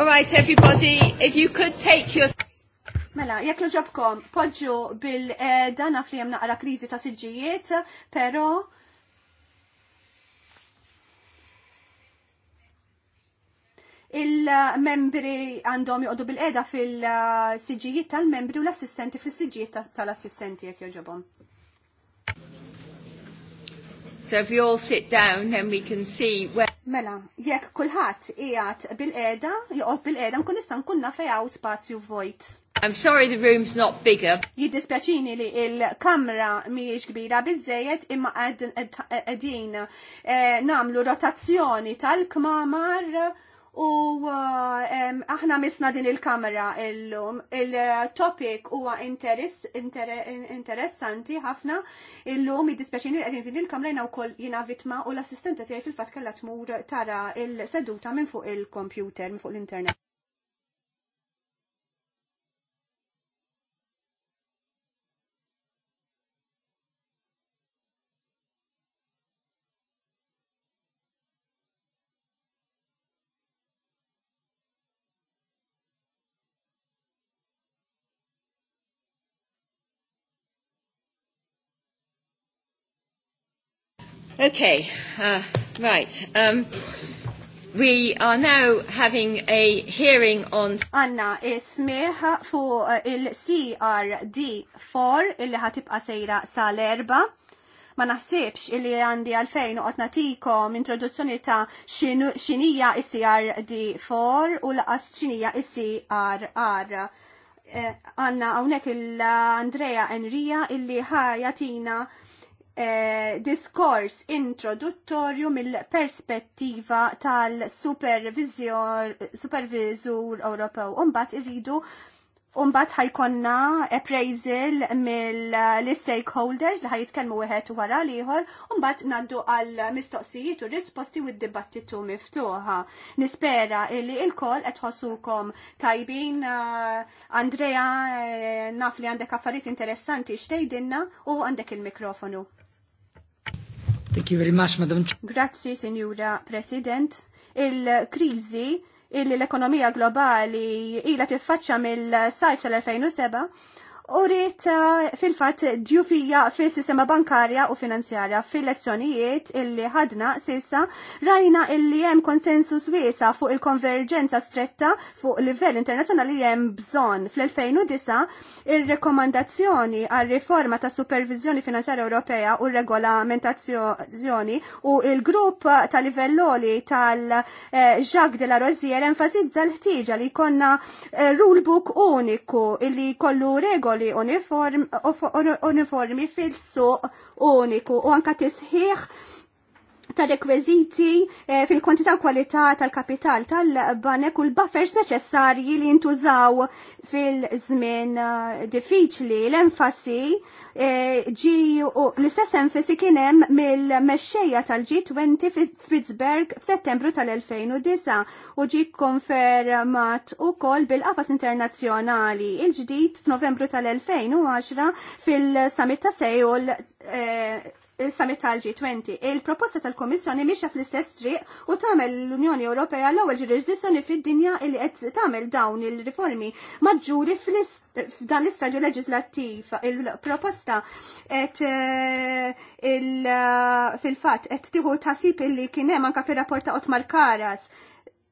All right, everybody, if you could take your... Mela, jekk ġobkom, podġu bil-dana eh, fli jemna għala krizi ta' siġijiet, pero il-membri għandhom joqdu bil-qeda fil-siġijiet tal-membri u l-assistenti fil-siġijiet tal-assistenti jekk joġobhom. So if you all sit down, then we can see where... Mela, jekk kulħadd qiegħed bil-qiegħda, joqgħod bil-qiegħda nkun nista' nkun naf hawn spazju vojt. I'm sorry the room's not bigger. Jiddispjaċini li il-kamra mhijiex kbira biżejjed imma qegħdin eh, nagħmlu rotazzjoni tal-kmamar U uh, aħna misna din il-kamera illum. Il-topic huwa interessanti ħafna illum id dispeċin li qegħdin din il-kamera jina wkoll jina vitma u l-assistenta tiegħi fil-fatt kellha tmur tara il-seduta minn fuq il-kompjuter, minn fuq l-internet. Okay, uh, right. Um, We are now having a hearing on Anna me for uh, il-CRD4 illi ħatibqa sejra sal-erba. Ma naħsibx illi għandi għalfejn u għatnatiko introduzzjoni ta' xinija il-CRD4 u laqas xinija il-CRR. Eh, Anna għawnek il-Andrea Enrija illi ħajatina jatina Eh, diskors introduttorju mill-perspettiva tal-supervizur Ewropew. Umbat irridu Umbat ħajkonna appraisal mill-stakeholders li ħajitkellmu wieħed wara l-ieħor, umbat naddu għal mistoqsijiet u risposti u d-dibattitu miftuħa. Nispera illi il-koll qed ħossukom tajbin eh, Andrea eh, naf li għandek affarijiet interessanti xtejdinna u għandek il-mikrofonu. Thank you very much, Madam. Grazie, Signora President. Il-krizi il l-ekonomija globali ila tiffaċċa mill-sajf tal-2007 u eh, fil-fat djufija fil-sistema bankarja u finanzjarja fil-lezzjonijiet illi ħadna sissa rajna illi jem konsensus wiesa fuq il-konverġenza stretta fuq livell internazzjonali jem bżon. Fl-2009 il-rekomandazzjoni għal riforma ta' supervizjoni finanzjarja Ewropea u regolamentazzjoni u il-grupp ta' livelloli tal-Jacques eh, de la Rosier enfasizza l ħtieġa li konna eh, rulebook uniku illi kollu regol regoli uniformi fil-suq uniku u anka tisħiħ ta' rekwiziti eh, fil-kwantità u kwalità tal-kapital tal-banek u l-buffers neċessarji li jintużaw fil-żmien uh, diffiċli. L-enfasi eh, ġi u l-istess enfasi kien hemm mill-mexxejja tal-G20 f'Pittsburgh f'Settembru tal-2009 u ġi konfermat ukoll bil-qafas internazzjonali il-ġdid f'Novembru tal-2010 fil-summit ta' Sejol eh, il-summit tal-G20. Il-proposta tal-Komissjoni miexa fl-istess triq u tagħmel l-Unjoni Ewropea l-ewwel ġurisdizzjoni fid-dinja li qed tagħmel dawn il-riformi maġġuri f'dan l-istadju leġislattiv. Il-proposta qed eh, eh, fil-fatt qed tieħu tasib illi kien hemm anke fir-rapport ta' Otmar Karas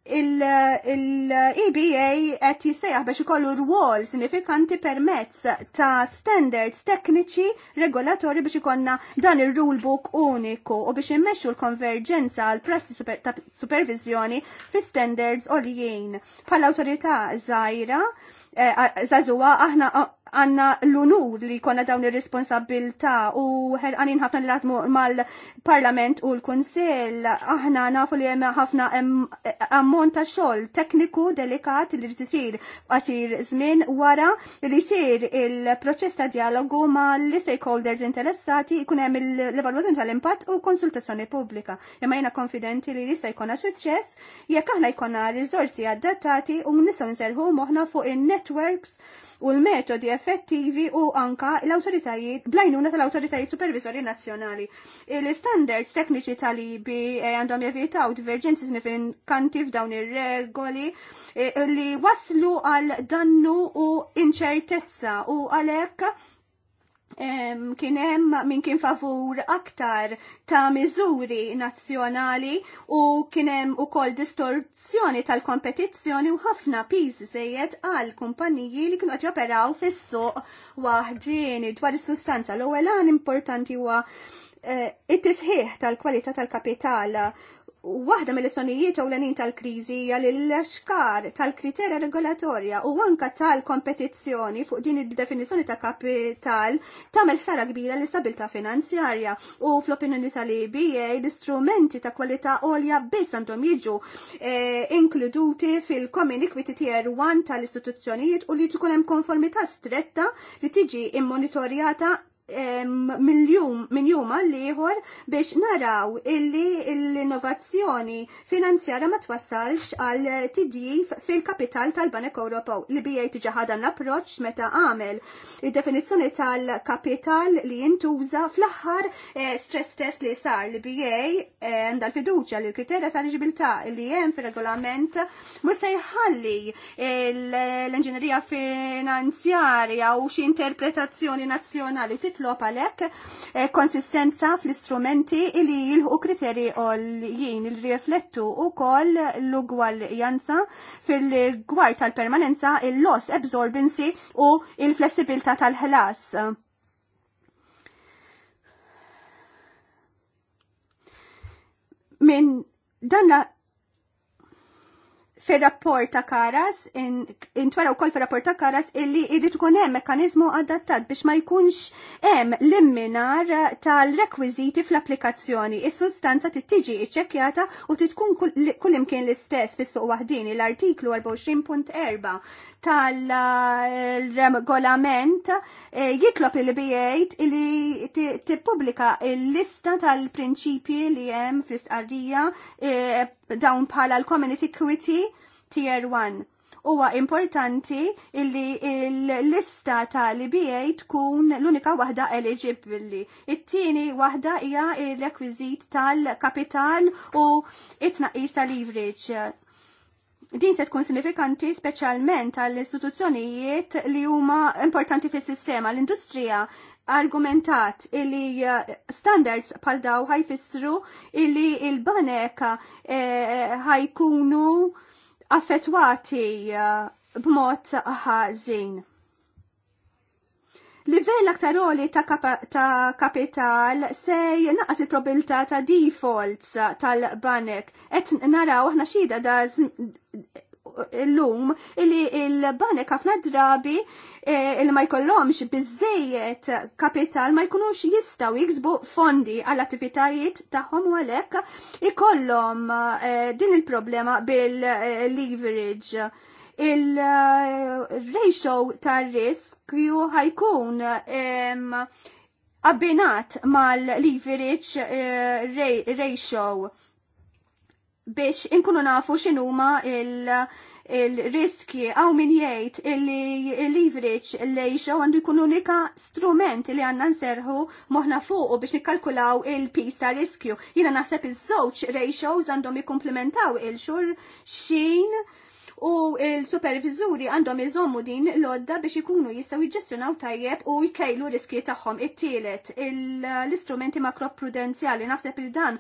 il-EBA qed jissejjaħ biex ikollu rwol sinifikanti permezz ta' standards tekniċi regolatori biex ikonna dan ir-rulebook uniku u biex immexxu l-konverġenza għal prassi super ta' supervizjoni fi standards oljien. Pal awtorità żgħira eh, żagħżuha aħna għanna l-unur li konna dawn ir-responsabilta u ħerqanin ħafna li għatmu mal-parlament u l-konsil. Aħna nafu li hemm ħafna ammont ta' xogħol tekniku delikat li tisir għasir zmin wara li jisir il-proċess ta' dialogu ma' l-stakeholders interessati ikun hemm l-evalwazzjoni tal-impatt u konsultazzjoni pubblika. Imma jena konfidenti li jista' jkollna suċċess jekk aħna jkollna riżorsi adattati u nistgħu nserħu moħħna fuq in-networks u l-metodi effettivi u anka l-autoritajiet, blajnuna tal-autoritajiet supervisori nazjonali. Il-standards tekniċi tal-IBI eh, għandhom jevitaw divergenzi kantif f'dawn ir-regoli eh, li waslu għal dannu u inċertezza u għalek kien hemm min kien favur aktar ta' miżuri nazzjonali u kien hemm ukoll distorzjoni tal-kompetizzjoni u ħafna piż żejjed għal kumpaniji li kienu qed joperaw fis-suq waħdin dwar is-sustanza. L-ewwel importanti huwa eh, it-tisħiħ tal-kwalità tal kapitala waħda mill-sonijiet ewlenin tal-kriżi hija l-xkar tal-kriterja regolatorja u anka tal-kompetizzjoni fuq din id-definizzjoni ta' kapital tagħmel ħsara kbira l-istabilità finanzjarja u fl-opinjoni tal-EBA l-istrumenti ta' kwalità għolja biss għandhom jiġu eh, inkluduti fil-Common Equity Tier 1 tal-istituzzjonijiet u li tkun hemm konformità stretta li tiġi immonitorjata Min jum liħor ieħor biex naraw illi l-innovazzjoni finanzjara ma twassalx għal tidjif fil-kapital tal-Banek Ewropew. Li bija jtiġaħada l-approċ meta għamel il-definizzjoni tal-kapital li jintuża fl-aħħar eh, stress test li sar li bija eh, għandha l-fiduċa li l-kriterja tal-ġibilta li hemm fil-regolament mhux se jħalli eh, l-inġinerija finanzjarja u xi interpretazzjoni nazzjonali u titlob għalhekk eh, konsistenza fl-istrumenti li jilħu kriterji jien il riflettu wkoll l-ugwaljanza fil-gwar tal-permanenza il-loss absorbency u il-flessibilità tal-ħlas. Min danna fir-rapport ta' Karas, intwera wkoll fir-rapport ta' Karas illi jrid ikun hemm mekkaniżmu adattat biex ma jkunx hemm l-imminar tal-rekwiżiti fl-applikazzjoni. Is-sustanza tittiġi iċċekkjata u titkun tkun kullimkien l-istess fis-suq waħdin l-artiklu 24.4 tal-regolament eh, jitlop il bijajt illi tippubblika l-lista tal prinċipi li hemm fl-istqarrija eh, dawn bħala l-community equity tier 1. Huwa importanti illi l-lista ta' l-BA tkun l-unika waħda eligibli. It-tieni waħda hija il rekwiżit tal-kapital u it-tnaqqis tal-leverage. Din se tkun sinifikanti speċjalment għall istituzzjonijiet li huma importanti fis-sistema l-industrija argumentat illi eh, standards pal daw ħajfissru illi il-banek eh, ħajkunu eh, affettwati eh, b'mod ħażin. Livell aktar roli ta', kapa, ta kapital se naqas il-probabilità ta' defaults tal-banek. Et naraw aħna xida da' l-lum illi il-banek ħafna drabi eh, il ma jkollhomx biżejjed kapital ma jkunux jistgħu jiksbu fondi għall attivitajiet tagħhom u għalhekk ikollhom eh, din il-problema bil-leverage il-ratio tar-riskju ħajkun abbinat mal-leverage eh, ratio biex inkunu nafu x'inhuma il- il-riski għaw min li il-leverage l-lejxa għandu jkun unika strument li għanna nserħu moħna fuqu biex nikkalkulaw il-pis ta' riskju. Jina naħseb iż-żewġ ratios għandhom jikkumplementaw il-xur xin u il-supervizuri għandhom iżommu din l-odda biex ikunu jistaw jġestjonaw tajjeb u jkejlu riski tagħhom. It-tielet, l-istrumenti makroprudenzjali naħseb il dan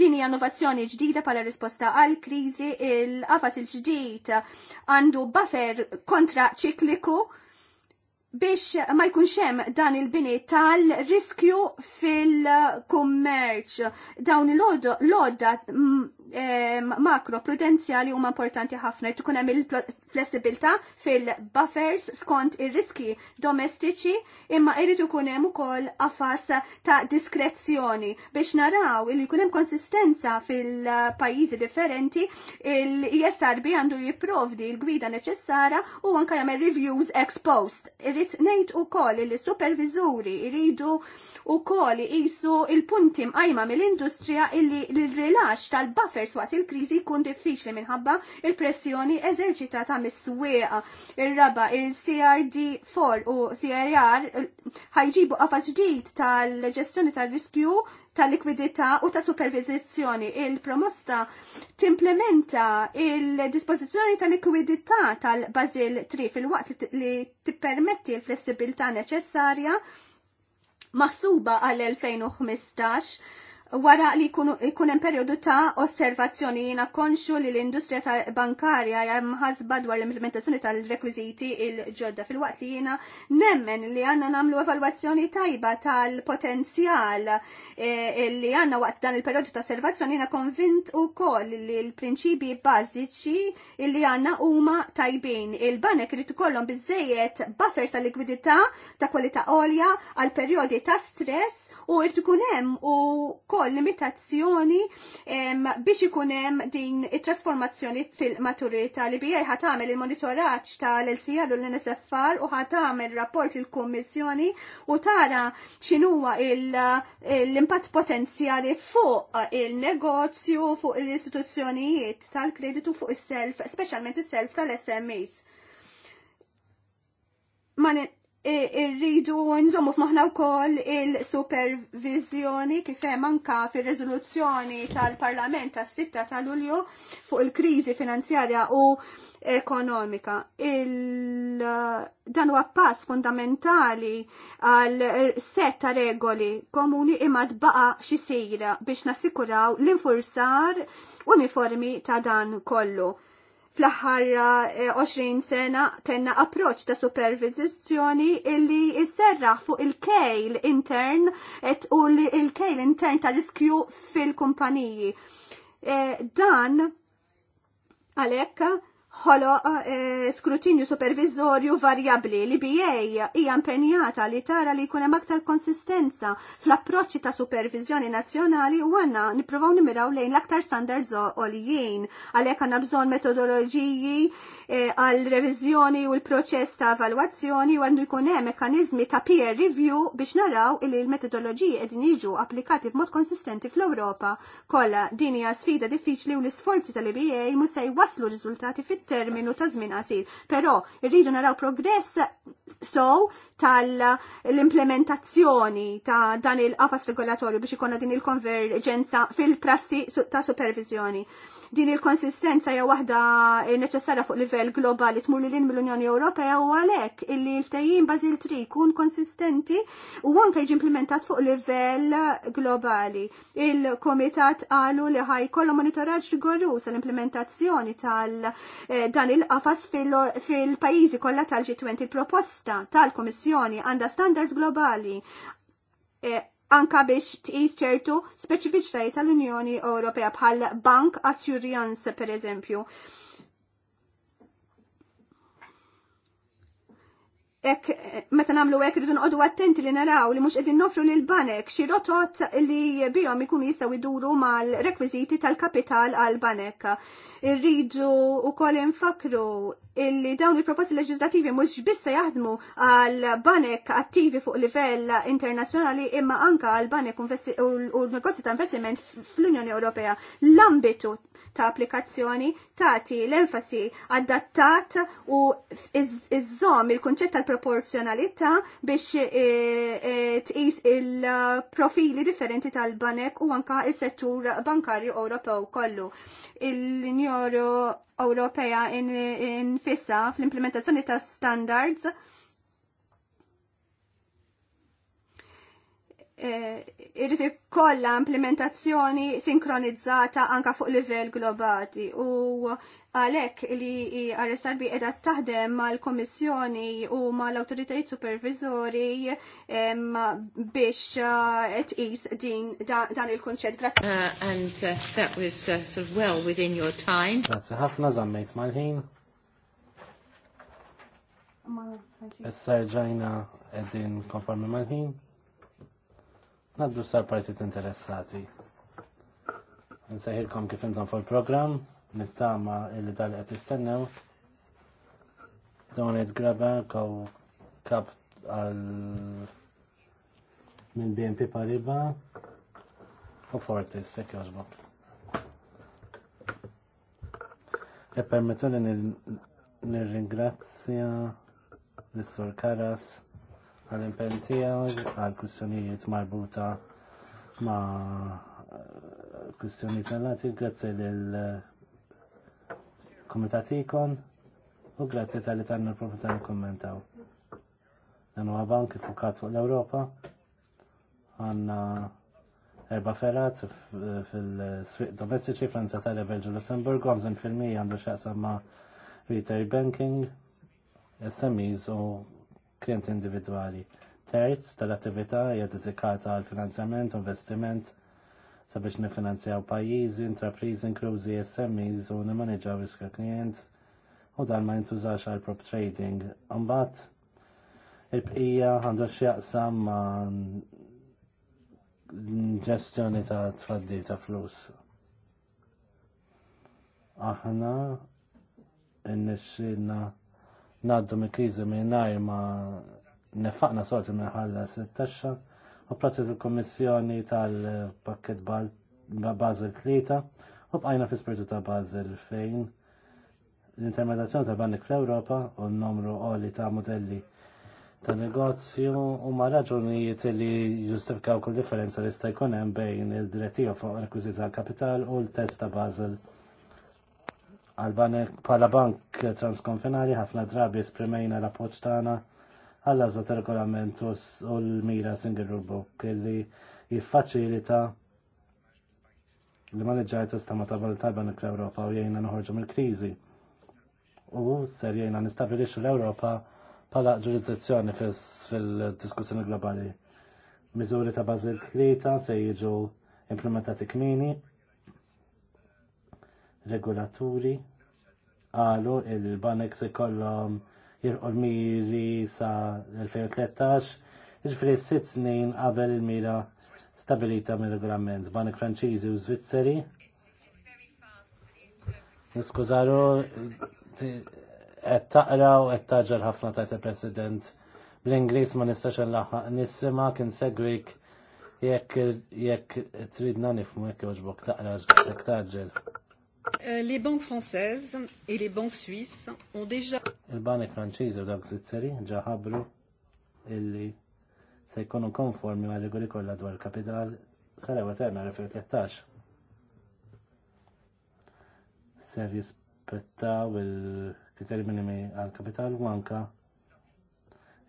din hija innovazzjoni ġdida pala risposta għal kriżi il-qafas il-ġdid għandu buffer kontra ċikliku biex ma jkunx hemm dan il-bini tal-riskju fil-kummerċ. Dawn l-odda Eh, makro prudenzjali huma importanti ħafna jrid ikun hemm il-flessibilità fil-buffers skont ir-riski domestiċi imma jrid ikun hemm ukoll qafas ta' diskrezzjoni biex naraw li jkun hemm konsistenza fil-pajjiżi differenti il-ISRB għandu jipprovdi l-gwida neċessara u anke jagħmel reviews ex post. Irrid ngħid ukoll li superviżuri jridu ukoll jqisu il-punti mqajma mill-industrija illi l-rilax tal buffers perswat il-kriżi jkun diffiċli minħabba il-pressjoni eżerċitata mis-swieqa. Ir-raba il-CRD4 u CRR ħajġibu qafas ġdid tal-ġestjoni tal-riskju tal-likwidità u ta' supervizizzjoni Il-promosta timplementa il-dispozizjoni ta' likwidità tal-Bazil 3 fil-waqt li tippermetti l-flessibilità neċessarja maħsuba għal-2015 wara li jkun hemm perjodu ta' osservazzjoni jiena konxu li l-industrija ta' bankarja hemm ħasba dwar l-implementazzjoni tal-rekwiżiti il-ġodda fil-waqt li jiena nemmen li għandna nagħmlu evalwazzjoni tajba tal-potenzjal e, e, li għandna waqt dan il-perjodu ta' osservazzjoni jiena konvint ukoll li l-prinċipji bażiċi li għandna huma tajbin. Il-banek irid ikollhom biżejjed buffer ta' likwidità ta' kwalità għolja għal perjodi ta' stress u irid ikun hemm u ukoll limitazzjoni biex ikun hemm din it-trasformazzjoni fil-maturità li bija ħat tagħmel il-monitoraġġ tal-LCR u l-NSFR u ħat tagħmel rapport il-Kummissjoni u tara x'inhuwa l-impatt potenzjali fuq il-negozju, fuq l-istituzzjonijiet tal-kreditu fuq is-self, speċjalment is-self tal-SMEs. Ma irridu nżommu f'maħna wkoll il-supervizjoni kif hemm anka fir-riżoluzzjoni tal-Parlament tas-6 ta' Lulju fuq il-kriżi finanzjarja u ekonomika. Il, dan huwa pass fundamentali għal set ta' regoli komuni imma tbaqa xi sejra biex nassikuraw l-infurzar uniformi ta' dan kollu fl-aħħar 20 eh, sena kena approċ ta' supervizizjoni illi jisserra fuq il-kejl intern u il-kejl intern ta' riskju fil-kumpaniji. Eh, dan għalekka ħolo eh, skrutinju supervizorju varjabli li BA hija impenjata li tara li jkun hemm aktar konsistenza fl-approċċi ta' supervizjoni nazzjonali u għandna nippruvaw nimiraw lejn l-aktar standards għoljien għalhekk għandna bżonn metodoloġiji eh, għal eh, reviżjoni u l-proċess ta' evalwazzjoni u għandu jkun hemm mekkaniżmi ta' peer review biex naraw li l-metodoloġiji qegħdin jiġu applikati b'mod konsistenti fl-Ewropa kollha din hija sfida diffiċli u l-isforzi tal-IBA mhux se jwasslu riżultati fit terminu ta' żmien qasir. Però rridu naraw progress sow tal-implementazzjoni ta' dan il-qafas regolatorju biex ikonna din il-konverġenza fil-prassi ta' supervizjoni. Din il-konsistenza hija waħda neċessarja fuq livell globali tmur li lin mill-Unjoni Ewropea u għalhekk illi l-ftehim Basil tri jkun konsistenti u anke jiġi implementat fuq livell globali. Il-Komitat qalu li ħajkollu monitoraġġ rigorus l-implementazzjoni tal eh, dan il-qafas fil-pajjiżi kollha tal-G20 il-proposta tal-Komissjoni għandha standards globali eh, anka biex tqis ċertu speċifiċtajiet tal-Unjoni Ewropea bħal Bank Assurance per eżempju. ek, meta namlu ek rridu nqodu attenti li naraw li mhux edin nofru l banek xi rotot li bihom ikun jistgħu jduru mal-rekwiżiti tal-kapital għal banek. Irridu ukoll infakru illi dawn il-proposti leġislativi mhux biss jaħdmu għal banek attivi fuq livell internazzjonali imma anka għal banek u l-negozju ta' investiment fl-Unjoni Ewropea. L-ambitu ta' applikazzjoni tagħti l-enfasi adattat u iżżomm il-kunċett tal-proporzjonalità biex eh, eh, tqis il-profili differenti tal-banek u anka il-settur bankarju Ewropew kollu. Il-Unjoni Ewropea infissa fl-implementazzjoni ta' standards Eh, irrid ikollha implementazzjoni sinkronizzata anka fuq livell globali u għalhekk li RSRB qiegħda taħdem mal-Kommissjoni u mal-awtoritajiet supervizori eh, biex eh, tqis din dan il-kunċett. Grazzi. Uh, and uh, that was uh, sort of well within your time. Grazzi ħafna żammejt mal-ħin. Issa ġajna qegħdin konformi mal-ħin. Naddu sar partit interessati. Nsejħilkom kif intom fuq il-programm, nittama illi dal qed istennew. Donet graba kaw kap għal minn BNP Pariba u Fortis, sekk jożbok. E permettuni nir-ringrazzja l-Sur Karas għal-impen għal kustjonijiet marbuta ma' eh, kustjonijiet għal-għati, grazzi l komitat u grazzi tal-li tanna l-proprietà kommentaw. Dan huwa bank ifukat fuq l europa għanna erba ferrat fil-swiq domestiċi Franza tal Belġu Lussemburg, għamżen fil-mija għandu xaqsa ma' retail banking, SMEs u klient individuali Terz tal-attività hija dedikata għal finanzjament u investiment sabiex nifinanzjaw pajjiżi, intrapriżi inklużi SMEs u nimmaneġaw riska klient u dan ma jintużax għal prop trading. Imbagħad il-bqija għandu x'jaqsam ma' ġestjoni ta' tfaddi ta' flus. Aħna n-nexxina naddu mi krizi minnaj ma nefaqna sorti ħalla s-taxxa u prazzit il komissjoni tal-pakket Basel Tlieta u bqajna fi spiritu ta' Basel fejn l intermedazzjoni ta' bannik fl-Ewropa u n-numru għoli ta' modelli ta' negozju u ma' raġunijiet li ġustifikaw kull differenza li sta' jkun hemm bejn il-direttiva fuq rekwiżita tal kapital u l-test ta' Basel għal-banek pala bank transkonfinali ħafna drabi esprimejna la poċtana għalla za regolamentu u l-mira single rule book li jiffaċilita li maneġġar tistama ta' tal-Banek l-Europa u jgħina nħorġu mill-krizi. U ser jgħina nistabilixu l-Europa pala ġurisdizzjoni fil-diskussjoni globali. Miżuri ta' bażil Krita se jiġu implementati kmini regolaturi għalu il-banek se kollom jirqol-miri sa 2013, s sitt snin qabel il-mira stabilita mir regolament banek franċiżi u Zvizzeri. Niskużaru, qed taqra u qed taġġel ħafna tajt il-President. bl inglis ma nistax laħħa nissima kien segwik jekk tridna nifmu jekk jogħġbok taqra ġdaqsek taġġel. Euh, les banques françaises et les banques suisses ont déjà Il-banek Franċiżi u dawk Svizzeri ġa ħabru illi se jkunu konformi ma' regoli kollha dwar il-kapital sal-ewa terna 2013. Ser jispettaw il-kriteri minimi għal-kapital u anka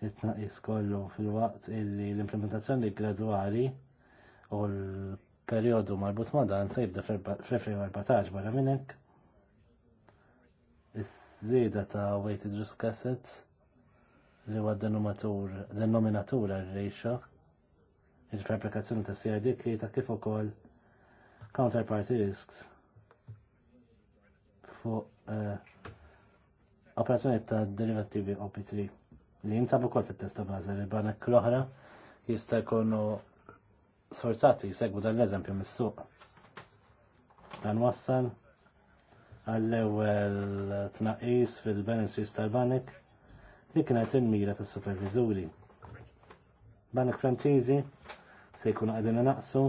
it-tnaqqis kollu fil-waqt illi l-implementazzjoni gradwali u l periodu marbut ma' dan se jibda fl-2014 barra minnek. Iż-żieda ta' weighted risk assets li huwa denominatur għal-rejxa il-fabrikazzjoni ta' CRD ta' kif ukoll counterparty risks fuq uh, operazzjoni ta' derivativi OP3 li jinsabu kol fit-testa bażel il banak l-oħra jista' jkunu sorzati jisegwu dan l-eżempju mis-suq. Dan wassal għall-ewwel tnaqqis fil-balances tal-banek li kienet il-mira tas superviżuri Banek Franċiżi se jkunu qegħdin naqsu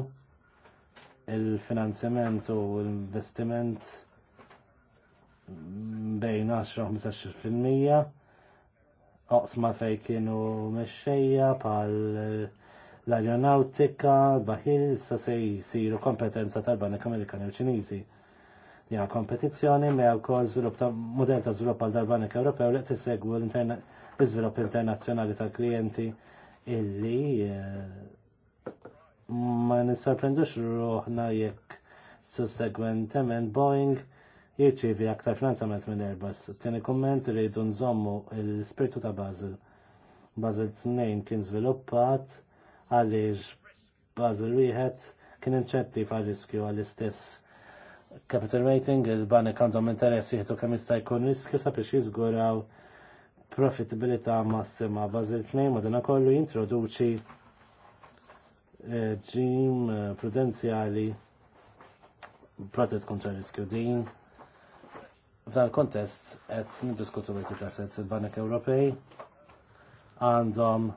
il-finanzjament u l-investiment bejn 10-15% oqsma fejn kienu mexxejja pal l-aeronautika, l bahil sa se jisiru kompetenza tal-Banek Amerikani u Ċiniżi. Ja, kompetizzjoni me wkoll żvilupp ta' mudell ta' żvilupp għal banek Ewropew li t-segwu l-iżvilupp internazzjonali tal-klijenti illi eh, ma nisorprendux ruħna jekk sussegwentement Boeing jirċivi aktar finanzament minn Airbus. Tieni kumment rridu nżommu l spiritu ta' Basel. Basel 2 kien żviluppat għalix Basel wieħed kien inċetti għal riskju għall-istess capital rating, il-banek għandhom interess jieħdu kemm jista' jkun riskju sabiex jiżguraw profitabilità massima Basel 2 madana kollu jintroduċi eh, ġim eh, prudenzjali protett kontra riskju din. F'dan kontest qed niddiskutu weighted assets il-Banek Ewropej għandhom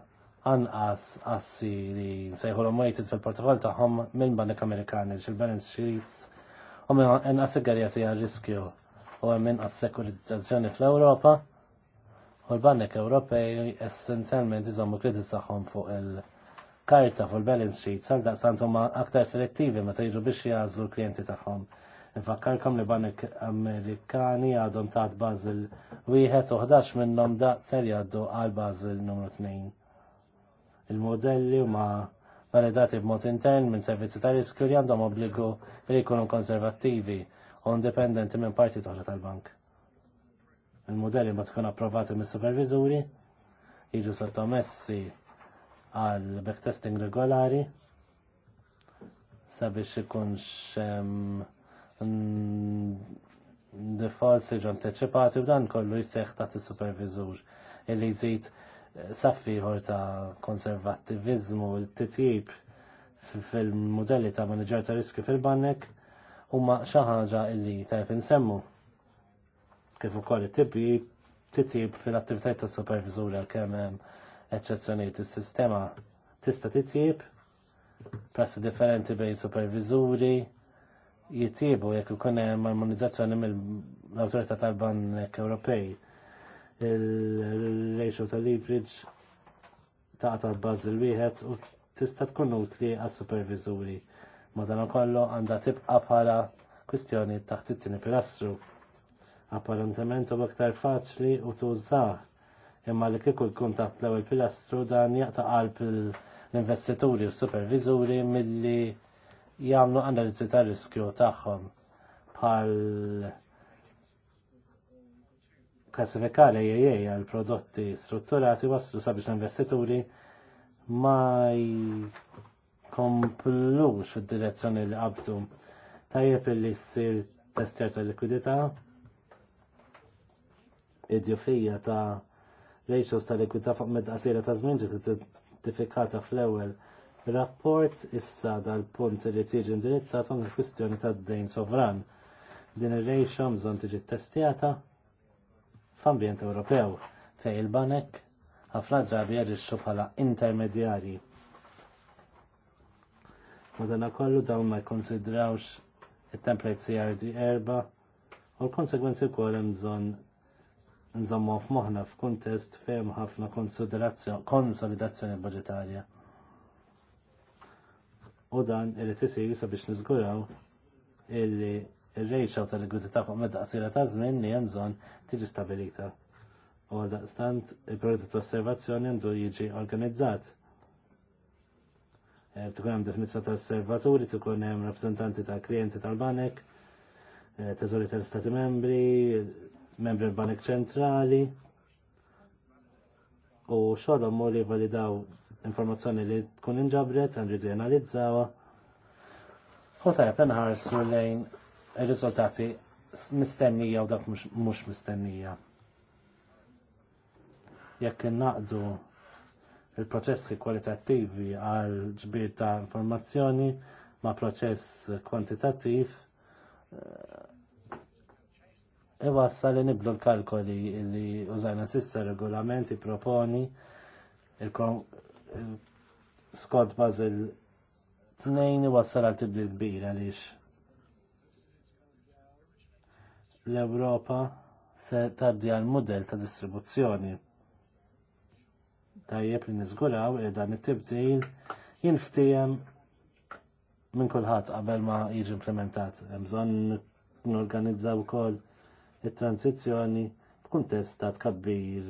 anqas assi li nsejħu l-omajtit fil-portafol taħħom minn banek Amerikani xil-balance sheets u minn anqas seggarjati għal riskju u minn as sekuritizzazzjoni fl-Europa u l-banek Ewropej essenzjalment jizommu kredit taħħom fuq il-karta fuq il-balance sheets għal daqstant huma aktar selettivi meta jiġu biex jażlu l-klijenti tagħhom. Infakkarkom li bannek Amerikani għadhom taħt Basel wieħed u 11 minnhom daqs ser jgħaddu għal Basel numru 2. Il-modelli huma validati b'mod intern minn servizzi ta' riskju li għandhom obbligu li jkunu konservattivi u indipendenti minn parti toħra tal-bank. Il-modelli ma tkun approvati mis superviżuri jiġu sottomessi għal backtesting regolari sabiex ikunx default siġu anteċipati u dan kollu jseħ ta' supervizur illi jżid saffiħor ta' konservativizmu t titjib fil-modelli ta' manager ta' riski fil-bannek huma xi ħaġa li tajb insemmu. Kif ukoll it-tibi titjib fil-attivitajiet ta' supervizuri kemm hemm eċċezzjonijiet is-sistema tista' titjib press differenti bejn supervizuri jittibu jekk ikun hemm armonizzazzjoni mill-Awtorità tal bannek Ewropej il-ratio tal-leverage ta' ta' bazz il-wieħed u tista' tkun utli għas-supervizuri. Madankollu għandha tibqa' bħala kwistjoni taħt it-tieni pilastru. Apparentement u aktar faċli u tużah imma li kieku jkun taħt l-ewwel pilastru dan jaqta' qalb l-investituri u supervizuri milli jagħmlu analiżi tar-riskju tagħhom bħal klassifikali jieje għal prodotti strutturati waslu sabiex l-investituri ma jkomplux fil-direzzjoni li qabdu. Tajjeb li s-sir testjar ta' likwidità id ta' ratios ta' likwidita fuq medda qasira ta' żmien ġiet identifikata fl-ewwel rapport issa dal-punt li tiġi indirizzat għal kwistjoni tad dejn sovran. Din ir-ratio bżonn tiġi ttestjata f'ambjent Ewropew fejn il-banek ħafna drabi jaġixxu bħala intermedjarji. Madanakollu dawn ma jkonsidrawx it-template CRD erba u l-konsekwenzi wkoll hemm bżonn nżommu f'moħħna f'kuntest fejn ħafna konsolidazzjoni budġetarja. U dan irid isir sabiex niżguraw illi ir-rejxa tal-likwidità fuq medda qasira ta' żmien li hemm bżonn tiġi stabilita. U daqstant il-proġett ta' osservazzjoni għandu jiġi organizzat. Eh, tukun hemm definizzjoni ta' osservaturi, tukun hemm rappreżentanti ta' klijenti tal-banek, eh, teżuri tal-Stati membri, membri l-Banek ċentrali u xorra mor li validaw informazzjoni li tkun inġabret, għanġidu jenalizzawa. U tajab nħarsu lejn il-rizultati mistennija u dak mux mistennija. Jekk naqdu il-proċessi kwalitattivi għal ġbir ta' informazzjoni ma' proċess kwantitattiv eh, Iwassa li niblu l-kalkoli li użajna sissa regolamenti proponi skont bazil 2 iwassa għal tibli kbir għalix l-Ewropa se taddi għal model ta' distribuzzjoni. Tajjeb li niżguraw li dan it-tibdil jinftijem minn kulħadd qabel ma jiġi implementat. Hemm bżonn norganizzaw ukoll it-tranzizzjoni f'kuntest ta' tkabbir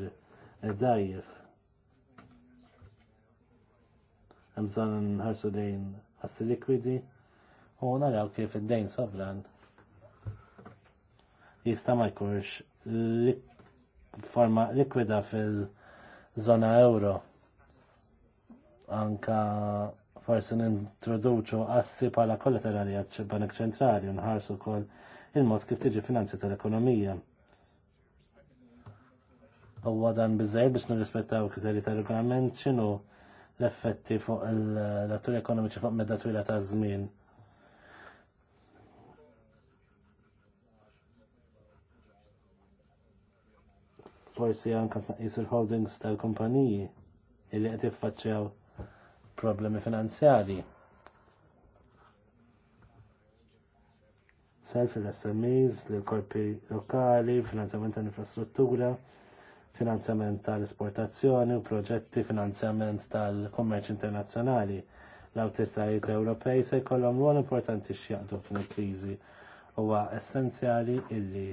dajjef. Hemm bżonn nħarsu dejn għas-likwidi u naraw kif id-dejn sovran jista' ma jkunx li forma likwida fil-żona euro. Anka forsi nintroduċu assi pala kollaterali x bank Ċentrali nħarsu kol il-mod kif tiġi finanzi tal-ekonomija. U għadan bizzajl biex nirrispettaw kriterji tal-regolament xinu l-effetti fuq l attur ekonomiċi fuq medda twila ta' żmien forsi anka tnaqis il-holdings tal-kumpaniji illi qed jiffaċċjaw problemi finanzjarji. Self l-SMEs, l-korpi lokali, finanzjament tal-infrastruttura, finanzjament tal-esportazzjoni u proġetti finanzjament tal-kommerċ internazzjonali. L-awtoritajiet Ewropej se jkollhom rol importanti x'jaqdu f'din il-kriżi huwa essenzjali illi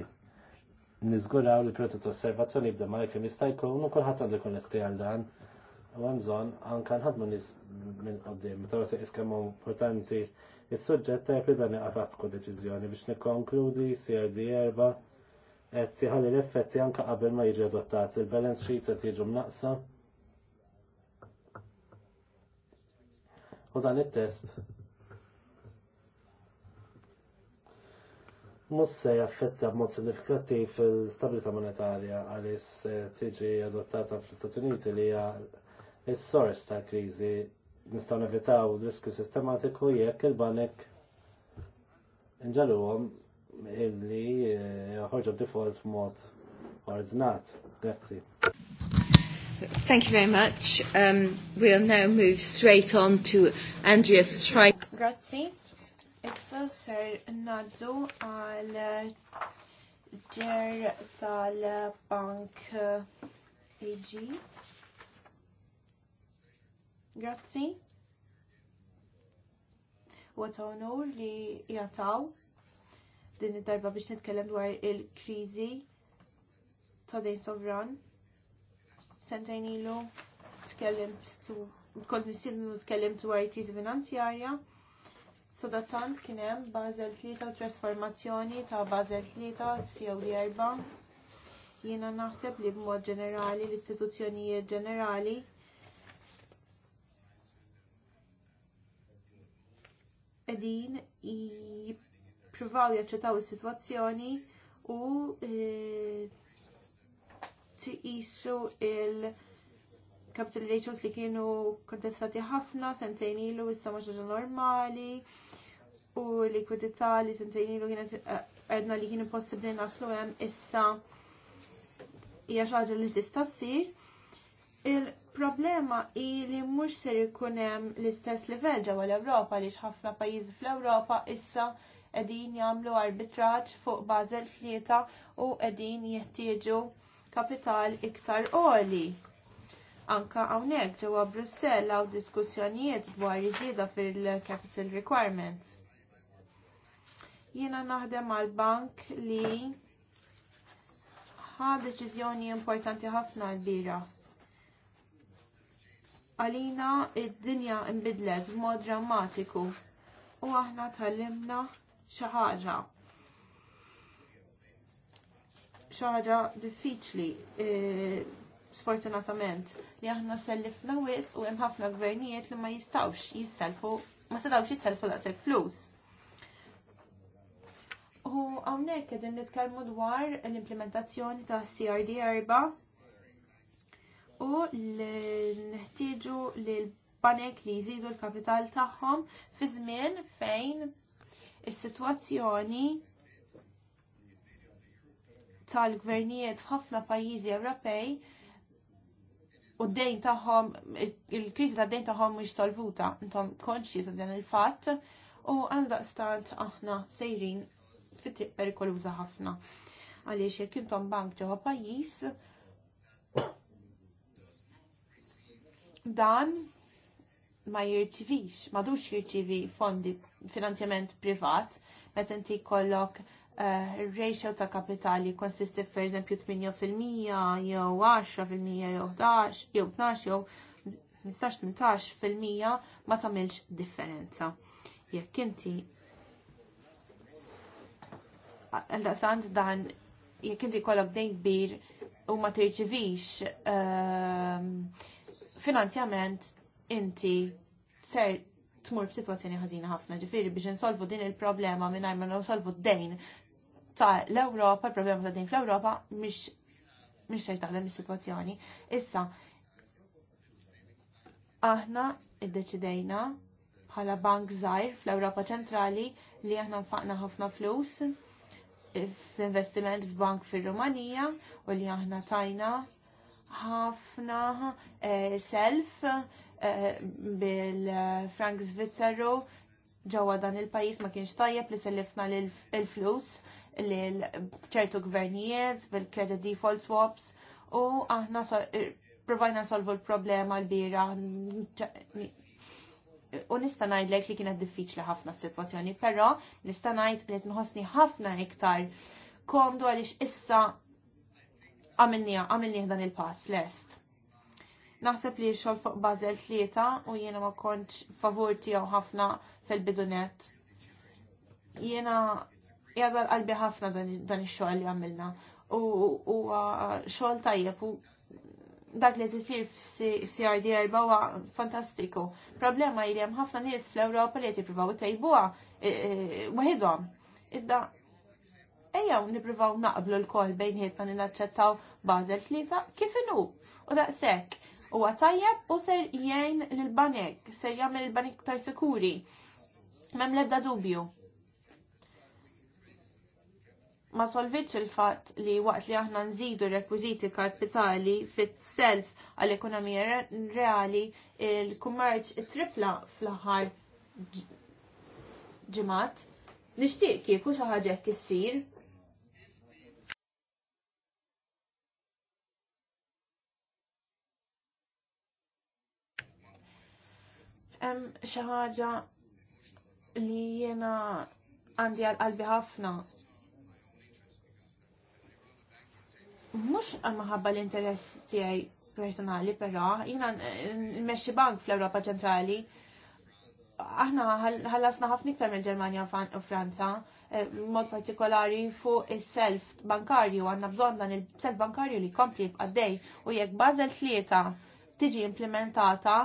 nizguraw li protet osservazzjoni b'da ma jifim jistajkun u kullħat għandu kun l għal dan u għamżon għankan nħadmu niz minn għoddim, ta' għasek iskemmu importanti il-sujġet ta' jibri dan iqatatku deċizjoni biex nikonkludi CRD erba qed jħalli l-effetti għanka qabel ma jiġi adottat. Il-balance sheet qed jiġu mnaqsa. U dan it-test mus se jaffetta b'mod sinifikattiv il-stabilità monetarja għalis tiġi adottata fl-Istati Uniti li hija s-sors tal-kriżi nistgħu nevitaw riskju sistematiku jekk il-banek inġaluhom illi eh, ħorġu default mod ordinat. Grazzi. Thank you very much. Um, we'll now move straight on to Andreas Strike. Grazie. Issa ser naddu għal ġer tal-Bank AG. Grazzi. U għatawnu li jataw din id-darba biex nitkellem dwar il-krizi ta' dejn sovran. Sentajn ilu tkellimt kont nisilnu nitkellem dwar il-krizi finanzjarja Sadattant kien hemm Basel tlieta u trasformazzjoni ta' Basel 3 di erba. Jiena naħseb li b'mod ġenerali l-istituzzjonijiet ġenerali qegħdin jippruvaw jaċċettaw is-sitwazzjoni u e, tqisu il- capital ratios li kienu kontestati ħafna, sentejn ilu, issa ma normali, u likwidità li sentejnilu kienet eh, għedna li kien impossibbli naslu hemm issa hija xi li tista' ssir. Il-problema hi li mhux ser ikun hemm l-istess livell ġewwa l-Ewropa li ħafna pajjiżi fl-Ewropa issa qegħdin jagħmlu arbitraġġ fuq Basel tlieta u qegħdin jeħtieġu kapital iktar qoli. Anka hawnhekk ġewwa Brussell hawn diskussjonijiet dwar iżjeda fil-capital requirements. Jiena naħdem għal bank li ħa deċiżjoni importanti ħafna l-bira. Għalina id-dinja imbidlet b'mod drammatiku u aħna tal xi ħaġa xaħġa diffiċli, e, sfortunatament, li aħna sellifna wis u hemm ħafna gvernijiet li ma jistawx jissalfu, ma setawx jissalfu daqshekk flus. U għawnek edin nitkalmu dwar l-implementazzjoni ta' CRD 4 u l-nħtieġu l-banek li jżidu l-kapital tagħhom fi żmien fejn is-sitwazzjoni tal-gvernijiet f'ħafna pajjiżi Ewropej u d-dejn tagħhom il-kriżi tad-dejn tagħhom mhux solvuta. Intom konxji ta' dan il-fatt u għal aħna sejrin fi perikoluża ħafna. Għaliex jekk intom bank ġewwa pajjiż dan ma jirċivix, dux jirċivi fondi finanzjament privat, meta inti kollok uh, eh, ratio ta' kapitali konsisti per eżempju 8% jew 10% jew 11 jew 12 jew 15-18% ma tagħmilx differenza. Jekk inti għal-daqsant dan jekk inti kollok dejn kbir u ma tirċivix ehm, finanzjament inti ser tmur f'sitwazzjoni ħażina ħafna. Ġifieri biex insolvu din il-problema mingħajr ma nsolvu d-dejn ta' l-Ewropa, il-problema ta' dejn fl-Ewropa mhix mhix ser taħdem is-sitwazzjoni. Issa aħna iddeċidejna bħala bank żgħir fl-Ewropa ċentrali li aħna nfaqna ħafna flus f'investiment f'bank fir-Rumanija u li aħna tajna ħafna eh, self eh, bil-Frank Zvizzero ġewwa dan il-pajjiż ma kienx tajjeb li sellifna l-flus lil ċertu gvernijiet bil-credit default swaps u aħna eh, provajna solvu l-problema l-bira u nista' ngħidlek li kienet diffiċli ħafna s-sitwazzjoni, però nista' ngħid li nħossni ħafna iktar komdu għaliex issa għamilni għamilni dan il-pass lest. Naħseb li xol fuq Bazel tlieta u jiena ma kontx favur tiegħu ħafna fil-bidunet. Jiena jgħadal qalbi ħafna dan ix-xogħol li għamilna u xogħol tajjeb u dak li tisir f'CRD erba' erbawa fantastiku. Problema li hemm ħafna nies fl-Ewropa li qed jippruvaw itejbuha e, e, waħidhom. Iżda ejjaw nippruvaw naqblu l-kol bejnietna li naċċettaw Basel tlieta kif inhu. U daqshekk huwa tajjeb u ser jgħin lill-banek, ser jagħmel il-banek iktar sikuri. Mem lebda dubju ma solvitx il-fatt li waqt li aħna nżidu rekwiżiti kapitali fit-self għall-ekonomija reali il-kummerċ tripla fl-aħħar ġimat. Nixtieq kieku xi ħaġa hekk issir. Hemm xi li jiena għandi għal qalbi ħafna mux maħabba l-interess tijaj personali, pero jina n-meċi bank fl-Europa ċentrali. Aħna ħallasna ħafna iktar minn Ġermanja u Franza, mod partikolari fuq is-self bankarju, għanna bżon dan il-self bankarju li kompli għaddej u jekk bażel tlieta tiġi implementata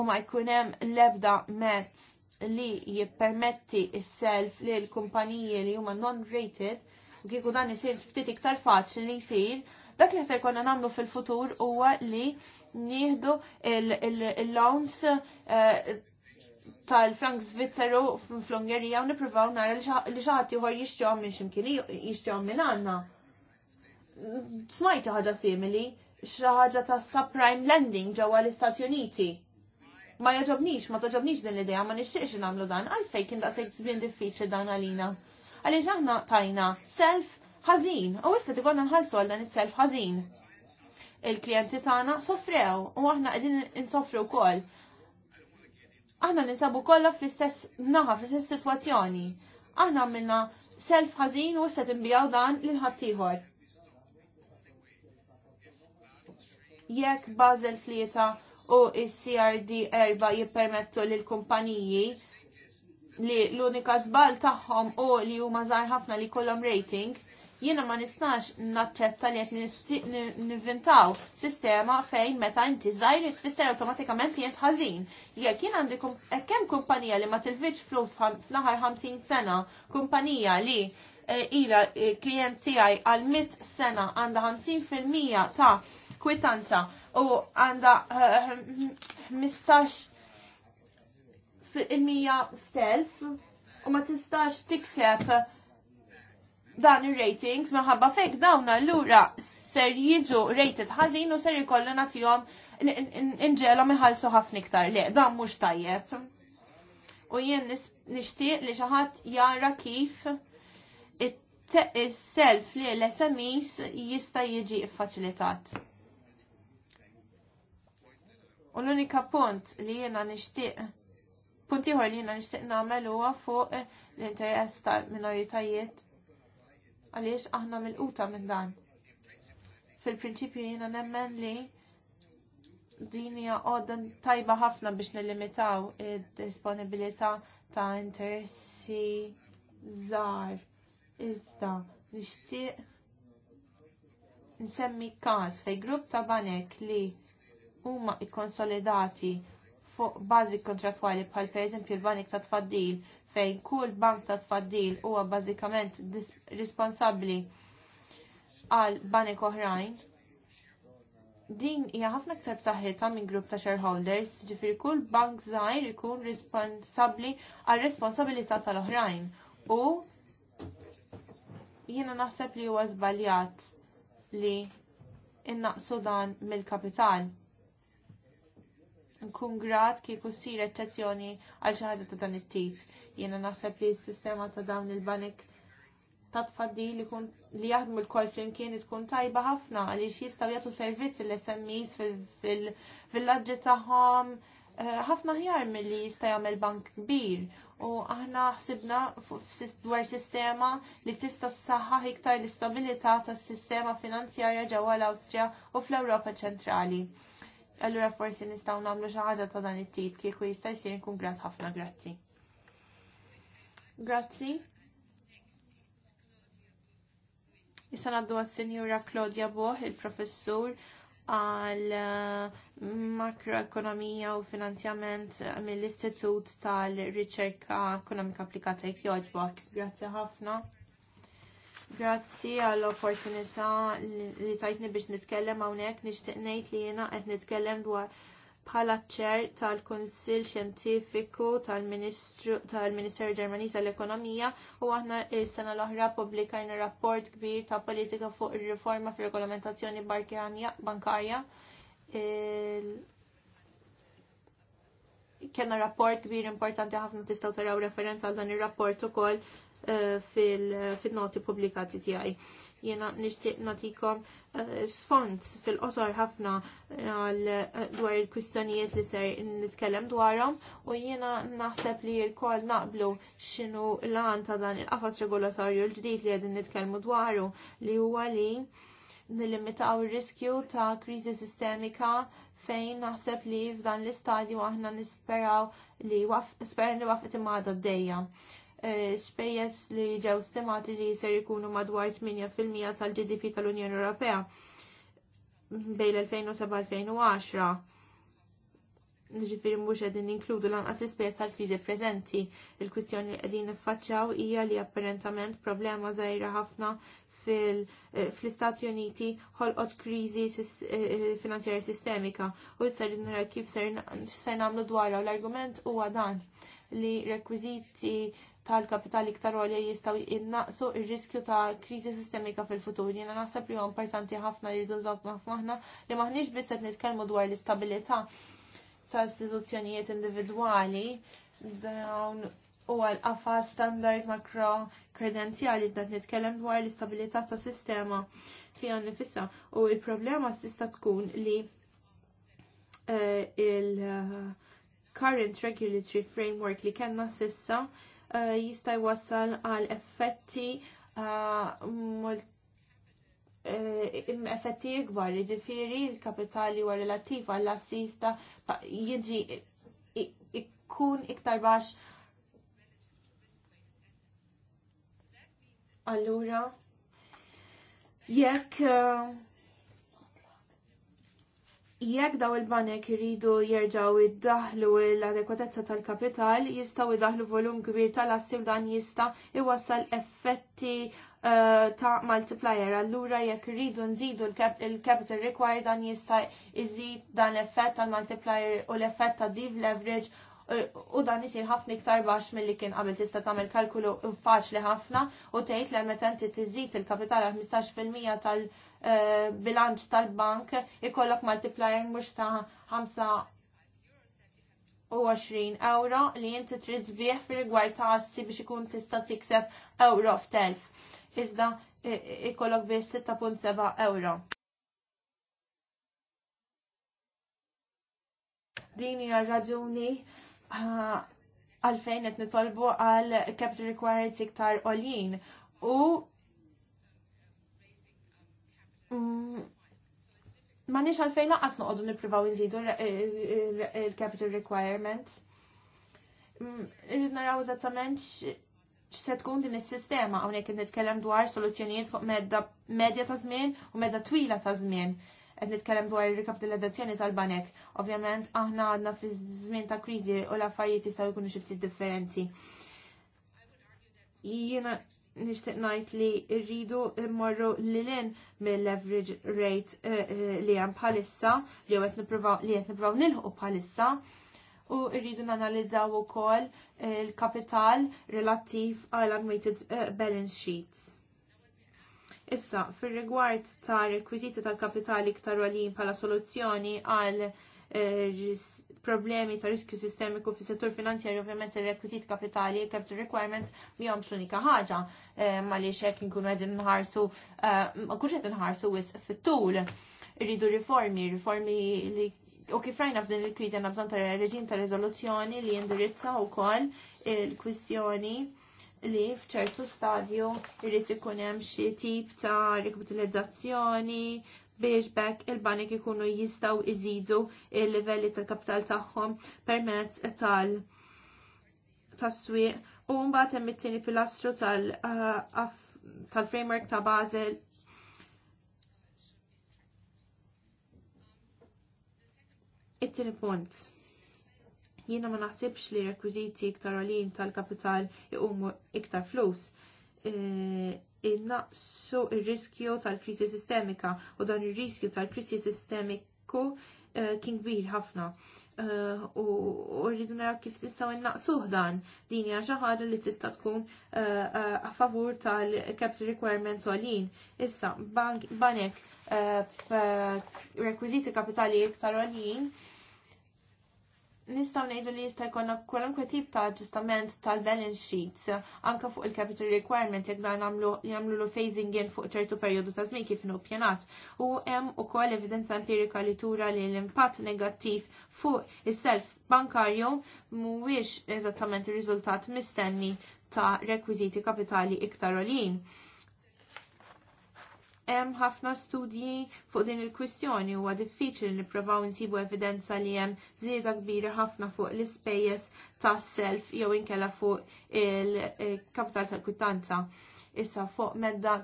u ma jkunem lebda mezz li jippermetti il self li l-kumpaniji li huma non-rated u kieku dan isir ftit iktar faċli li jsir, dak li se jkollna nagħmlu fil-futur huwa li nieħdu il-loans eh, tal-Frank Svizzeru fl-Ungerija u nippruvaw nara li xaħat juħor jixtiju minn ximkien, jixtiju minn għandna. Smajtu ħaġa simili, xaħġa ta' subprime lending ġewwa l-Istati Uniti. Ma jaġobnix, ma toġobnix din l-idea, ma nixtieqx nagħmlu dan, għalfejn kien daqshekk żmien diffiċli dan għalina għaliex aħna tajna self ħażin u issa tikonna nħalsu għal dan is-self ħażin. Il-klijenti tagħna sofrew u aħna qegħdin insofru wkoll. Aħna ninsabu kollha fl-istess naħa fl-istess sitwazzjoni. Aħna għamilna self ħażin u issa tinbijaw dan lil ħaddieħor. Jekk Basel tlieta u s-CRD erba jippermettu lill kumpaniji li l-unika żball tagħhom u li huma żgħar ħafna li kollhom rating, jiena ma nistax naċċetta li qed nivvintaw sistema fejn meta inti żgħir tfisser awtomatikament li jent ħażin. Jekk jien għandi hemm kumpanija li ma tilviġ flus fl-aħħar 50 sena, kumpanija li e, ila e, klient tiegħi għal 100 sena għandha 50% ta' kwitanza u għanda 15 eh, eh, hm, hm, il-mija f'telf u ma tistax tikseb dan ir-ratings minħabba fejk dawna allura ser jiġu rated ħażin u ser jkollu nagħtihom inġelhom iħallsu ħafna iktar. Le, dan mhux tajjeb. U jien nixtieq li xi ħadd jara kif is-self li l-SMEs jista' jiġi ffaċilitat. U l-unika punt li jiena nixtieq Punti ħor li jina nishtiq namel huwa fuq eh, l-interess tal-minoritajiet għaliex aħna mill-quta minn dan. Fil-prinċipju jina nemmen li din hija għodda tajba ħafna biex nilimitaw id-disponibilità ta' interessi żgħar. Iżda nixtieq nsemmi każ fej grupp ta' banek li huma ikkonsolidati fuq bażi kontrattwali bħal pereżempju l-banik ta' tfaddil fejn kull bank ta' tfaddil huwa bażikament responsabbli għal banik oħrajn. Din hija ħafna aktar b'saħħitha minn grupp ta' shareholders, ġifieri kull bank żgħir ikun responsabbli għal responsabilità tal-oħrajn u jiena naħseb li huwa żbaljat li innaqsu dan mill-kapital nkun grat kieku sir attenzjoni għal xi ħaġa ta' dan it-tip. Jiena naħseb li s-sistema ta' dawn il-banek ta' tfaddi li kun li jaħdmu l-kol flimkien tkun tajba ħafna għaliex jistgħu jagħtu servizz l-SMEs fil-villaġġi tagħhom eh, ħafna ħjar milli jista' jagħmel bank kbir u aħna ħsibna dwar sistema li tista' ssaħħaħ iktar l-istabilità tas-sistema finanzjarja ġewwa l-Awstrija u fl-Ewropa ċentrali. Allura forsi nistgħu nagħmlu xi ħaġa ta' dan it-tip kieku jista' jsir nkun grat ħafna grazzi. Grazzi. Issa ngħaddu għas-Sinjura Claudia Boh, il-professur għal uh, makroekonomija u finanzjament mill-Istitut tal-Riċerka Ekonomika Applikata jek joġbok. Grazzi ħafna. Grazzi għall-opportunità li tajtni biex nitkellem hawnhekk nixtieq ngħid li jiena qed nitkellem dwar bħala ċer tal-Kunsill Xjentifiku tal-Ministeru Ġermaniż tal-Ekonomija u aħna s-sena l-oħra publikajna rapport kbir ta' politika fuq ir-riforma fir-regolamentazzjoni bankarja. Kenna rapport kbir importanti ħafna tistgħu taraw referenza għal dan ir-rapport ukoll Eh, fil-noti publikati tiegħi. Jiena nixtieq nagħtikom eh, sfond fil-qosor ħafna eh, dwar il-kwistjonijiet li ser nitkellem dwarhom u jiena naħseb li l-kol naqblu x'inhu l-għan ta' dan il-qafas regolatorju l-ġdid li qegħdin nitkellmu dwaru li huwa li nilimitaw ir-riskju ta' kriżi sistemika fejn naħseb li f'dan l-istadju aħna nisperaw li waf, li wafqet imma għadha d Eh, spejjeż li ġew stimati li ser ikunu madwar 8% tal-GDP tal-Unjoni Ewropea bejn l-2007-2010. Ġifiri mhux qegħdin inkludu lanqas ispejjeż tal-kriżi preżenti. Il-kwistjoni li qegħdin niffaċċjaw hija li apparentament problema żgħira ħafna eh, fl-Istati Uniti ħolqot kriżi eh, finanzjarja sistemika u jisser nara kif ser nagħmlu dwarha u l-argument huwa dan li rekwiżiti tal-kapitali iktar għolja jistgħu innaqsu r riskju ta' kriżi sistemika fil-futur. Jena naħseb li huwa importanti ħafna li dunżaw maħna li maħniex biss qed nitkellmu dwar l istabilita ta' istituzzjonijiet individwali dawn huwa l afa standard makro kredenzjali iżda nitkellem dwar l istabilita ta' sistema fiha nifissa u l problema s'ista' tkun li eh, uh, il- current regulatory framework li kellna sissa Eh, jista' jwassal għal effetti eh, eh, effetti ikbar, ġifiri l-kapitali u relattiv għall assista jiġi ikkun iktar bax. Allura, jekk jekk daw il-banek jiridu jerġaw iddaħlu l-adekwatezza tal-kapital, jistaw iddaħlu volum kbir tal-assi u dan jista iwassal effetti uh, ta' multiplier. Allura jekk iridu nżidu l-capital required dan jista iżid dan l-effett tal-multiplier u l-effett ta' div leverage eh, u dan isir ħafna iktar mill milli kien qabel tista' tagħmel kalkulu faċli ħafna u tgħid li meta inti tiżid il-kapital għal 15% tal- Eh, bilanċ tal-bank ikollok multiplier mhux ta' 25 euro li inti trid tbieħ fil rigward ta' assi biex ikun tista' tikseb euro f'telf. Iżda ikollok biss 6.7 euro. Din hija raġuni ah, għalfejn qed nitolbu għal capital requirements iktar għoljin u Mm. Ma nix għalfejn laqas noqogħdu nippruvaw nżidu eh, eh, eh, il-capital requirements. Mm, irrid naraw eżattament x'se tkun din is-sistema hawnhekk qed nitkellem dwar soluzzjonijiet fuq medda medja ta' żmien u medda twila ta' żmien qed nitkellem dwar ir rekapitalizzazzjoni tal-banek. Ovvjament aħna għadna fi żmien ta' kriżi u l-affarijiet jistgħu jkunu xi differenti. Jiena nishtiq najt li rridu immorru lilin mill-leverage rate eh, eh, li hemm bħalissa li qed nippruvaw li qed nippruvaw nilħu bħalissa u rridu nanalizzaw ukoll il-kapital relattiv għal unweighted eh, balance sheets. Issa, fir rigward ta' rekwiżiti tal-kapitali iktar għalin bħala soluzzjoni għal Eh, problemi ta' riskju sistemiku fis settur finanzjarju ovvjament ir-rekwiżit kapitali capital requirements mihomx l-unika ħaġa eh, ma li xek nkun qegħdin nħarsu eh, ma kunx qed nħarsu wis fit-tul. Rridu riformi, riformi li u kif rajna f'din il-kriżi għanna bżonn ta' reġim ta' riżoluzzjoni li jindirizza wkoll il-kwistjoni li fċertu stadju irrid ikun hemm xi tip ta' rekapitalizzazzjoni biex bekk il banik ikunu jistaw iżidu il-livelli tal-kapital tagħhom permezz tal tas-swieq u mbagħad hemm it-tieni pilastru uh, tal-framework ta' Basel it-tieni punt. Jiena ma naħsibx li rekwiżiti iktar għalin tal-kapital iqumu iktar flus. Eh, innaqsu ir-riskju tal-kriżi sistemika u dan ir-riskju tal-kriżi sistemiku eh, kien kbir ħafna. Eh, u rridu naraw kif tistgħu innaqsuh dan din hija xi ħaġa li tista' tkun eh, a favur tal-capital requirements għalin. Issa banek rekwiżiti kapitali iktar għalin nistaw nejdu li jista' jkollna kwalunkwe tip ta' aġġustament tal-balance sheet eh, anke fuq il-capital requirement jekk dan jagħmlu lu phasing in fuq ċertu perjodu ta' żmien kif pjanat. U hemm ukoll evidenza empirika li tura li l-impatt negattiv fuq is-self bankarju mhuwiex eżattament ir-riżultat mistenni ta' rekwiżiti kapitali iktar għolin hemm ħafna studji fuq din il-kwistjoni huwa diffiċli nippruvaw insibu evidenza li hemm żieda kbira ħafna fuq l-ispejjeż tas-self jew inkella fuq il-kapital tal-kwittanza. Issa fuq medda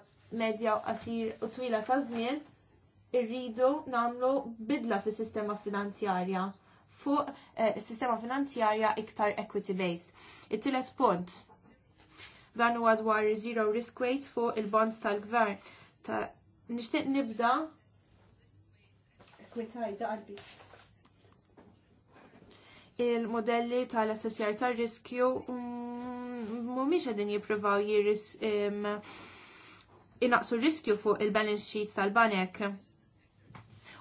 medja u qasir u twila ta' żmien irridu nagħmlu bidla fis-sistema finanzjarja fuq is-sistema eh, finanzjarja iktar equity based. It-tielet punt dan huwa dwar zero risk weights fuq il-bonds tal-gvern ta' nixtieq nibda kwitajda qalbi. Il-modelli tal-assessjar tar-riskju mm, mhumiex qegħdin jippruvaw jiris inaqsu riskju fuq il-balance sheet tal-banek.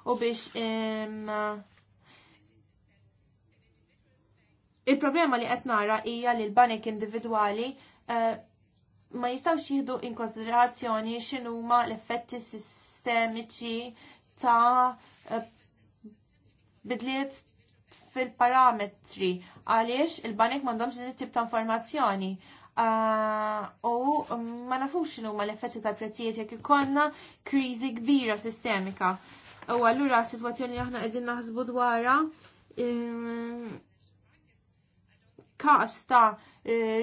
U biex il-problema li qed nara hija li l-banek individwali eh, ma jistaw xieħdu in konsiderazzjoni x'inhuma l-effetti sistemiċi ta' eh, bidliet fil-parametri għaliex il-banek mandomx din it-tip ta' informazzjoni. Ah, u ma nafux x'inhuma l-effetti ta' prezzijiet jekk ikollna kriżi kbira sistemika. U allura s-sitwazzjoni aħna qegħdin naħsbu dwarha kas ta'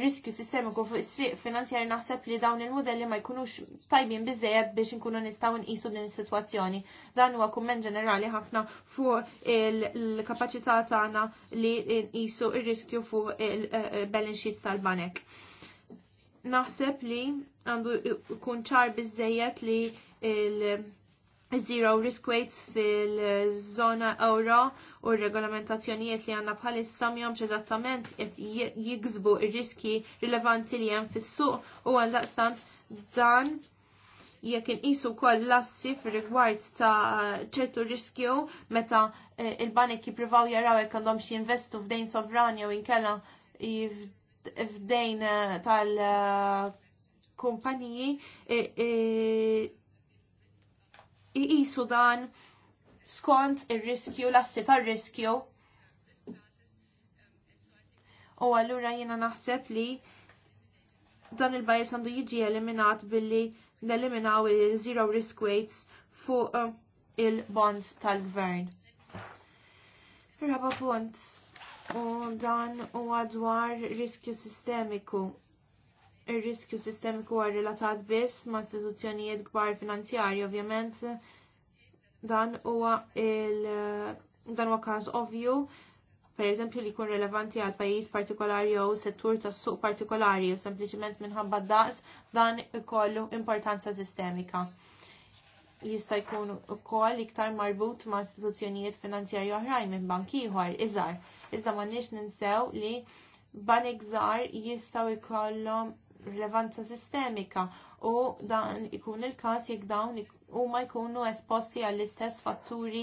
riskju sistemiku fuq is-sriq finanzjari naħseb li dawn il-modelli ma jkunux tajbin biżejjed biex inkunu nistgħu nqisu din is-sitwazzjoni. Dan huwa kumment ġenerali ħafna fuq il-kapaċità tagħna li nqisu r riskju fuq il-balance tal-banek. Naħseb li għandu jkun ċar biżejjed li il- zero risk weights fil-zona euro u regolamentazzjonijiet li għanna bħalissa mjomx eżattament qed r-riski rilevanti li hemm fis-suq u daqsant dan jekk inqisu wkoll lassi fir-rigward ta' ċertu riskju meta eh, il-banek jippruvaw jaraw jekk għandhom xie investu f'dejn sovrani u inkella f'dejn eh, tal-kumpaniji eh, iqisu dan skont ir-riskju, l-assi tar-riskju. U allura jiena naħseb li dan il-bajis għandu jiġi eliminat billi neliminaw il-zero risk weights fuq uh, il bond tal-gvern. Raba punt u dan u għadwar riskju sistemiku ir-riskju sistemiku għar relatat biss ma' istituzzjonijiet kbar finanzjarji ovvjament dan huwa il dan huwa każ ovvju pereżempju li jkun relevanti għal pajjiż partikolari jew settur tas-suq partikolari u sempliċement minħabba daqs dan ikollu importanza sistemika jista' jkun ukoll iktar marbut ma' istituzzjonijiet finanzjarji oħrajn minn bank ieħor iżgħar. Iżda m'għandniex ninsew li banek żgħar jistgħu jkollhom rilevanza sistemika u dan ikun il-każ jekk dawn huma jkunu esposti għall-istess fatturi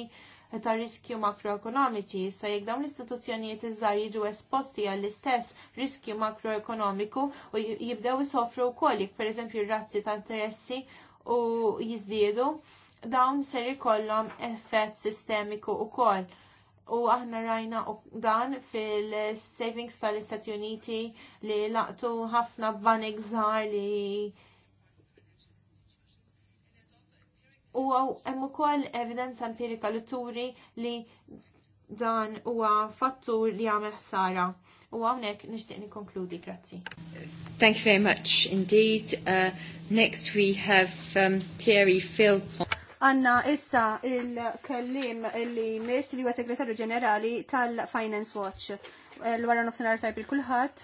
ta' riskju makroekonomiċi. Sa jekk dawn l-istituzzjonijiet iżgħar jiġu esposti għall-istess riskju makroekonomiku u jibdew isofru wkoll jekk pereżempju r-razzi ta' interessi u jiżdiedu, dawn ser ikollhom effett sistemiku wkoll u aħna rajna dan fil-savings tal-Istati Uniti li laqtu ħafna banek zaħar li u hemm ukoll evidenza empirika li turi li dan huwa fattur li għamel ħsara. U hawnhekk nixtieq nikkonkludi, grazzi. Thank you very much indeed. Uh, next we have um, Thierry Philpont. Għanna issa il-kellim li mis li huwa segretarju ġenerali tal-Finance Watch. L-wara nofsinhar tajb il kulħat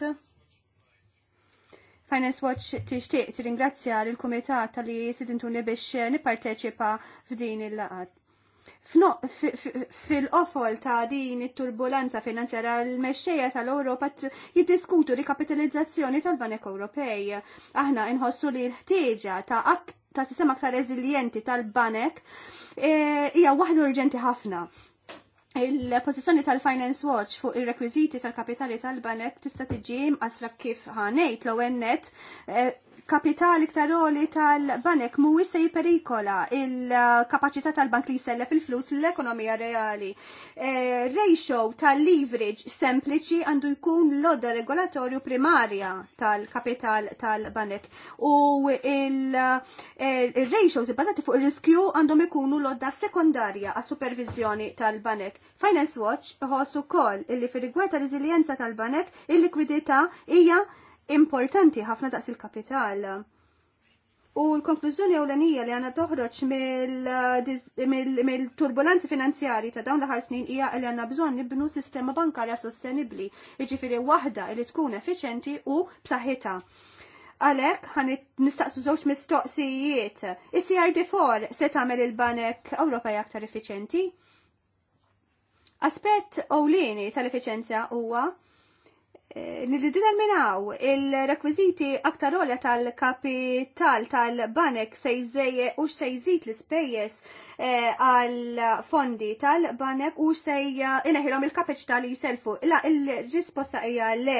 Finance Watch tixtieq tirringrazzja lil kumitat li sidintuni biex nipparteċipa f'din il-laqad. Fil-qofol ta' din it-turbulanza finanzjara l-mexxejja tal-Ewropa jiddiskutu rikapitalizzazzjoni tal-Banek Ewropej. Aħna nħossu li l-ħtieġa ta' aktar ta' sistema aktar reżiljenti tal-banek e, hija e, waħda urġenti ħafna. Il-pozizjoni tal-Finance Watch fuq il-rekwiziti tal-kapitali tal-banek tista' tiġi mqasra kif ħanejt l net e, kapitali ktaroli tal-banek mu se jiperikola il-kapacità tal-bank li jsellef il-flus l-ekonomija reali. E, ratio tal-leverage sempliċi għandu jkun l-odda regolatorju primarja tal-kapital tal-banek u il e, ratio il bazati fuq il-riskju għandhom ikunu l-odda sekundarja għas supervizjoni tal-banek. Finance Watch ħossu kol illi fir-rigward tal tal-banek il-likwidità hija il importanti ħafna daqs il-kapital. U l-konklużjoni ewlenija li għanna toħroġ mill-turbulenzi finanzjari ta' dawn l-ħar snin hija li għanna bżonn nibnu sistema bankarja sostenibli, jiġifieri waħda li tkun effiċenti u b'saħħitha għalek ħan nistaqsu żewġ mistoqsijiet. Is-CRD4 se tagħmel il-Banek Ewropej aktar effiċenti? Aspett ewlieni tal-effiċenzja huwa Nil-din minnaw il-rekwiziti aktar olja tal-kapital tal-banek sejżeje u sejżit l-spejjes eh, għal-fondi tal-banek u sejja inaħirom il-kapeċ tal-jiselfu. La, il-risposta hija le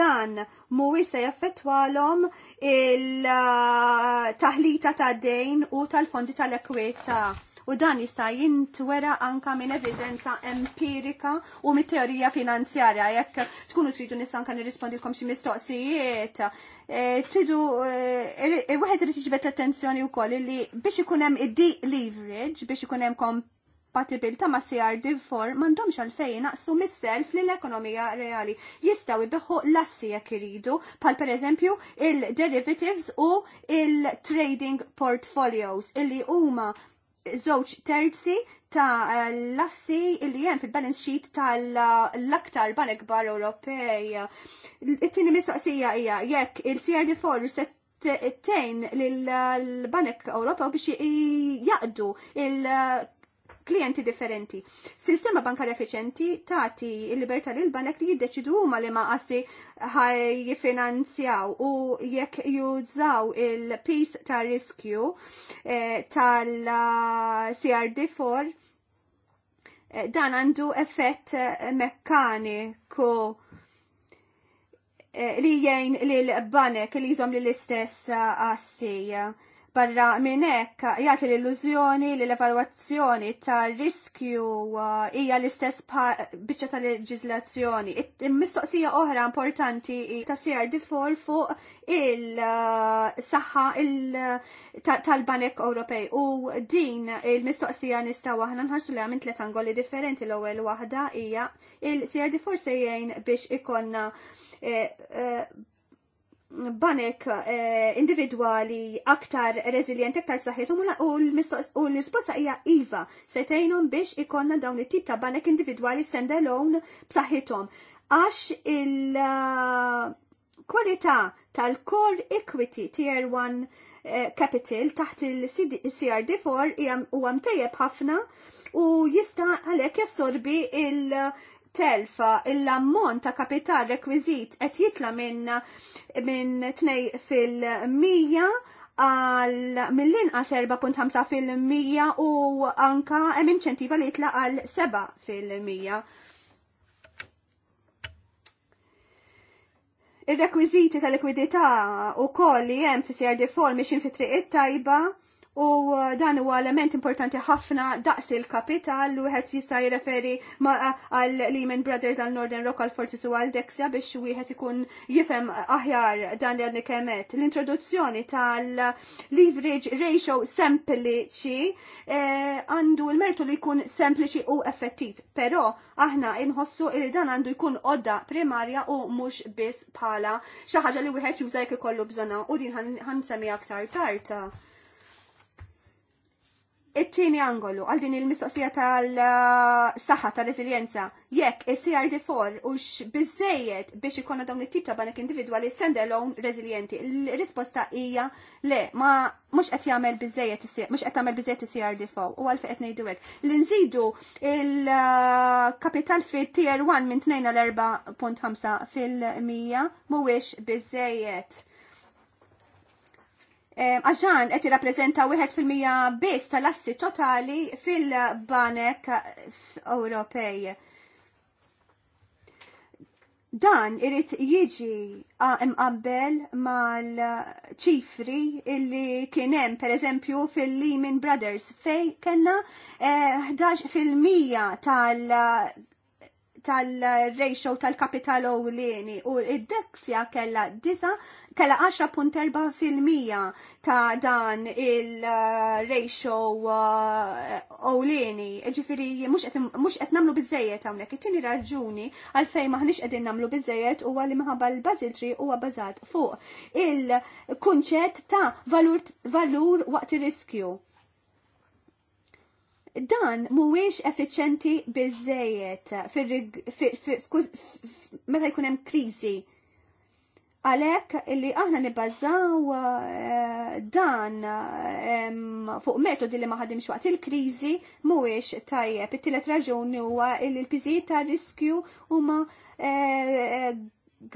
dan mhuwiex se jaffettwalhom il-taħlita ta' dejn u tal-fondi tal-ekwita. U dan jista' jintwera anka minn evidenza empirika u mit teorija finanzjarja. Jekk tkunu tridu nista' anka nirrispondilkom xi mistoqsijiet, eh, tridu eh, eh, wieħed irid jiġbed l-attenzjoni wkoll li biex ikun hemm id-leverage, biex ikun hemm kompatibilta ma' CRD4 m'għandhomx għalfejn naqsu mis-self l-ekonomija reali. jbeħħu l-assi jekk iridu, pal pereżempju il-derivatives u il-trading portfolios illi huma żewġ terzi ta' l-assi illi jen fil-balance sheet tal-aktar banek bar Ewropej. It-tini mistoqsija hija jekk il-CRD4 settejn l banek Ewropew biex jaqdu il- klienti differenti. Sistema bankarja effiċenti tagħti l-libertà l banek li jiddeċidu huma li ma qassi jifinanzjaw u jekk jużaw il piece ta' riskju eh, tal-CRD4 eh, dan għandu effett eh, mekkaniku li jgħin li l-banek li jżom li l-istess għassi. Uh, Barra minn hekk jagħti l-illużjoni li l-evalwazzjoni ta' riskju uh, hija l-istess biċċa tal-leġiżlazzjoni. Mistoqsija oħra importanti ta' CR4 fuq il-saħħa uh, uh, tal-Banek Ewropej u din il-mistoqsija nistaw aħna nħarsu li minn tliet angoli differenti l-ewwel waħda hija il-CR4 sejjejn biex ikonna eh, eh, banek eh, individuali aktar rezilienti, aktar b'saħħithom u l-risposta hija iva setejnhom biex ikonna dawn it-tip ta' banek individwali standalone b'saħħithom. Għax il-kwalità eh, tal-core equity tier 1 eh, capital taħt il-CRD4 huwa mtejjeb ħafna u jista' għalhekk jassorbi il- telfa l-ammont ta' kapital rekwizit qed jitla minn minn tnej fil 100 għal mill-inqas 4.5 fil 100 u anka hemm inċentiva li jitla għal 7 fil 100 Ir-rekwiżiti tal-likwidità u koll li hemm fi CRD4 mixin fi triq it-tajba u uh, dan huwa element importanti ħafna daqs il-kapital u wieħed jista' jirreferi uh, għal Lehman Brothers għal Northern Rock għal Fortis u għal Dexia biex wieħed ikun jifhem aħjar dan li għadni kemet. L-introduzzjoni tal-leverage ratio sempliċi eh, għandu l-mertu li jkun sempliċi u effettiv, però aħna inħossu li dan għandu jkun odda primarja u mhux biss bħala xi ħaġa li wieħed juża jekk ikollu bżonna u din ħansemmi aktar tarta it-tieni angolu għal din il-mistoqsija tal-saħħa tal-resiljenza jekk is-CRD4 u biżejjed biex ikonna dawn it-tip ta' banek individwali stand-alone resilienti. Il-risposta hija le, ma mhux qed jagħmel biżejjed mhux qed tagħmel biżejjed is-CRD4 u għalfejn qed ngħidu hekk. Li nżidu il-kapital fi tier 1 minn 2 l-4.5 fil-mija mhuwiex biżejjed Għaxan eh, qed jirrappreżenta 1 fil-mija tal-assi totali fil-banek Ewropej. Dan irid jiġi imqabbel mal-ċifri illi kien hemm pereżempju fil-Lehman Brothers fej kellna 11% eh, tal- tal-ratio tal-kapital ewlieni u id-deksja kella disa kella 10.4% ta' dan il-ratio uh, ewlieni. Ġifiri, mux qed namlu bizzejiet hawnhekk. It-tieni raġuni għalfejn maħniex qegħdin namlu bizzejiet huwa li maħabba l-Basiltri huwa għabbażat fuq il-kunċett ta' valur waqt ir-riskju dan mhuwiex effiċenti biżejjed meta jkun hemm kriżi. Għalhekk illi aħna nibbażaw eh, dan fuq metodi li ma ħadimx waqt il-kriżi mhuwiex tajjeb. It-tielet raġuni huwa li l-piżijiet ta' riskju huma eh,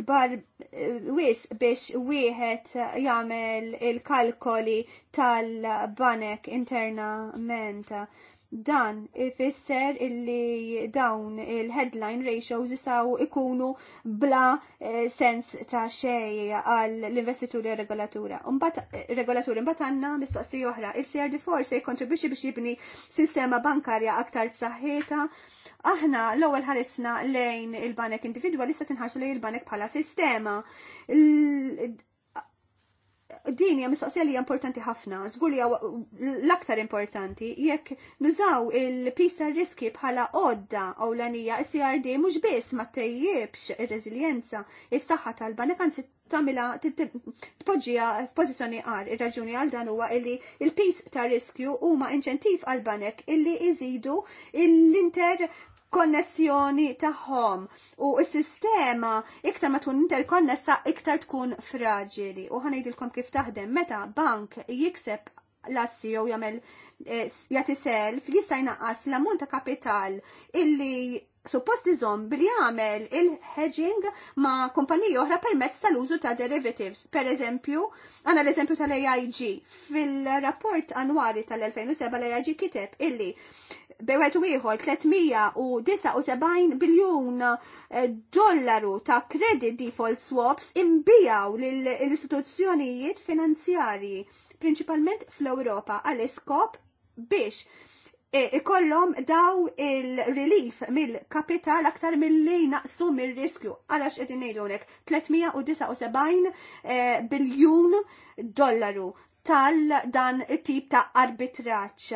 kbar eh, wis biex wieħed jagħmel il-kalkoli tal-banek internament Dan ifisser illi dawn il-headline ratios jisaw ikunu bla eh, sens ta' xej għal l-investituri regolatura. Eh, regolatura mbagħad għandna mistoqsija oħra. Il-CRD forse jikkontribwixxi biex jibni sistema bankarja aktar b'saħħitha aħna l-ewwel ħarisna lejn il-banek individwali issa tinħarsu lejn il-banek bħala sistema din hija mistoqsija li hija importanti ħafna, żgur li l-aktar importanti jekk nużaw il pista tar-riski bħala għodda s CRD mhux biss ma tejjibx ir-reżiljenza is-saħħa tal-banek anzi tagħmilha tpoġġiha f'pożizzjoni għal Ir-raġuni għal dan huwa li l-pis tar-riskju huma inċentiv għal banek illi iżidu l-inter konnessjoni tagħhom u s-sistema iktar ma tkun interkonnessa iktar tkun fraġili. U ħanejdilkom kif taħdem meta bank jikseb l-assi jew jagħmel eh, jagħti self jista' jnaqqas l-ammont ta' kapital illi suppost iżom billi jagħmel il-hedging ma' kumpaniji oħra permezz tal-użu ta' derivatives. Per eżempju, għandna l-eżempju tal-AIG fil-rapport annwali tal-2007 l-AIG kiteb illi bewet u 379 biljun eh, dollaru ta' credit default swaps imbijaw lill-istituzzjonijiet finanzjarji, prinċipalment fl-Ewropa, għal-iskop biex eh, ikollhom daw il-relief mill-kapital aktar mill-li naqsu mill-riskju. Għalax x'qegħdin ngħidu 379 eh, biljun dollaru tal dan it-tip ta' arbitraċċ.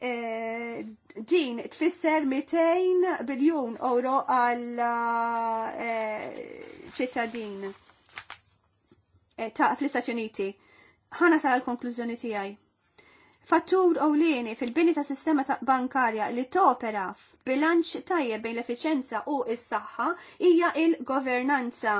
Eh, din tfisser 200 biljun euro għal eh, ċittadin eh, ta' fl-Istati Uniti. Ħana sara l-konklużjoni tiegħi. Fattur ewlieni fil-bini ta' sistema ta' bankarja li topera f'bilanċ tajjeb bejn l-efficienza u s-saħħa hija il-governanza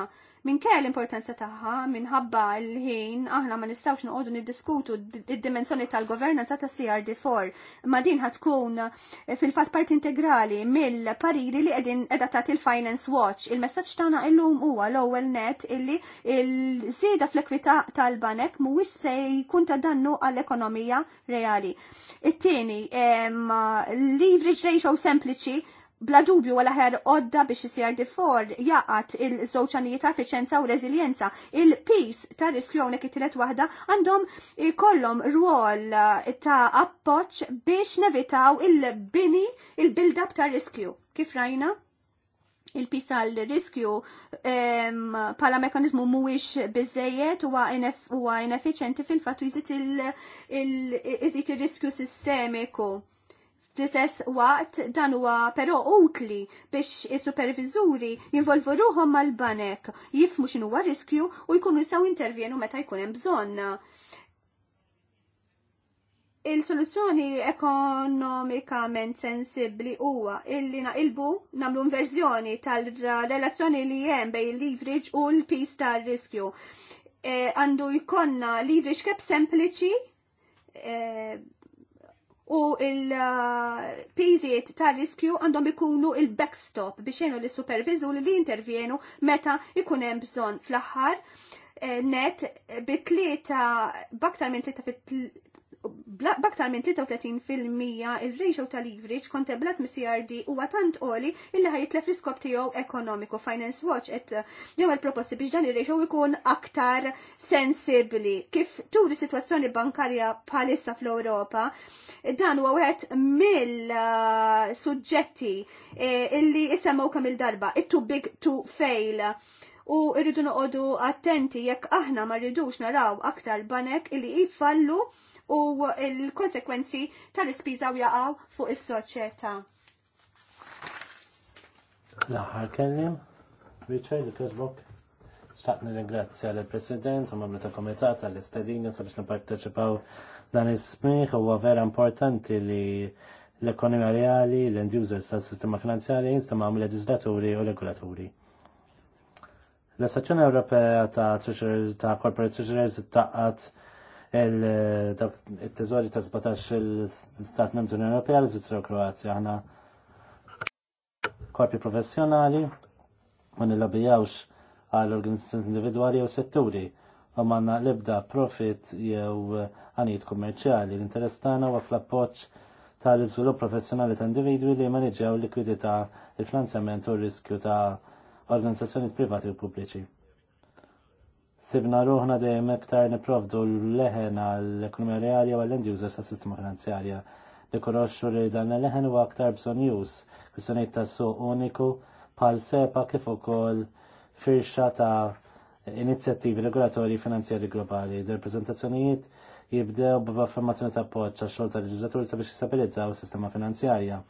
minkejja l-importanza tagħha minħabba l-ħin aħna ma nistgħux noqogħdu niddiskutu id-dimensjoni tal-governanza ta' CRD4 ma din ħatkun eh, fil-fatt part integrali mill-pariri li qegħdin qiegħda tagħti il-Finance Watch. Il-messaġġ tagħna illum huwa l-ewwel net illi l-żieda fl-ekwità tal-banek mhuwiex se jkun ta' dannu għall-ekonomija reali. It-tieni leverage ratio sempliċi bla dubju għal ħer odda biex isir diffor jaqat il-żoċanijiet ta' efficienza u reżiljenza. Il-peace ta' riskju hawnhekk it tilet waħda għandhom kollom rwol ta' appoġġ biex nevitaw il-bini il-build-up ta' riskju. Kif rajna? il-pis tal-riskju pala mekanizmu mhuwiex u huwa ineffiċenti fil fattu jizit il-riskju sistemiku Fl-istess waqt dan huwa però utli biex is-supervizuri jinvolvu ruhom mal-banek, jifmu x'inhu huwa riskju u jkunu jistgħu intervjenu meta jkun hemm bżonn. Il-soluzzjoni ekonomikament sensibbli huwa illi naqilbu nagħmlu inverżjoni tal-relazzjoni li hemm bejn il-leverage u l-pis tar-riskju. Eh, għandu jkollna leverage kep sempliċi eh, u il pizziet ta' riskju għandhom ikunu il-backstop biex jenu li supervizu li li intervjenu meta ikunem bżon fl ħar eh, net bi tlieta baktar minn tlieta baktar minn 33% il-ratio tal-leverage kontemplat mis-CRD huwa tant oli illi ħajitlef l-iskop tijow ekonomiku. Finance Watch jom jagħmel proposti biex dan ir reġo jkun aktar sensibbli. Kif turi situazzjoni bankarja bħalissa fl-Ewropa, dan u wieħed mill-suġġetti eh, illi jisemmaw kemm il-darba, it-too big to fail u rridu noqogħdu attenti jekk aħna ma rridux naraw aktar banek illi jifallu u l-konsekwenzi tal-ispiża jaqgħu fuq is-soċjetà. L-aħħar kellim, Richard, kħazbok. Xtaqni ringrazzja l-President u membri tal-Komitat għall istadina sabiex nipparteċipaw dan is-smiħ huwa vera importanti li l-ekonomija reali, l-end users tas-sistema finanzjari l leġislaturi u regolaturi. L-Assoċjoni Ewropea ta' Treasurer ta' Corporate Treasurers taqqat il-teżori ta' 17 il-Stat Unjoni Ewropea l Svizzera u Kroazja. Aħna korpi professjonali ma nillabijawx għal organizzazzjoni individwali jew setturi u manna l profit jew għanijiet kummerċjali. L-interess tagħna huwa fl-appoġġ tal-iżvilupp professjonali ta' individwi li jmaniġġew likwidità, il-finanzjament u r-riskju ta' organizzazzjoni privati u pubbliċi sibna ruħna dejjem iktar niprovdu l-leħen għall-ekonomija reali u għall-end users tas sistema finanzjarja li koroxxu li dan l-leħen huwa aktar bżonn jus, kwistjonijiet ta' suq uniku bħal sepa kif ukoll firxa ta' inizjattivi regolatorji finanzjarji globali. Dir prezentazzjonijiet jibdew b'affermazzjoni ta' poċċa xogħol tal leġiżlatur sabiex jistabilizzaw is-sistema finanzjarja.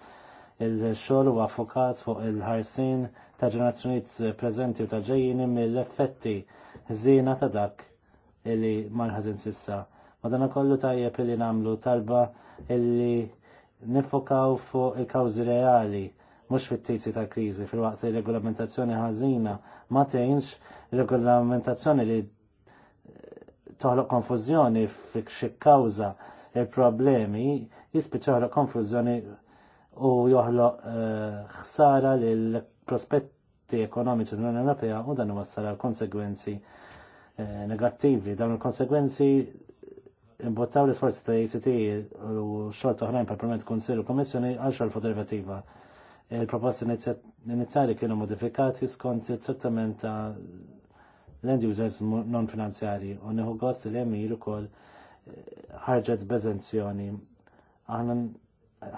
Il-xogħol huwa fokat fuq il-ħarsin ta' ġenerazzjonijiet preżenti u ta' ġejjini mill-effetti ħżiena ta' dak illi marħazin sissa. Madana kollu tajjeb illi namlu talba illi nifokaw fuq il-kawzi reali mux fit-tizi ta' krizi fil-waqt li regolamentazzjoni ħażina ma il regolamentazzjoni li toħloq konfużjoni f'xi kawża il-problemi jispiċċa konfużjoni u joħloq eh, ħsara l prospett T'i ekonomiċi l unjoni Ewropea u dan wassal għal konsegwenzi eh, negattivi. Dawn il-konsegwenzi imbottaw l-isforzi ta' ICT e u xort oħrajn per permet konsil u kommissjoni għal xorfu derivativa. Il-proposti inizjali kienu modifikati skont il-trattament ta' land users non finanzjari u neħu gost li il ukoll eh, ħarġet bezenzjoni. Aħna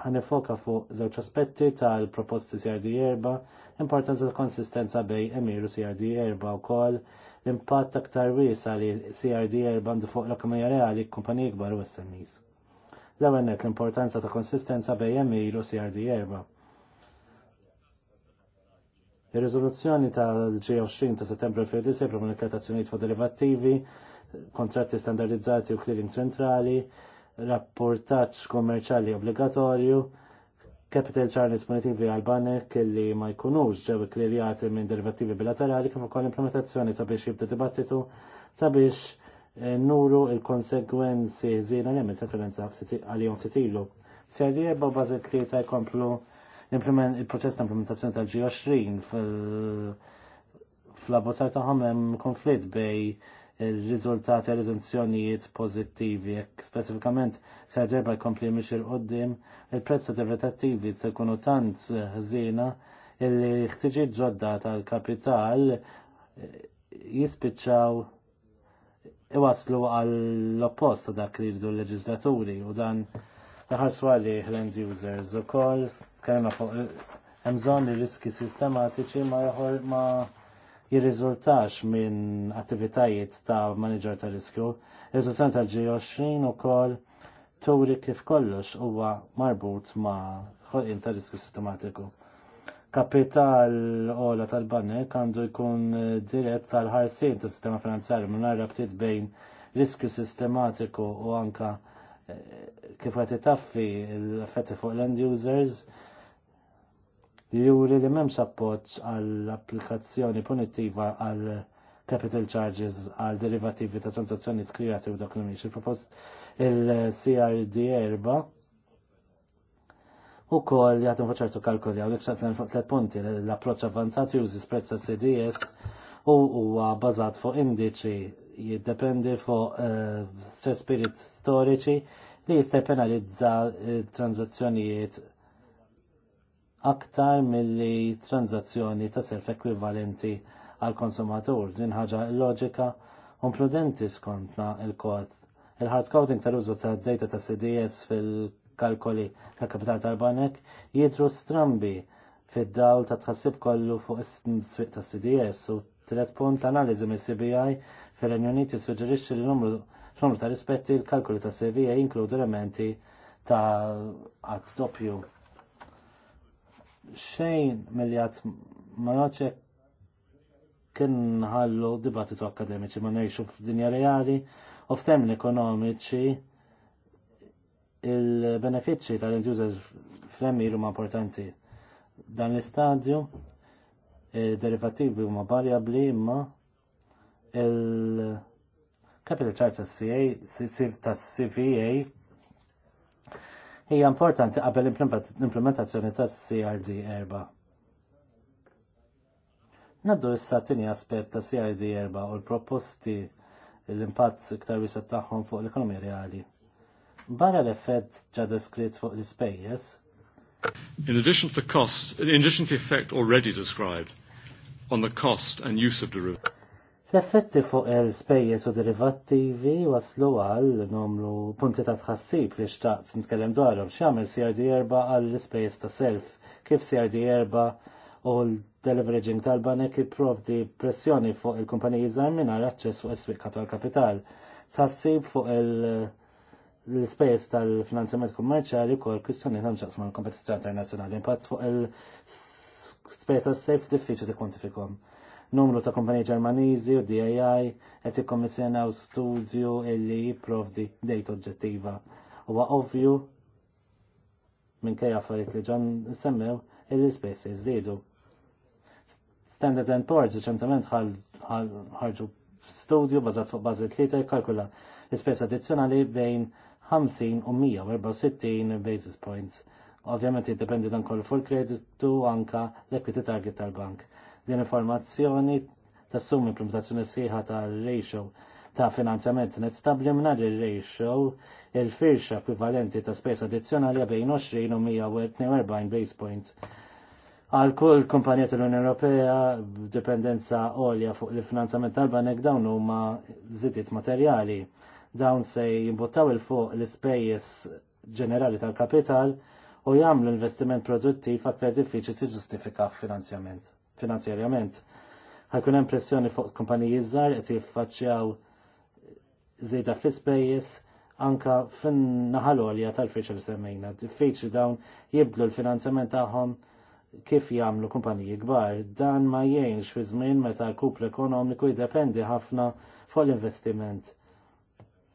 ħanifoka fuq żewġ aspetti tal-proposti CRD erba, importanza ta' konsistenza bej emiru CRD erba u kol, l-impatt aktar wiesa li CRD erba għandu fuq l-ekonomija reali kumpani kbar u SMEs. L-ewwel l-importanza ta' konsistenza bej emiru CRD erba. Ir-riżoluzzjoni tal-G20 ta' settembru 2010 promunikatazzjonijiet fuq derivattivi, kontratti standardizzati u clearing ċentrali, rapportaċ kommerċali obbligatorju, capital charges punitivi għal banner kelli ma jkunux ġew klirjati minn derivativi bilaterali kif ukoll implementazzjoni sabiex jibda dibattitu sabiex eh, nuru il-konsegwenzi żiena li għamilt referenza għalihom ftit ilu. Serje ba' bażil ta' jkomplu il-proċess ta' implementazzjoni tal-G20 fil-abbozzar tagħhom hemm konflitt bej il-riżultati għal eżenzjonijiet pozittivi. Jekk speċifikament se ġerba jkompli miex il-qoddim, il-prezzi derivattivi se jkunu tant ħżiena illi ħtiġi ġodda tal-kapital eh, jispiċċaw iwaslu għall opposta dak li jridu l-leġislaturi u dan daħar swali l-end users u kol, tkellimna fuq eh, emżon li riski sistematiċi ma jirriżultax minn attivitajiet ta' manager ta' riskju, riżultant ta' G20 u kol turi kif kollox huwa marbut ma' ħolqien ta' riskju sistematiku. Kapital ola tal-banek għandu jkun dirett tal-ħarsin ta' sistema finanzjarju minn b'tit bejn riskju sistematiku u anka eh, kif għati taffi l-effetti fuq l-end users juri li memx appoġġ għall-applikazzjoni punittiva għal capital charges għal derivativi ta' transazzjoni kreati u dak li miex. Il-propost il-CRD erba u kol jgħatin faċertu kalkoli għal iċċat fuq tlet punti l-approċ avanzat jużi spread ta' CDS u huwa bazat fuq indiċi jiddependi fuq eh, stress spirit storiċi li jista' penalizza eh, transazzjonijiet aktar milli tranzazzjoni ta' self ekwivalenti għal konsumatur. Din ħaġa loġika u prudenti skontna il-kod. Il-hard coding tal-użu ta' data ta' CDS fil-kalkoli ta' kapital tal-banek jidru strambi fid-dawl ta' tħassib kollu fuq is sweq ta' CDS u tret punt l-analiżi mis cbi fil-Uniti suġġerixxi li l-numru ta' rispetti l-kalkoli ta' CVA jinkludu elementi ta' għat doppju xejn mill-jat ma kien ħallu dibattitu akademiċi ma nejxu f'dinja reali u f'termini ekonomiċi il-benefiċċji tal-end-user fl huma importanti. Dan l-istadju derivativi huma variabli imma il-capital charge tas-CVA hija importanti qabel l-implementazzjoni tas CRD 4. Naddu issa tini aspett ta' CRD erba' u l-proposti l-impatt iktar wisat tagħhom fuq l-ekonomija reali. Barra l-effett ġa deskritt fuq l ispejjes In addition to the cost, in addition to the effect already described on the cost and use of derivatives. L-effetti fuq il-spejjeż u derivattivi waslu għal numru punti ta' tħassib li xtaqt nitkellem dwarhom x'jagħmel CRD 4 għall ispejjeż ta' self, kif CRD 4 u l-deleveraging tal-banek jipprovdi pressjoni fuq il-kumpaniji żgħar mingħajr aċċess fuq is-swieq kapital. Tħassib fuq il- l-ispejs tal-finanzjament kummerċjali wkoll kwistjoni ta' nċaqsma l-kompetizzjoni internazzjonali impatt fuq il-spejs tas-sejf diffiċli kwantifikom numru ta' kompaniji ġermaniżi u DAI qed ikkommissjonaw studju illi jipprovdi dejt oġġettiva. Huwa ovvju minkejja affarijiet li ġan semmew illi space jiżdiedu. Standard and Poor's reċentament ħarġu studju bażat fuq bażi tlieta jkalkula l-ispejs addizzjonali bejn 50 u 164 basis points. Ovvjament jiddependi dan kollu fuq kreditu anka l-equity target tal-bank din informazzjoni ta' tassum implementazzjoni siħa ta' ratio ta' finanzjament net stabli minnar il-ratio il-firxa ekwivalenti ta' spesa addizzjonali bejn 20 u 142 base points għal kull kumpanijiet l-Unjoni Ewropea b'dipendenza għolja fuq il-finanzjament tal-banek dawn huma żidiet materjali. Dawn se jimbuttaw il fuq l-ispejjeż ġenerali tal-kapital u jagħmlu investiment produttiv aktar diffiċli tiġġustifika finanzjament finanzjarjament. Ħakun hemm pressjoni fuq kumpaniji żgħar qed jiffaċċjaw żejda fl-ispejjeż anka fin naħalolja tal-fiċ li semmejna. Diffiċli dawn jibdlu l-finanzjament tagħhom kif jagħmlu kumpaniji kbar. Dan ma jgħinx fi żmien meta l-kupru ekonomiku jiddependi ħafna fuq l-investiment.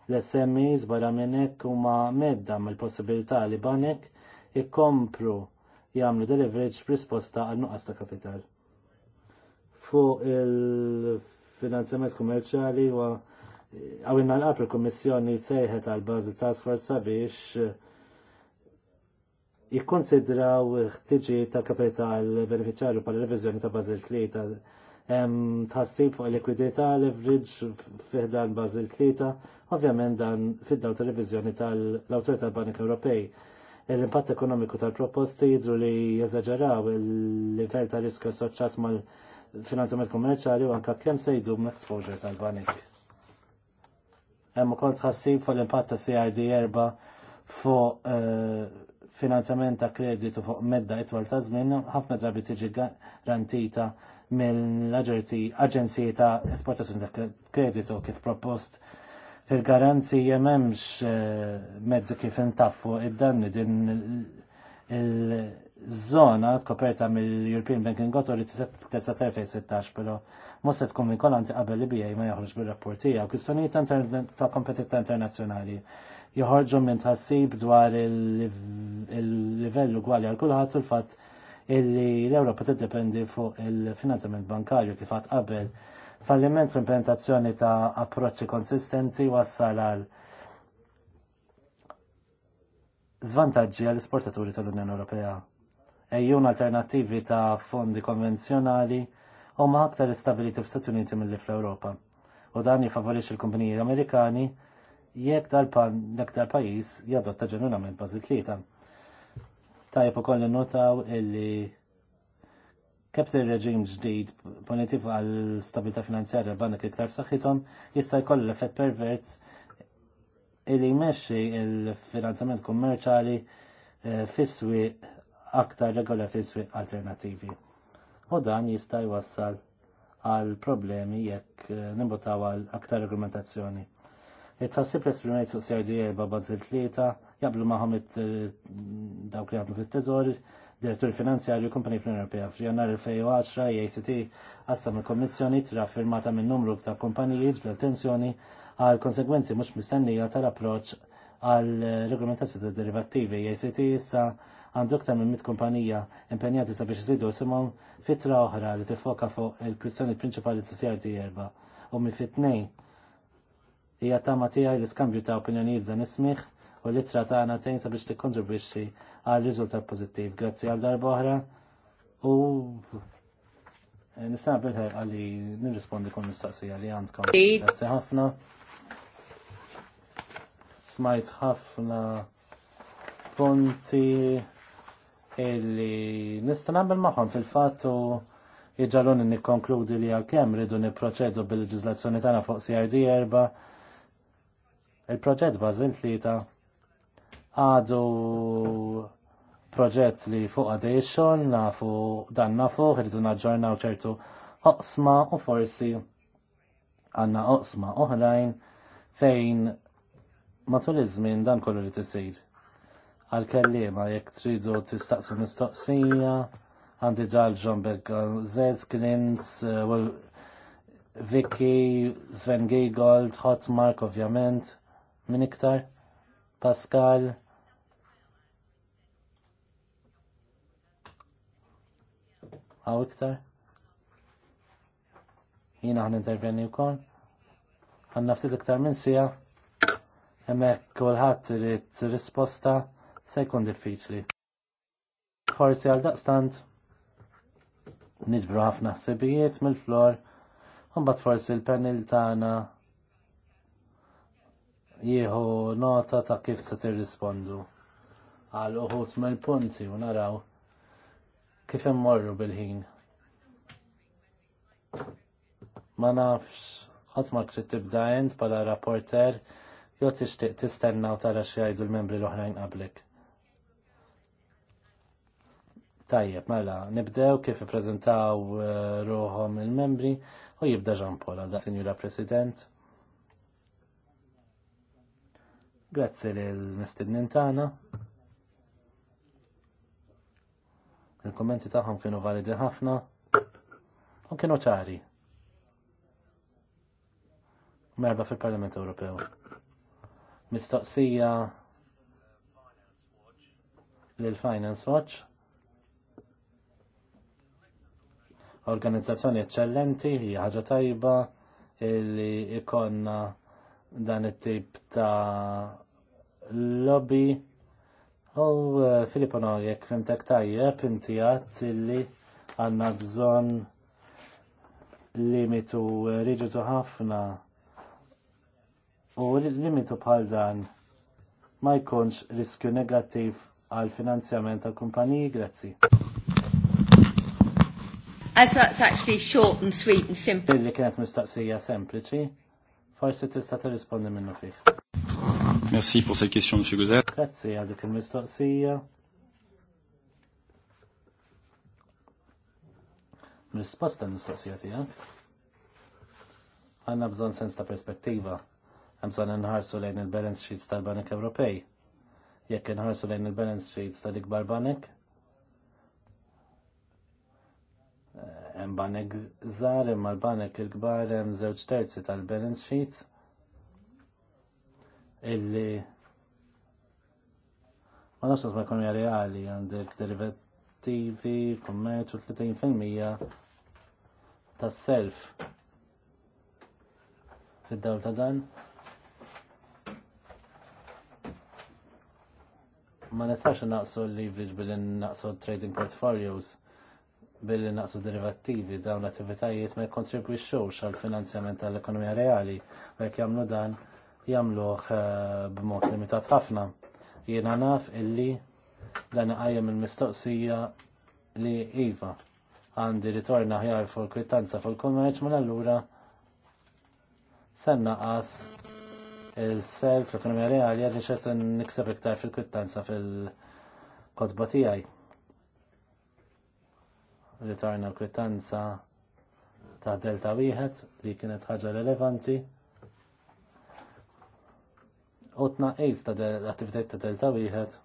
L-SMEs barra minn hekk huma medda mill-possibilità li banek ikkompru jagħmlu deliverage b'risposta għal nuqqas ta' kapital fuq il-finanzjament kummerċali u eh, għawinna l il kommissjoni sejħet għal-bazi task force sabiex jikkonsidraw eh, ħtiġi ta' kapital beneficjarju pal revizjoni ta' Basel Klita. tħassib fuq likwidità leverage fiħdan Basel Klita, ovvjament dan fid-daw ta' revizjoni tal-Autorità Banik Ewropej. L-impatt ekonomiku tal-proposti jidru li jeżagġeraw il-livell ta' riskju assoċjat mal- finanzjament kommerċali u anka kemm se jdu exposure tal-banik. Hemm ukoll tħassib fuq l-impatt ta' CRD erba fuq eh, finanzjament ta' kreditu fuq medda itwal ta' żmien ħafna drabi tiġi garantita mill-aġerti aġenziji ta' esportazzjoni ta' kreditu kif propost fil-garanzija m'hemmx eh, mezzi kif intaffu id-danni din il- zona koperta mill-European Banking Authority testa 16, pero mhux se tkun vinkolanti qabel li bija ma joħroġ bir-rapport tiegħu. Kwistjonijiet ta' kompetitta internazzjonali joħorġu minn tħassib dwar il-livell ugwali għal kulħadd u l-fatt illi l-Ewropa tiddependi fuq il-finanzjament bankarju kif qatt qabel. Falliment fl-implementazzjoni ta' approċċi konsistenti wassal għal zvantaġġi għall esportaturi tal-Unjoni Ewropea ejjun alternattivi ta' fondi konvenzjonali huma aktar istabiliti f'Stati Uniti mill fl-Ewropa. U dan jifavorix il-kumpaniji Amerikani jekk dal-aktar pajis jadotta ġenwinament bażi tlieta. Tajb ukoll notaw illi kept il-reġim ġdid punitiv għal stabilita finanzjarja l-banek iktar saħħithom jista' jkollu l-effett pervert illi jmexxi il-finanzjament kummerċali eh, fis-swieq aktar regola fis alternativi. alternattivi. U dan jista' jwassal għal problemi jekk eh, nimbotaw għal aktar regolamentazzjoni. It-tħassib l-esprimajt fuq CRDA e 4 bazil 3 jablu maħom eh, dawk li għadlu fit-teżor, direttur finanzjarju kumpani fl-Unjoni Ewropea f'Jannar 2010 JCT għassam il-Kommissjoni tra firmata minn numru ta' kumpaniji fl-attenzjoni għal konsegwenzi mhux mistennija tal-approċċ għal regolamentazzjoni ta' derivattivi. JCT e issa għandu iktar minn mit kumpanija impenjati sabiex iżidu simhom fitra oħra li tifoka fuq il-kwistjoni prinċipali tas-CRT erba' u minn fitnej hija tama tiegħi l-iskambju ta' opinjonijiet dan ismih u l-ittra tagħna tgħin sabiex tikkontribwixxi għal riżultat pożittiv. Grazzi għal darba oħra u nista' bilħer għalli nirrispondi kull mistaqsija li għandkom. Grazzi ħafna. Smajt ħafna punti illi nista' naqbel magħhom fil fattu u jiġalun nikkonkludi li għal-kem ridu niproċedu bil-leġizlazzjoni tagħna fuq CRD erba. Il-proġett bażin tlieta għadu proġett li fuq għadejxon, nafu dan nafu, rridu naġġornaw ċertu oqsma u forsi għanna oqsma oħrajn fejn matul iż-żmien dan kollu li tisir għal-kellima jekk tridu tistaqsu mistoqsija għandi ġal Ġomberg Zez, Klinz eh, Vicky, Sven Giegold, Hotmark ovvjament, min iktar, Pascal, għaw iktar? Jina għan intervjeni u kon? Għan naftit iktar minn sija? Emek, kolħat rrit risposta? se jkun diffiċli. Forsi għal daqstant niġbru ħafna ħsibijiet mill-flor, mbagħad forsi l-panel tagħna jieħu nota ta' kif se tirrispondu għal uħut mill-punti u naraw kif immorru bil-ħin. Ma nafx ħadd ma trid tibda bħala rapporter jew tixtieq tistenna u tara xi jgħidu l-membri l-oħrajn qablek. Tajjeb, mela, nibdew kif ippreżentaw eh, ruhom il-membri u jibda Jean Paul da Signora President. Grazzi lill-mistednin tagħna. Il-kommenti tagħhom kienu validi ħafna u kienu ċari. Merba fil-Parlament Ewropew. Mistoqsija lill-Finance Watch organizzazzjoni eccellenti, hija ħaġa tajba li ikonna dan it-tip ta' lobby. U eh, Filippo no, jekk fimtek tajjeb, inti għat li għanna bżon limitu eh, riġitu ħafna u limitu bħal dan ma jkunx riskju negattiv għal finanzjament tal kumpaniji, grazzi. As that's actually short and sweet and simple. Illi kienet mistaqsija sempliċi, forsi tista' tirrispondi minnu fih. Merci pour cette question, Monsieur Gozer. Grazzi għal dik il-mistoqsija. Risposta l-mistoqsija tiegħek. Għanna bżon sens ta' perspettiva. Hemm bżonn inħarsu lejn il-balance sheets tal-Banek Ewropej. Jekk nħarsu lejn il-balance sheets tal-ikbar banek, Hemm banek żgħar imma l-banek il-kbar hemm żewġ terzi tal-balance sheets illi ma nafx ma ekonomija reali għandek derivattivi, kummerċ u 30% tas-self fid-dawl ta' dan. ma nistax naqsu l-leverage billi naqsu trading portfolios billi naqsu derivattivi dawn l-attivitajiet ma jkontribwixxux għal finanzjament tal-ekonomija reali jekk jagħmlu dan jagħmluh eh, b'mod limitat ħafna. Jiena naf illi dan iqajjem il-mistoqsija li iva għandi ritorna ħjar fuq kwittanza fuq kummerċ ma mela allura se naqas il-self l-ekonomija reali għaliex qed nikseb iktar fil-kwittanza fil-kotba tiegħi ritorna kwitanza ta' delta wieħed li kienet ħaġa relevanti u tnaqqis ta' l-attivitajiet ta' delta wieħed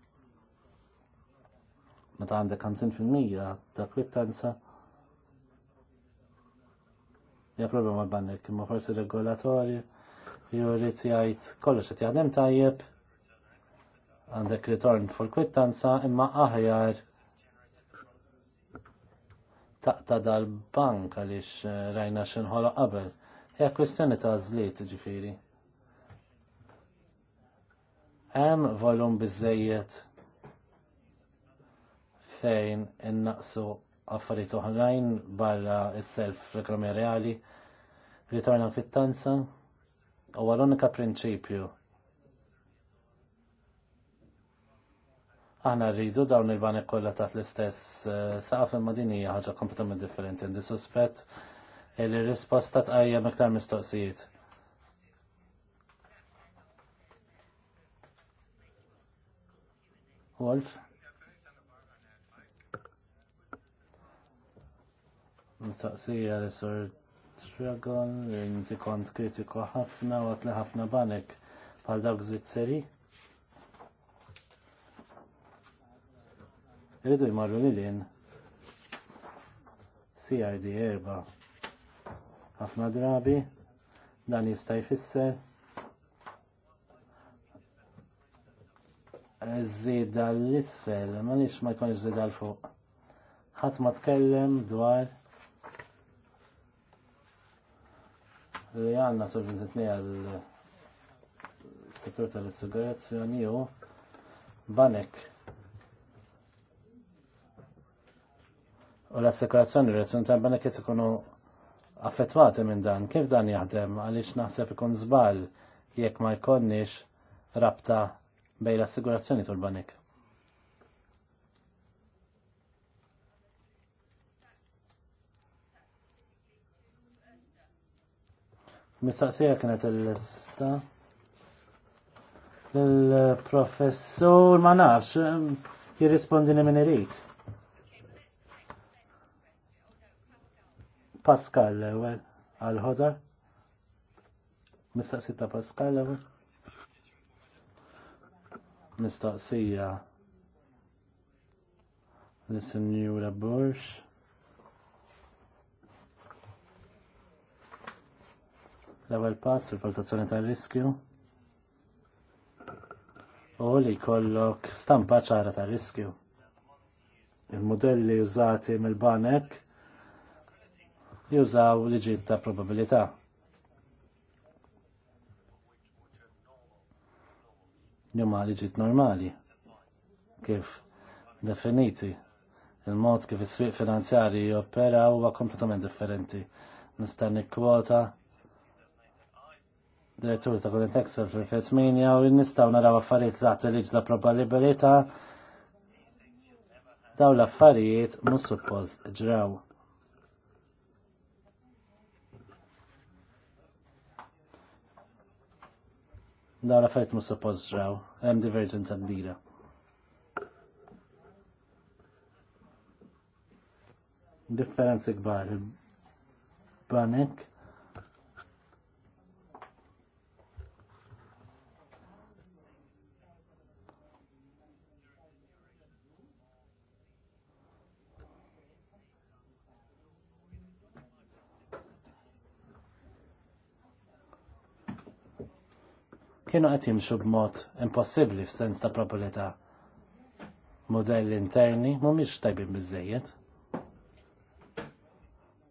meta għandek 50% ta' kwittanza ja problema bannek imma forsi regolatorju jrid jgħid kollox qed jaħdem tajjeb għandek return fuq kwittanza imma aħjar taqta dal-bank għaliex eh, rajna xinħola qabel. Ja, kwistjoni ta' żliet ġifiri. Hemm volum bizzejiet fejn innaqsu affarijiet oħrajn barra s-self reklami reali ritorna kwittanza u għal unika prinċipju Għana rridu dawn il-banek kollha taħt l-istess eh, saqaf imma din hija kompletament differenti. Indi suspett li risposta tqajjem iktar mistoqsijiet. Wolf? Mistoqsija li sur Dragon, inti kont kritiku ħafna u għatli ħafna banek bħal dawk Zwizzeri. Rridu jmarru li lin CID erba ħafna drabi dan jista' jfisser żieda l-isfel, ma nix ma jkunx zida l-fuq. ħat ma tkellem dwar li għanna sorvizitni għal s-sittur tal sigurazzjoni u banek u l-assikurazzjoni r-rezzjoni tal-banek ikunu affettwati minn dan. Kif dan jaħdem? Għaliex naħseb ikun żball jekk ma jkollniex rabta bejn l-assigurazzjoni tul banek Mistaqsija kienet il-lista. Il-professur ma nafx, jirrispondi li minn irrit. Pascal l-ewel għal-ħodar. Mistaqsi ta' Pascal l-ewel. Mistaqsija l-Senjura Borsch. L-ewel pass fil-valutazzjoni tal-riskju. U li kollok stampa ċara tal-riskju. Il-modelli użati mill-banek jużaw li ġib ta' probabilità. Juma li ġit normali, kif definiti. Il-mod kif is-swieq finanzjari jopera huwa kompletament differenti. Nistanni kwota direttur ta' Golden Texas fil-2008 u nistaw naraw affarijiet ta' il-liġla probabilità daw l-affarijiet mus suppost ġraw. daw la fejt mus suppożġraw, hemm divergenza kbira. Differenzi kbar. Banek kienu qed jimxu b'mod impossibbli f'sens ta' ta' Modelli interni mhumiex tajbin bizzejiet.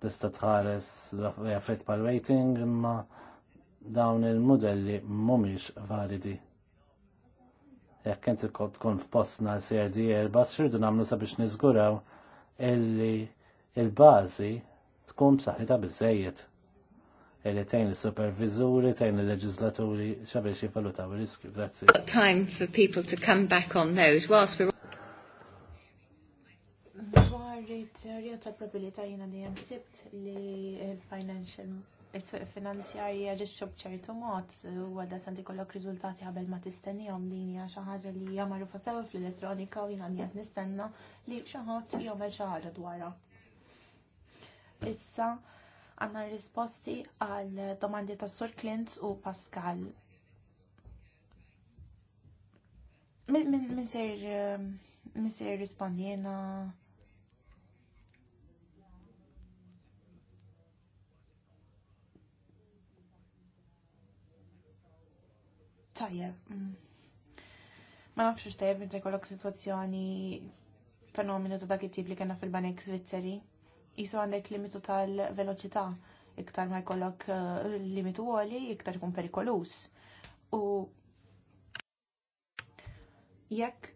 Tista' tħares l affet pal rating imma dawn il-modelli mhumiex validi. Jekk inti kont tkun f'postna CRD bas xirdu nagħmlu sabiex niżguraw illi il-bażi tkun b'saħħitha bizzejiet. E li tajn il-supervizuri, tajn il-leġizlaturi xabiex jifalutaw ta' riskju Grazie. Time for people to come back on those whilst we're teorija ta' probabilità jina li jemsibt li il-financial finanzjarja ġiċċu bċertu mod u għadda santi kollok rizultati għabel ma tistennijom din hija xi ħaġa li hija magħrufa sew fl-elettronika u jiena qed nistenna li xi ħadd jagħmel xi ħaġa Issa għanna risposti għal domandi ta' Sur Klintz u Pascal. Eh, min, ser, rispondi jena Tajjeb, mm. ma nafx xtajjeb minn kollok situazzjoni fenomenu ta' dak it-tip li kena fil-banek Svizzeri jisu għandek limitu tal-veloċità, iktar ma jkollok eh, limitu għoli, iktar ikun perikolus. U jekk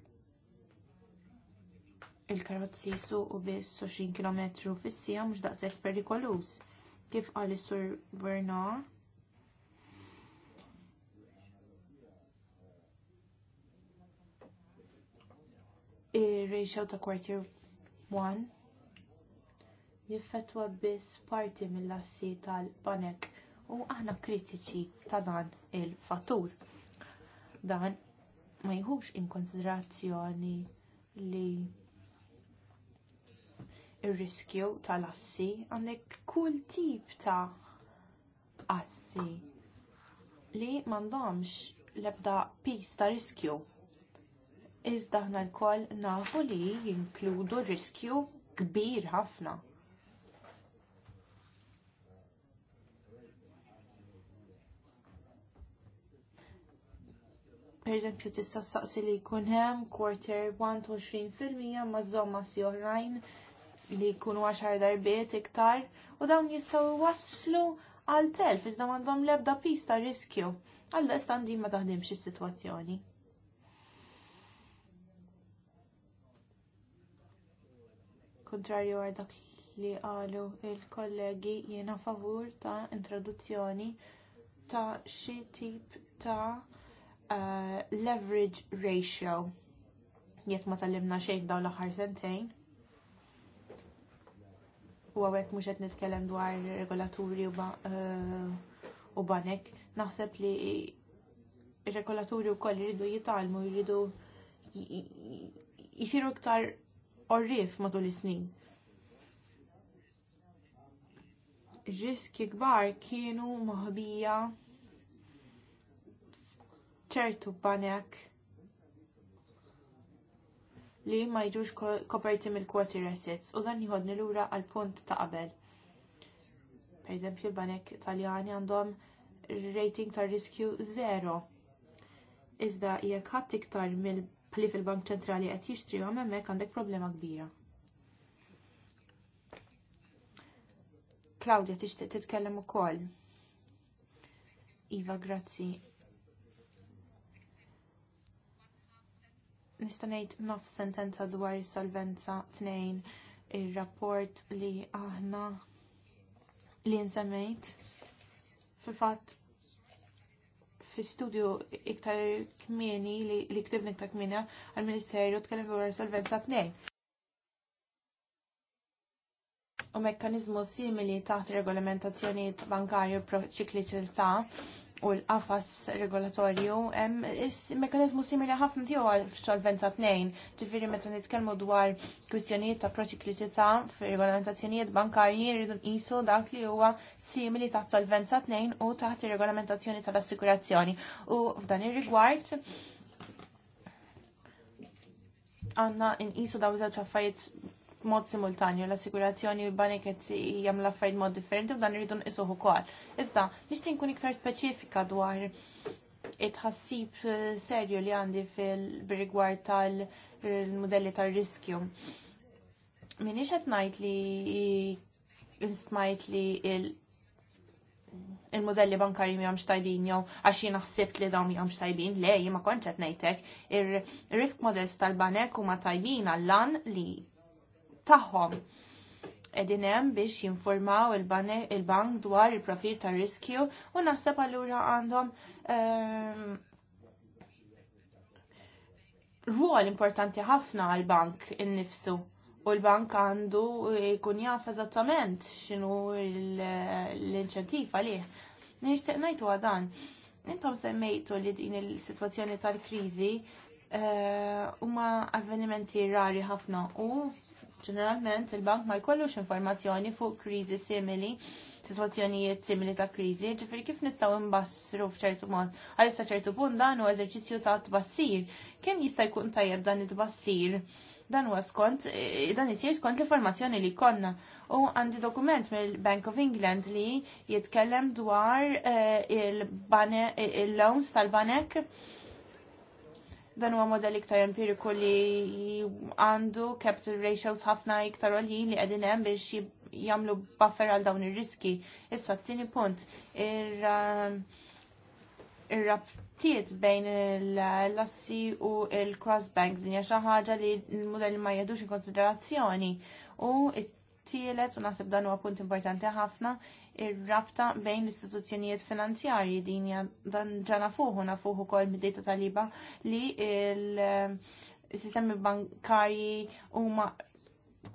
il-karozzi jisu u biss 20 km fissija mhux daqshekk perikolus. Kif għalli sur Bernard, il ratio ta' kwartier 1 jiffettwa biss parti mill-assi tal-banek u aħna kritiċi ta' dan il-fattur. Dan ma jħux in konsiderazzjoni li r riskju tal-assi għandek kull tip ta' assi li m'għandhomx l-ebda pis ta' riskju. Iżda aħna lkoll nafu li jinkludu riskju kbir ħafna pereżempju tista' saqsi li jkun hemm quarter 21% ma' si oħrajn li jkunu għaxar darbiet iktar u dawn jistgħu waslu għal telf iżda m'għandhom l-ebda pista riskju. Għal destan din ma taħdimx is-sitwazzjoni. kontrarju għal dak li qalu l kollegi jiena favur ta' introduzzjoni ta' xi tip ta' uh, leverage ratio jekk ma tallimna xejn dawn l-aħħar sentejn. U għawek mhux qed nitkellem dwar regolaturi u, ba, uh, u banek, naħseb li regolaturi wkoll jridu jitalmu, jridu jisiru iktar orrif matul is-snin. Riski kbar kienu maħbija ċertu banek li ma jiġux koperti mill-quarter resets u dan jħodni lura għal punt ta' qabel. Per eżempju, l-banek Italjani għandhom rating ta' riskju zero. Iżda jekk ħadd iktar mill-pli fil-Bank Ċentrali qed jixtrihom hemmhekk għandek problema kbira. Claudia tixtieq titkellem ukoll. Iva, grazzi nista' ngħid nofs sentenza dwar is-solvenza tnejn ir-rapport li aħna li nsemmejt fil-fatt fi studju iktar kmieni li, li ktibni iktar kmieni għal-Ministerju tkellem dwar is-solvenza tnejn u mekkaniżmu simili taħt regolamentazzjoni bankarju proċikliċità u l-qafas regolatorju il mekanizmu simili ħafna tiegħu għal f'solvenza tnejn, ġifieri meta nitkellmu dwar kwistjonijiet ta' proċikliċità fir-regolamentazzjonijiet bankarji rridu nqisu dak li huwa simili ta' solvenza tnejn u taħt ir-regolamentazzjoni tal-assikurazzjoni. U f'dan ir-rigward għanna nqisu daw żewġ affarijiet mod simultanju l-assigurazzjoni u l-banek qed jagħmlu affarijiet mod differenti u dan irridu nqisuh ukoll. Iżda nixtieq nkun iktar speċifika dwar it-ħassib eh, serju li għandi fil-rigward tal-modelli tal-riskju. Minix qed ngħid li smajt li il- modelli bankari mi għamx tajbin jew għax jien ħsibt li dawn mi għamx tajbin, le, jima konċet nejtek, ir-risk models tal-banek huma tajbin għall-lan li tagħhom. Qegħdin hemm biex jinformaw il-bank dwar il-profil ta' riskju u naħseb allura għandhom ehm, rwol importanti ħafna għall bank innifsu u l-bank għandu jkun jaf eżattament x'inhu l-inċentiv għalih. Nixtieq ngħidu għadan. Intom semmejtu li din il-sitwazzjoni tal-kriżi eh, huma avvenimenti rari ħafna u Ġeneralment il-bank ma jkollux informazzjoni fuq kriżi simili, sitwazzjonijiet simili ta' kriżi, ġifieri kif nistgħu imbassru f'ċertu mod. Għalissa ċertu punt dan huwa eżerċizzju ta' tbassir. Kemm jista' jkun tajjeb dan it-tbassir? dan huwa skont, eh, dan isir skont l-informazzjoni li konna. U għandi dokument mill-Bank of England li jitkellem dwar eh, eh, il-loans tal-banek dan huwa model iktar empiriku li għandu capital ratios ħafna iktar għalin li qegħdin hemm biex jagħmlu buffer għal dawn ir-riski. Issa t-tieni punt um, ir-rabtiet bejn l-assi u l-cross banks din hija xi ħaġa li l-mudell ma jedux in konsiderazzjoni u t-tielet u naħseb dan huwa punt importanti ħafna ir-rabta bejn l-istituzzjonijiet finanzjarji din dan ġana fuħu nafuħu kol mid-data taliba li il-sistemi bankarji huma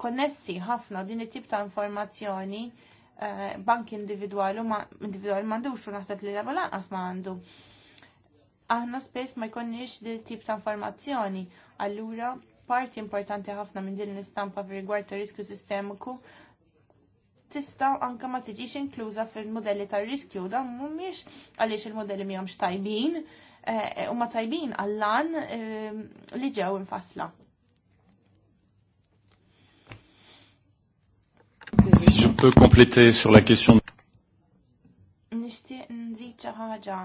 konnessi ħafna din it-tip ta' informazzjoni eh, bank individwali ma individwali m'għandux u naħseb li l lanqas ma għandu. Aħna spess ma jkunniex din tip ta' informazzjoni. Allura parti importanti ħafna minn din l-istampa fir rigward ta' riskju sistemiku tista' anke ma tiġix inkluża fil-modelli tar-riskju dan mhumiex għaliex il-modelli mihomx tajbin eh, eh, u ma tajbin għall-lan ehm, li ġew infasla. Si je peux compléter sur la question Nixtieq nżid xi ħaġa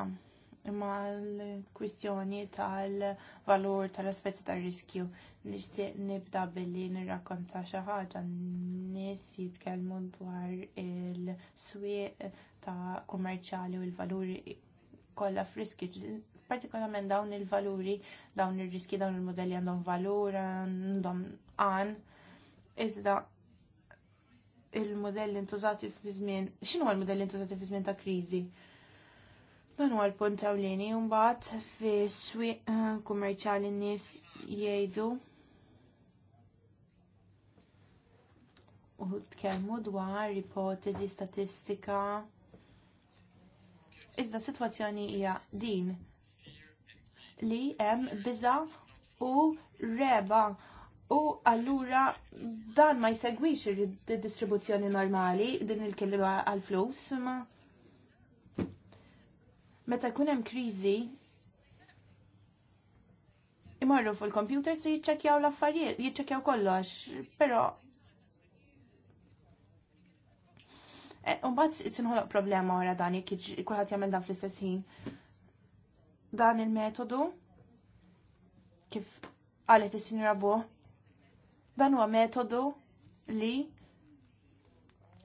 imma l-kwistjoni tal-valur tal-aspetti tar-riskju. Nixtieq nibda billi nirrakkonta xi ħaġa nies jitkellmu dwar il-swieq ta' kummerċjali u l-valuri kollha friski partikolarment dawn il-valuri, dawn ir-riski, dawn il-modelli għandhom valur, għandhom għan. Iżda il-modelli intużati fi żmien, x'inhu l-modelli intużati fi żmien ta' kriżi? Dan huwa l-punt ewlieni u mbagħad fi swieq kummerċjali n-nies jgħidu u tkellmu dwar ipotezi statistika. Iżda sitwazzjoni hija din li hemm biża u reba u allura dan ma jsegwix id-distribuzzjoni normali din il-kelma għall flus ma meta jkun hemm kriżi imorru fuq il-computer se jiċċekkjaw l-affarijiet, jiċċekkjaw kollox, però Eh, it tinħoloq problema wara dan jekk kulħadd jagħmel dan fl-istess ħin. Dan il-metodu kif qalet is-sinjura Bo, dan huwa metodu li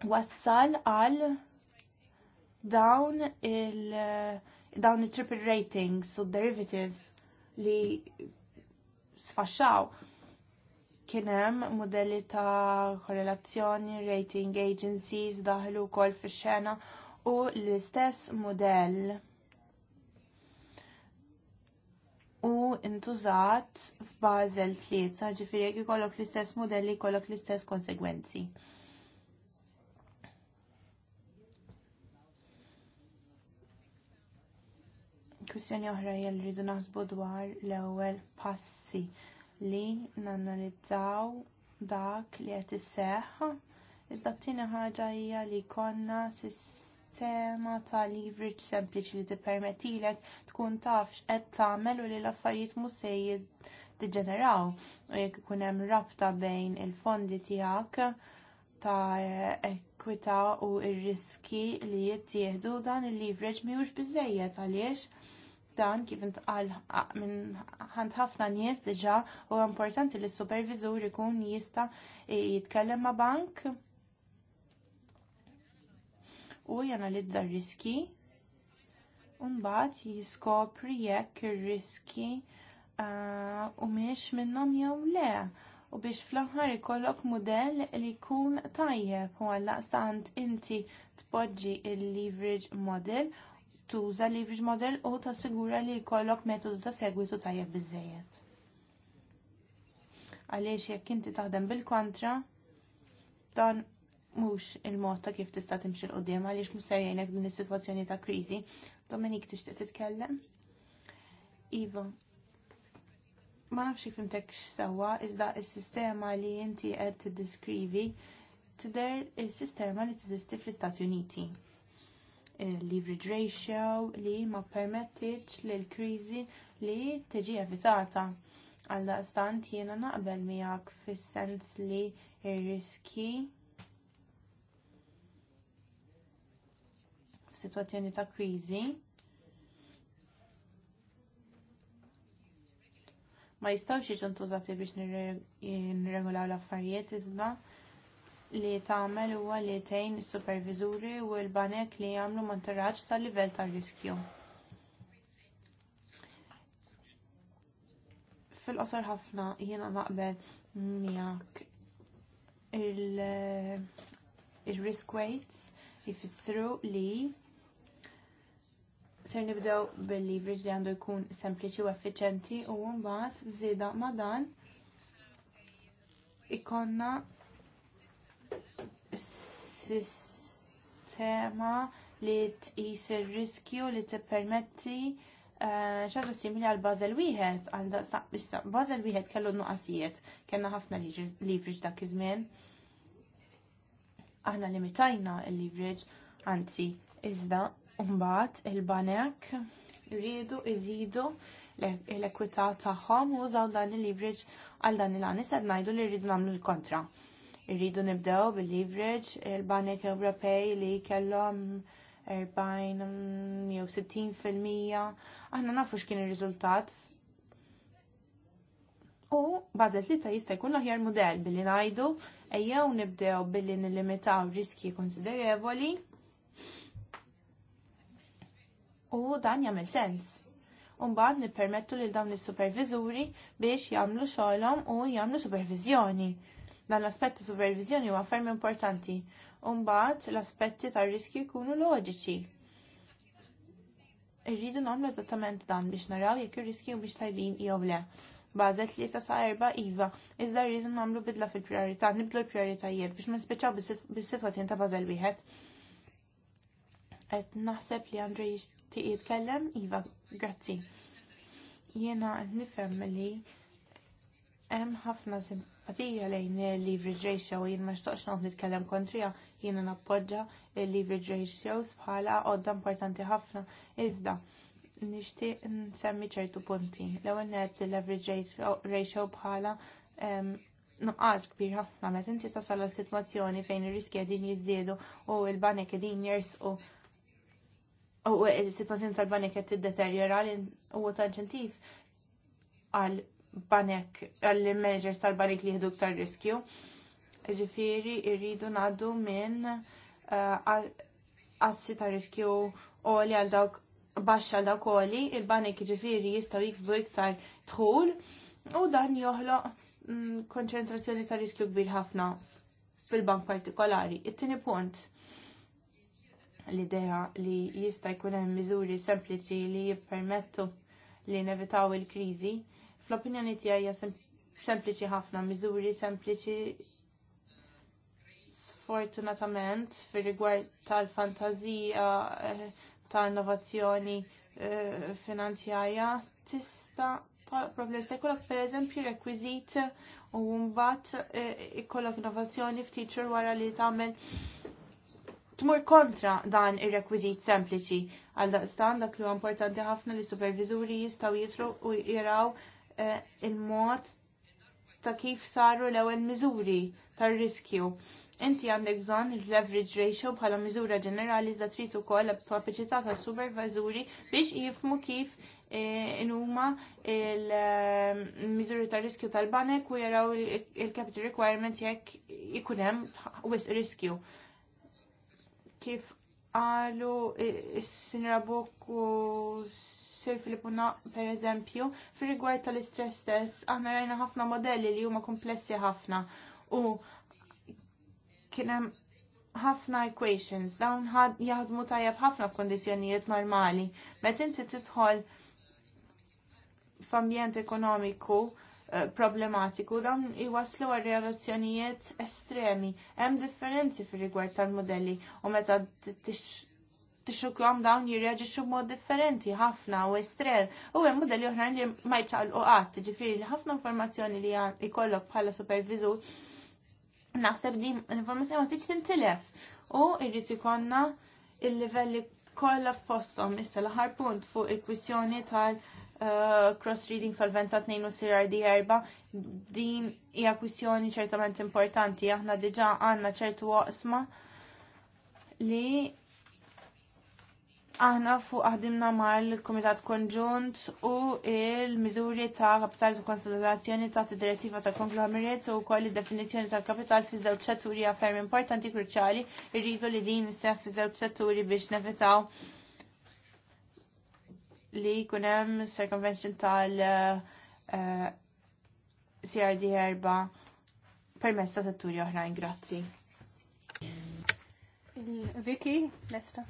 wassal għal dawn il dawn il triple ratings u derivatives li sfaxxaw Kien hemm mudelli ta' korrelazzjoni, rating agencies daħlu wkoll fix-xena u l-istess mudell u intużat f'Basel tlieta, ġifieri jekk ikollok l-istess mudelli jkollok l-istess konsegwenzi. Kwistjoni oħra jgħal rridu naħsbu dwar l-ewwel passi li nanalizzaw dak li qed isseħħ. Iżda t-tieni ħaġa hija li jkollna sistema ta' leverage sempliċi li tippermettilek tkun taf x'qed tagħmel u li l-affarijiet mhux se jiddiġeneraw u jekk ikun hemm rabta bejn il-fondi tiegħek ta' ekwita u r riski li jittieħdu dan il-leverage mhijiex biżżejjed għaliex Dan kif intqal minn ħand ħafna nies diġà huwa importanti li s-supervisur ikun jista' jitkellem ma' bank u janalizza r-riski u mbagħad jiskopri jekk ir-riski eh, u miex minnhom jew le u biex fl-aħħar ikollok mudell li jkun tajjeb u għallaqstant inti tpoġġi l leverage model tuża leverage model u ta sigura li jkollok metodu ta' segwitu tajjeb biżżejjed. Għaliex jekk inti taħdem bil-kontra, dan mhux il-mod ta' kif tista' timxil qudiem għaliex mhux ser jgħinek din is-sitwazzjoni ta' kriżi. Dominik tixtieq titkellem? Iva, ma nafx kif imtek sewwa iżda is-sistema li inti qed tiddiskrivi tidher is-sistema li tiżisti fl-Istati Uniti leverage ratio li ma permettiċ li l-krizi li tiġi evitata. Għalla stant jiena naqbel miegħek fis-sens li riski f f'sitwazzjoni ta' kriżi ma jistawx jiġu ntużati biex nirregolaw l-affarijiet iżda li tagħmel huwa li tgħin is-superviżuri u l-banek li jagħmlu monitoraġġ tal-livell tar-riskju. Fil-qosor ħafna jiena naqbel miegħek il-risk weight jfissru li ser nibdew bil-leverage li għandu jkun sempliċi u effiċenti u mbagħad f'żieda ma' dan ikonna sistema li tqis ir-riskju li tippermetti eh, xaġa simili għal Basel wieħed għal Basel wieħed kellu nuqasijiet, kellna ħafna leverage dak iż-żmien. Aħna limitajna l-leverage, anzi, iżda mbagħad il-banek rridu iżidu l ekwita tagħhom u użaw dan il-leverage għal dan il-għan. Ised ngħidu li rridu nagħmlu l-kontra. Irridu nibdew bil-leverage il-Banek Ewropej li kellhom 40 jew 60 fil-mija. Aħna nafu x'kien ir-riżultat. U bażet li ta' jista' jkun l-aħjar mudell billi ngħidu ejjew nibdew billi nilimitaw riski konsiderevoli u dan jagħmel sens. Umbagħad nippermettu lil dawn is-superviżuri biex jagħmlu xogħolhom u jagħmlu supervizjoni. Dan l aspetti ta' supervizjoni huwa ferm importanti. u mbagħad l-aspetti tar-riskju jkunu loġiċi. Irridu nagħmlu eżattament dan biex naraw jekk ir-riskju biex tajbin jew le. Bażet li ta' sa' erba' iva, iżda rridu nagħmlu bidla fil-priorità, nibdlu l-prioritajiet biex ma nispiċċaw bis-sitwazzjoni ta' bażel wieħed. Qed naħseb li Andrej jixtieq jitkellem, iva, grazzi. Jiena nifhem li hemm ħafna għatija lejn il leverage ratio jien ma xtaqx noqt nitkellem kontrija jiena nappoġġa leverage ratios bħala għodda importanti ħafna iżda nixtieq nsemmi ċertu punti. L-ewwel net leverage ratio bħala nuqqas kbir ħafna meta inti tasal għal sitwazzjoni fejn ir-riski qegħdin jiżdiedu u l-banek qegħdin jersqu u il sitwazzjoni tal-banek qed tiddeterjora u ta' għal banek għall managers tal-banek li jihdu ktar riskju. Ġifiri irridu naddu minn eh, assi ta' riskju għoli għal dawk baxxa għal dawk għoli, il-banek ġifiri jistaw jiksbu iktar tħul u dan joħloq mm, konċentrazzjoni ta' riskju kbir ħafna fil-bank partikolari. It-tieni punt l-idea li jista' jkun hemm miżuri sempliċi li jippermettu li nevitaw il-kriżi Fl-opinjoni tiegħi hija sempliċi ħafna, miżuri sempliċi sfortunatament fir rigward tal-fantazija eh, ta' innovazzjoni eh, finanzjarja tista' problemi tekolok per eżempju rekwizit u mbagħad eh, ikollok innovazzjoni f'teacher wara li tagħmel tmur kontra dan ir-rekwiżit sempliċi. Għal daqstan dak li huwa importanti ħafna li superviżuri jistgħu jitru u jiraw Eh, il-mod ta' kif saru l-ewwel miżuri tar-riskju. Inti għandek bżonn il-leverage ratio bħala miżura ġenerali za trid ukoll kapaċità ta' supervisuri biex jifmu kif eh, inhuma il-miżuri eh, ta' riskju tal-banek u jaraw il-capital requirement jekk ikun hemm wisq riskju. Kif qalu s-sinra Bokus Sur Filippuna per eżempju, fir rigward tal-istress test, aħna rajna ħafna modelli li huma komplessi ħafna u kienem ħafna equations, dawn jaħdmu tajjeb ħafna f'kondizjonijiet normali. Meta inti tidħol f'ambjent ekonomiku eh, problematiku dawn iwaslu għal relazzjonijiet estremi. Hemm differenzi fir rigward tal-modelli u meta tixukhom dawn jirreġixxu b'mod differenti ħafna u estrel U hemm modelli oħrajn li ma għat, ġifiri li ħafna informazzjoni li jkollok bħala supervisur naħseb di l-informazzjoni ma tiġ tintilef. U irrit ikonna il-livelli kollha f'posthom issa l-aħħar punt fuq il-kwistjoni tal- eh, cross-reading solvenza 2 u CRD 4 din hija kwistjoni ċertament importanti aħna diġà għandna ċertu waqsma li Aħna fuq aħdimna mal-Komitat Konġunt u il-miżuri ta' kapital ta' konsolidazzjoni ta' direttiva ta' konglomerat u koll definizjoni ta' kapital fi żewġ setturi affermi importanti kruċali irridu li din seħ fi żewġ setturi biex nefetaw li kunem circumvention tal uh, eh, CRD erba permessa setturi oħrajn. Grazzi. Il-Viki, lesta.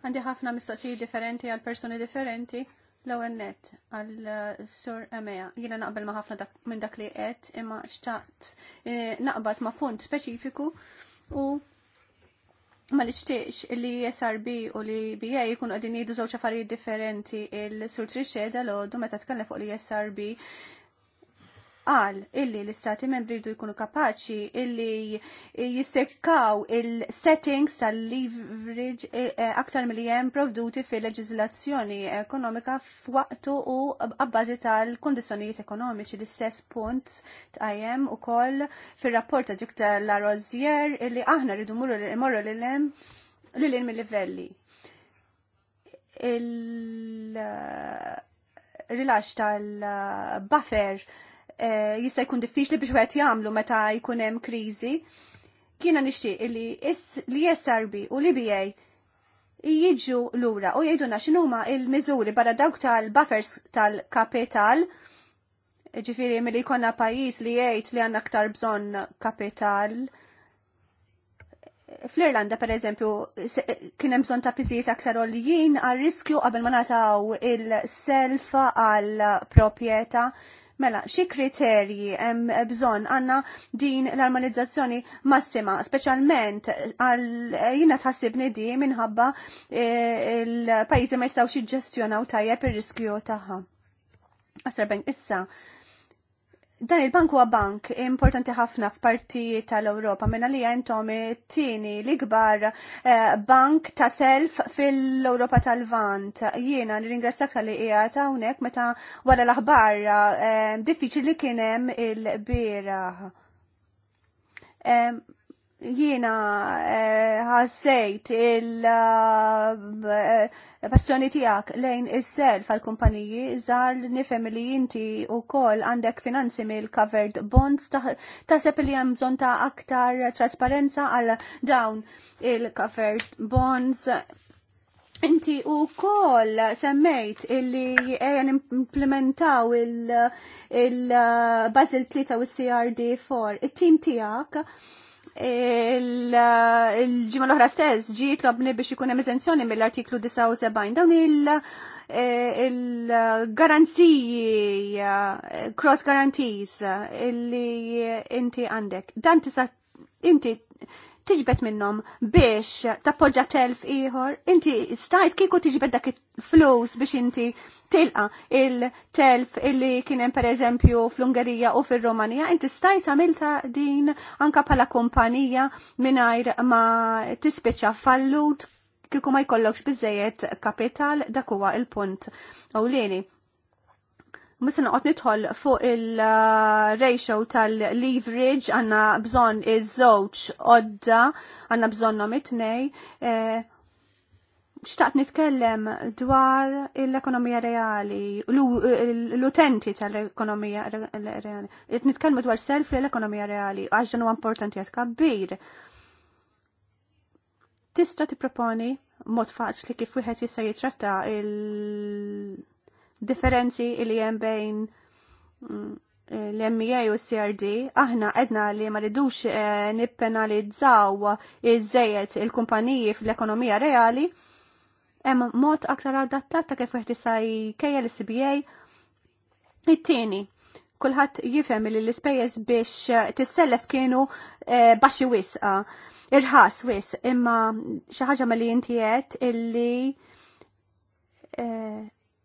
Għandi ħafna mistoqsijiet differenti għal persuni differenti l-ewwel net għal uh, sur Emea. Jiena naqbel ma' ħafna minn dak li qed imma xtaqt eh, naqbad ma' punt speċifiku u ma xtiex li SRB u li BA jkunu għadin jgħidu żewġ affarijiet differenti il-sur Trixxeda l-għoddu meta tkellem fuq li SRB qal illi l-istati membri jridu jkunu kapaċi illi jissekkaw il-settings tal-leverage eh, eh, aktar mill hemm provduti fil-leġizlazzjoni ekonomika f'waqtu u għabbażi tal-kondizjonijiet ekonomiċi l-istess punt tqajjem ukoll fir-rapport ta' tal-Rozier illi aħna rridu morru lil hemm lem mill-livelli. Il-rilax eh, tal-buffer Eh, jista' jkun diffiċli biex wieħed jagħmlu meta jkun hemm kriżi. Kiena nixtieq li li SRB u l-IBA jiġu lura u jgħiduna huma l miżuri barra dawk tal-buffers tal-kapital ġifiri mill jkollna pajjiż li jgħid li għandna aktar bżonn kapital fl-Irlanda per eżempju kien hemm bżonn ta' piżijiet aktar għal riskju qabel ma nataw il-selfa għal proprjetà Mela, xi kriterji hemm bżonn għandna din l-armonizzazzjoni massima, speċjalment għal jiena tħassibni di minħabba e, l-pajjiżi ma jistgħux jiġġestjonaw tajjeb ir-riskju tagħha. Asarben issa dan il-bank huwa bank importanti ħafna f'partijiet tal-Ewropa minna li jentom tieni l-ikbar eh, bank ta' self fil-Ewropa tal-Vant. Jiena nirringrazzjak tal-li qiegħed hawnhekk meta wara l-aħbar eh, diffiċli kien hemm il-bieraħ. Eh, jiena eh, ħassejt eh, il-passjoni eh, tijak eh, eh, lejn il-self għal-kumpaniji zar nifem li jinti u kol għandek finanzi mill covered bonds sepp li jem bżon ta' aktar trasparenza għal dawn il-covered bonds Inti u kol semmejt illi għajan implementaw il bazil il 3 u CRD 4. Il-tim tijak il-ġimma l-oħra stess ġi tlobni biex ikun hemm mill-artiklu 79 dawn eh, il-garanziji eh, cross guarantees eh, illi inti għandek. Dan tisa' inti tiġbed minnhom biex tappoġġa telf ieħor, inti stajt kieku tiġbed dak flus biex inti tilqa il-telf illi kien hemm pereżempju fl-Ungerija u fir-Rumanija, inti stajt għamilta din anka bħala kumpanija mingħajr ma tispiċċa fallut kieku ma jkollokx bizzejet kapital dak huwa il-punt ewlieni. Mis-sena noqgħod nidħol fuq il-ratio tal-leverage għandna bżonn iż-żewġ odda, għandna bżonnhom it-tnej. Eh, xtaqt nitkellem dwar l-ekonomija reali, l-utenti tal-ekonomija reali. nitkellem dwar self l-ekonomija reali, għaxġan u importanti għat kabbir. Tista' tipproponi mod faċli kif wieħed jista' jitratta il- differenzi li hemm bejn mm, eh, l-MEA u CRD, aħna edna li ma ridux eh, nippenalizzaw iż żejet il-kumpaniji fl-ekonomija reali, hemm mod aktar adattat ta' kif wieħed jista' jkejjel is-CBA. It-tieni, kulħadd jifhem li l-ispejjeż biex eh, tissellef kienu baxxi wisqa, irħas wisq, imma xi ħaġa ma li inti qed illi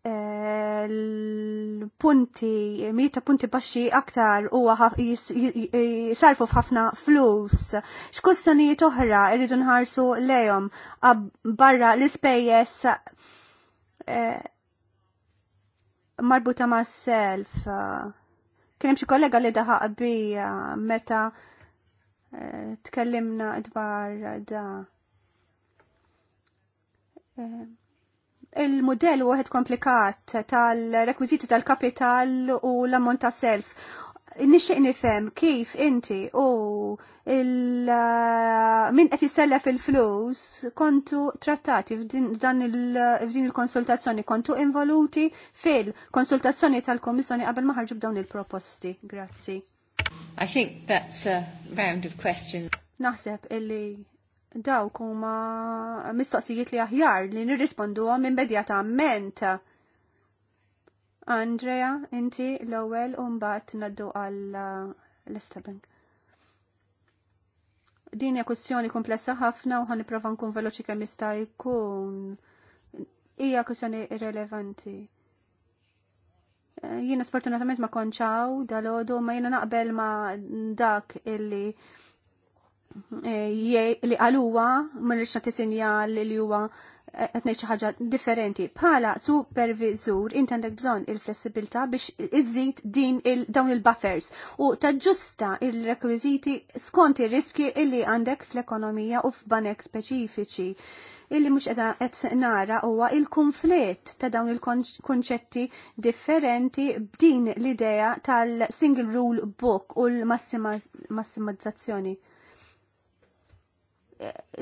l-punti, mita punti baxxi aktar u jisarfu f'ħafna flus. X'kussanijiet oħra irridu nħarsu lejhom barra l-ispejjeż eh, marbuta ma' self. Kien hemm xi kollega li daħaq bija meta eh, tkellimna dwar da eh, il-modell u għed komplikat tal-rekwiziti tal-kapital u l-ammont ta' self. Nixxieq nifhem kif inti u uh, min qed isellef il-flus kontu trattati f'din il-konsultazzjoni kontu involuti fil-konsultazzjoni tal-Komissjoni qabel ma ħarġu b'dawn il-proposti. Grazzi. I think that's a round of questions. Naħseb illi Dawk huma mistoqsijiet li aħjar li nirrisponduhom immedjatament. Andrea, inti l-ewwel u mbagħad naddu għal uh, l-Estabank. Din hija kwestjoni komplessa ħafna u ħanipprova nkun veloċi kemm jista' jkun. Hija kwestjoni irrelevanti eh, jiena sfortunatament ma konċaw dal-ħodu ma jiena naqbel ma dak illi Eh, li għaluwa minn rixna t-sinjal li huwa eh, għetnej ħaġa differenti. Bħala supervizur, int għandek bżon il-flessibilta biex iżid din il dawn il-buffers u taġġusta il-rekwiziti skont il-riski illi għandek fl-ekonomija u f'banek speċifiċi. Illi mux qed nara huwa il-konflitt ta' dawn il-konċetti differenti b'din l-idea tal-single rule book u l-massimizzazzjoni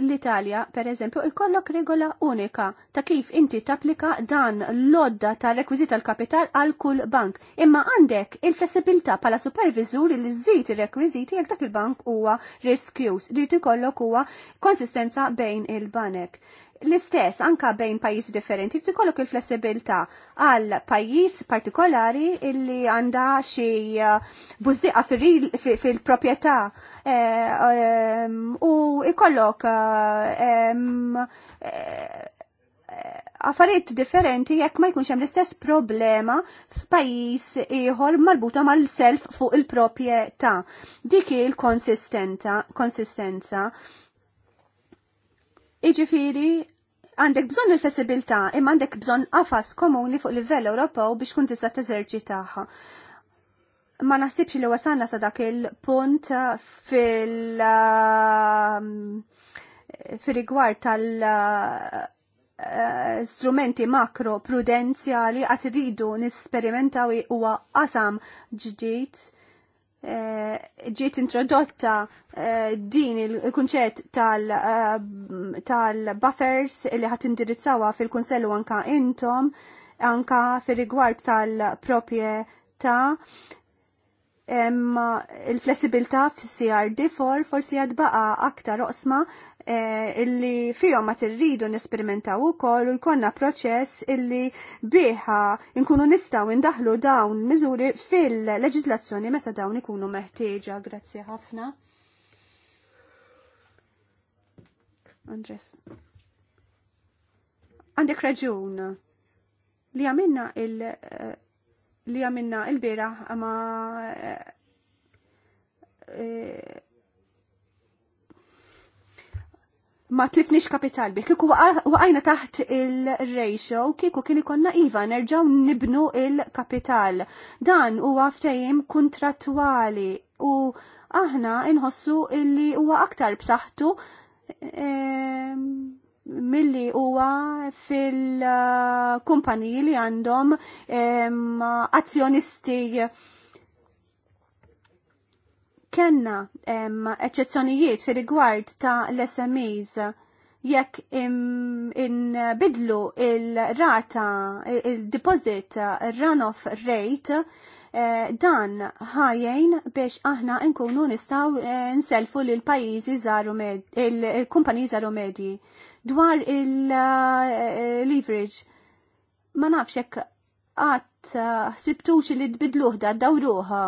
l-Italja, per eżempju, ikollok regola unika ta' kif inti tapplika dan l-odda ta' rekwizit tal-kapital għal kull bank. Imma għandek il-flessibilta pala supervizur li żżid il rekwiziti jekk dak il-bank huwa riskjus li tikollok huwa konsistenza bejn il-banek l-istess anka bejn pajjiż differenti ti kollok il-flessibilità għal pajjiż partikolari illi għandha xi eh, buzziqa fil-proprjetà eh, eh, u ikollok affarijiet differenti jekk ma jkunx hemm l-istess problema f'pajjiż ieħor marbuta mal-self fuq il-proprjetà. Dik il-konsistenza konsistenza. Iġifiri, għandek bżonn il-flessibilità imma għandek bżonn għafas komuni fuq livell Ewropew biex kun tista' teżerċitaha. Ma naħsibx li wasanna sa dak il-punt fil- um, fil-rigward tal- uh, strumenti makro prudenzjali għat ridu nisperimentaw huwa qasam ġdid Eh, ġiet introdotta eh, din il-kunċett tal-buffers eh, li ħat indirizzawa fil-kunsellu anka intom, anka fil-rigward tal-propieta, il-flessibilta f-CRD4 forsi baqa' aktar oqsma Eh, illi fihom ma tirridu nesperimentaw ukoll u jkollna proċess illi biħa nkunu nistgħu ndaħlu dawn miżuri fil-leġiżlazzjoni meta dawn ikunu meħtieġa. Grazzi ħafna. Andres. Għandek raġun li għamilna il- eh, li għamilna il-bira ma eh, ma tlifniex kapital bih. Kiku waqajna taħt il-ratio, kiku kien ikonna iva nerġaw nibnu il-kapital. Dan huwa għaftajim kontrattwali u aħna inħossu illi huwa aktar b'saħħtu milli huwa fil-kumpaniji li għandhom azzjonisti. azzjonisti kena eċċezzjonijiet fi rigward ta' l-SMEs jekk inbidlu il-rata, il-deposit, il-runoff rate, eh, dan ħajjen biex aħna nkunu nistaw eh, nselfu lil pajjiżi żaru il-kumpaniji żaru medji. Dwar il-leverage, eh, ma nafx jekk għat ħsibtux li tbidluħda da dawruħa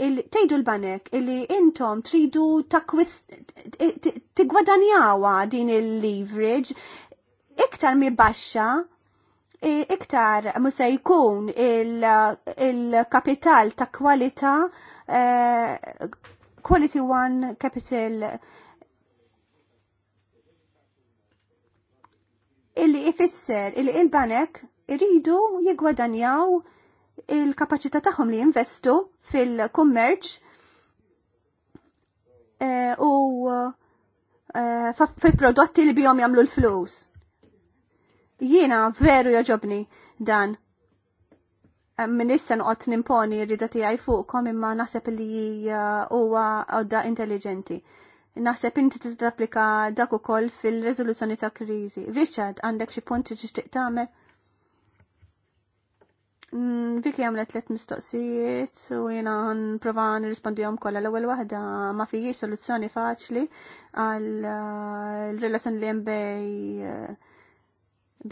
tgħidu l-banek illi intom tridu t-gwadanjawa din il-leverage iktar mi baxxa e iktar musa jkun il-kapital ta' kwalità e, quality one capital illi ifisser illi il-banek iridu jigwadanjaw il-kapacità tagħhom li jinvestu fil-kummerċ eh, u eh, fil-prodotti li bihom jagħmlu l-flus. Jiena veru joġobni dan eh, minn issa noqgħod nimponi rrida tiegħi fuqkom imma naħseb li huwa għodda intelligenti. Naħseb inti tista' dak ukoll fil riżoluzzjoni ta' kriżi. Richard, għandek xi punti tixtieq tagħmel? Viki mm, għamlet tliet mistoqsijiet u jena nprova rispondi għom kolla l-ewwel wahda ma fijiex soluzzjoni faċli għal eh, l-relazzjoni li hemm bej eh,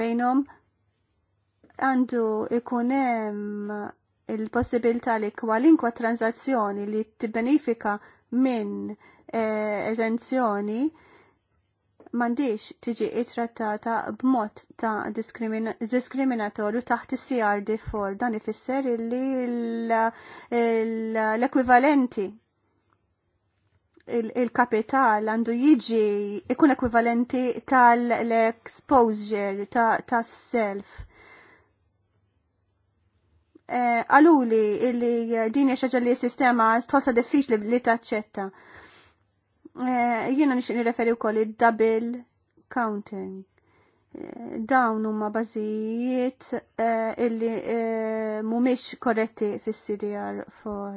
bejnhom għandu ikunem il-possibilità li kwalinkwa tranzazzjoni li t-benifika minn eh, eżenzjoni eh, mandiċ tiġi ittrattata b'mod ta' diskriminatorju taħt is-CRD 4 dan ifisser li l-ekwivalenti il-kapital għandu jiġi ikun ekwivalenti tal-exposure tas-self. Eh, għaluli li dini xaġa li s-sistema tosa diffiċli li taċċetta. Eh, jiena nireferi u wkoll id-double counting. Eh, dawn huma bażijiet eh, illi mhumiex korretti fis-CDR4.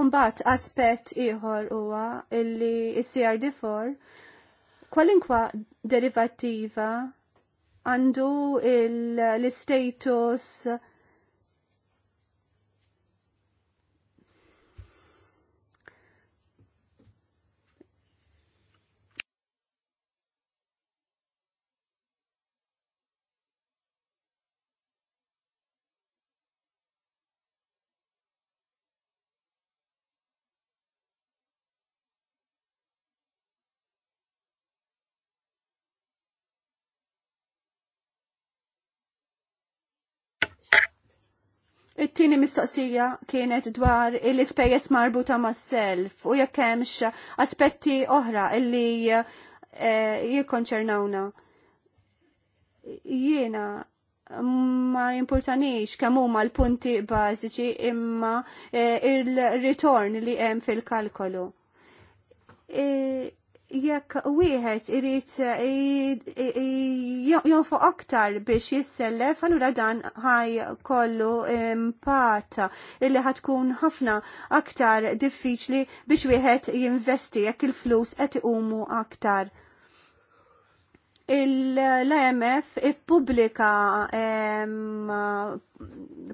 Umbat aspett ieħor huwa illi CRD4 kwalinkwa derivattiva għandu l-status It-tieni mistoqsija kienet dwar l-ispejjeż marbuta mas-self u jekk hemmx aspetti oħra illi eh, jikkonċernawna. Jiena ma jimpurtanix kemm huma l-punti bażiċi imma eh, il-ritorn li hemm fil-kalkolu. E, jekk wieħed irid eh, jonfo aktar biex jissellef, allura dan ħaj kollu impata illi ħatkun ħafna aktar diffiċli biex wieħed jinvesti jekk il-flus qed iqumu aktar l-EMF ippubblika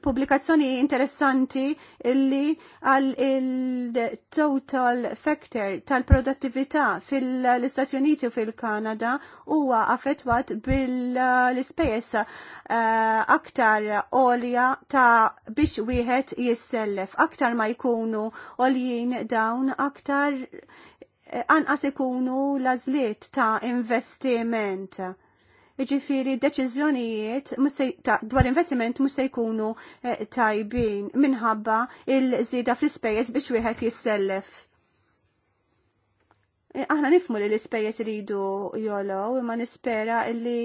pubblikazzjoni interessanti illi għal il-total factor tal-produttività fil-Istati Uniti u fil-Kanada huwa affettwat bil-ispejjeż eh, aktar olja ta' biex wieħed jissellef. Aktar ma jkunu oljin dawn aktar Eh, anqas ikunu lażliet ta' investiment. Iġifiri deċiżjonijiet dwar investiment musa jkunu eh, tajbin minħabba il-żieda fl-ispejjeż biex wieħed jissellef. Eh, aħna nifmu li l-ispejjeż iridu jolow, imma nispera li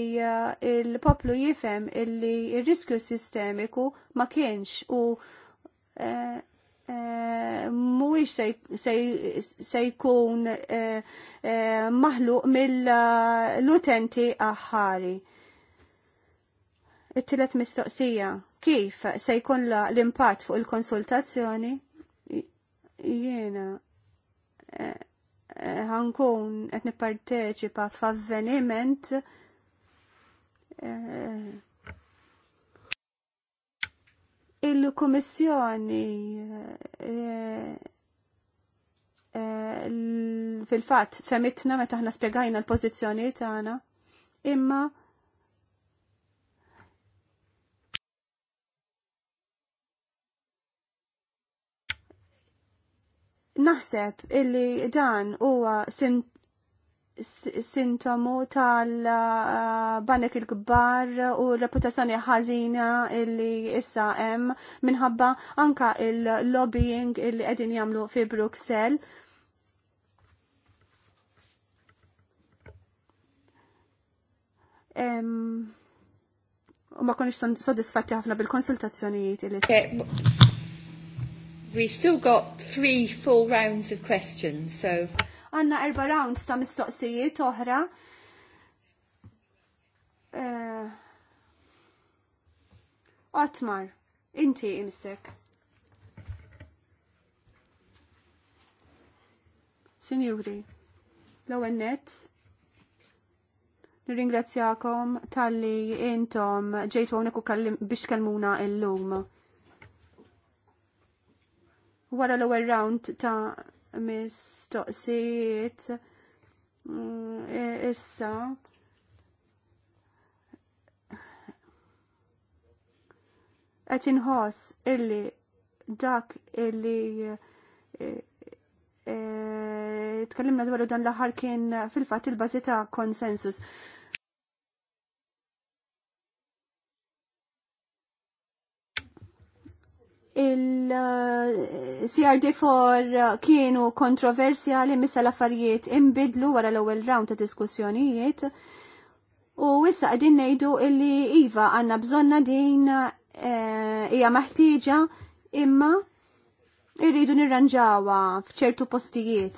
il-poplu jifhem illi il-riskju sistemiku ma kienx u mhuwiex se jkun eh, eh, maħluq mill-utenti aħħari. it tillet mistoqsija, kif se jkun l-impatt fuq il-konsultazzjoni? Jiena eh, ħankun qed nipparteċipa f'avveniment il-Kummissjoni eh, eh, fil-fatt femitna meta aħna spjegajna l pozizjoni tagħna imma naħseb illi dan huwa sintomu tal-banek il-kbar u reputazzjoni ħażina illi issa hemm minħabba anka il-lobbying illi qegħdin jagħmlu fi Bruxelles. U ma konix soddisfatti ħafna bil-konsultazzjonijiet illi. We still got three, four rounds of questions, so Għanna erba rounds ta' mistoqsijiet oħra. Eh, Otmar, inti imsek. Sinjuri, l-ewwel nett nirringrazzjakom tal-li intom ġejtu hawnhekk u biex kellmuna illum. Wara l-ewwel round ta' mistoqsijiet mm, e, issa qed inħoss illi dak illi e, e, tkellimna dwaru dan l-aħħar kien fil-fatt il-bażi ta' konsensus. il-CRD4 kienu kontroversjali missa l-affarijiet imbidlu wara l-ewwel round ta' diskussjonijiet u issa qegħdin ngħidu illi iva għandna bżonna din eh, hija maħtieġa imma irridu nirranġawha f'ċertu postijiet.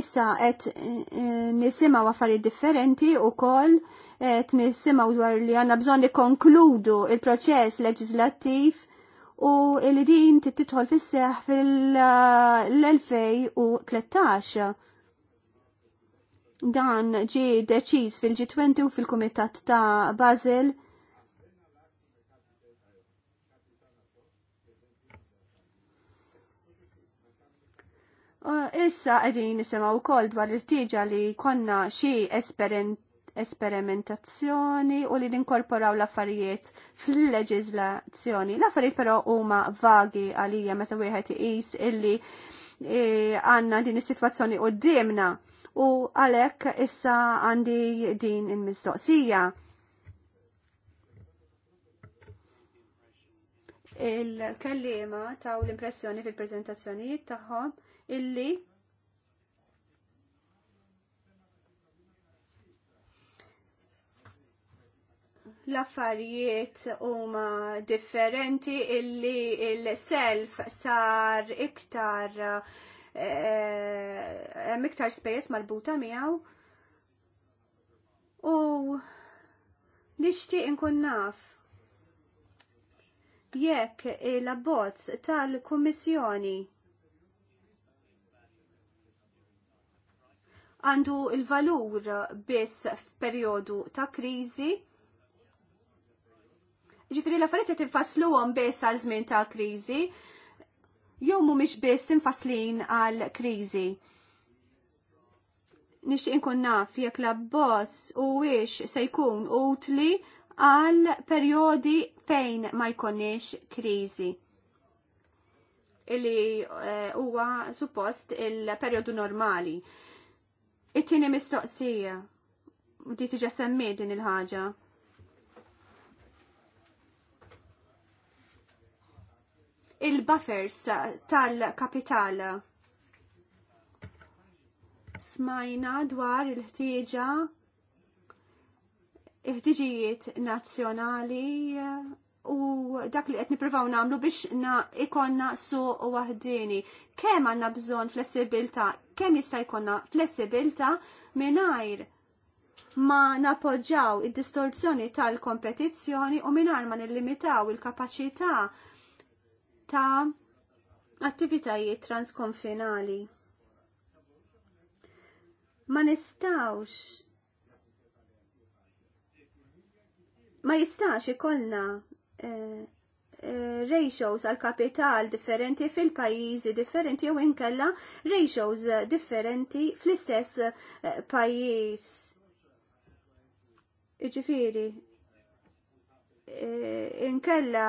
Issa qed eh, nisimgħu affarijiet differenti wkoll t nisimgħu dwar li għanna bżon konkludu il-proċess leġislattiv u li din titħol fis-seħ fil-2013. Dan ġi deċiż fil-G20 u fil-Kumitat ta' Basel. Uh, issa għedin nisimaw kol dwar il-tiġa li konna xie esperent esperimentazzjoni u li ninkorporaw l-affarijiet fil-leġizlazzjoni. L-affarijiet però huma vagi għalija meta wieħed iqis illi e, għanna din is-sitwazzjoni qudiemna u għalhekk issa għandi din il-mistoqsija. Il-kellima taw l-impressjoni fil-preżentazzjonijiet tagħhom illi l-affarijiet huma differenti illi il-self sar iktar eh, hemm iktar space marbuta miegħu. U nixtieq inkun naf jekk l-abbozz tal-Kummissjoni għandu il-valur biss f'perjodu ta' kriżi Ġifiri l-affarijiet qed infasluhom biss għal żmien ta' kriżi jew mhumiex biss infaslin għal kriżi. Nixtieq inkun naf jekk l-abbozz huwiex se jkun utli għal perjodi fejn ma jkunniex kriżi illi eh, huwa uh, suppost il-perjodu normali. It-tieni mistoqsija, u di tiġa semmi din il-ħaġa. il-buffers tal-kapital. Smajna dwar il-ħtieġa il-ħtiġijiet nazzjonali u dak li qed nippruvaw nagħmlu biex na ikonna suq waħdini. Kemm għandna bżonn flessibilta, kemm jista' jkollna flessibilta mingħajr ma napoġġaw id-distorzjoni tal-kompetizzjoni u mingħajr ma nillimitaw il-kapaċità ta' attivitajiet transkonfinali. Ma nistawx ma jistax ikollna eh, eh, ratios għal kapital differenti fil-pajjiżi differenti jew inkella ratios differenti fl-istess eh, pajjiż. Iġifieri, eh, inkella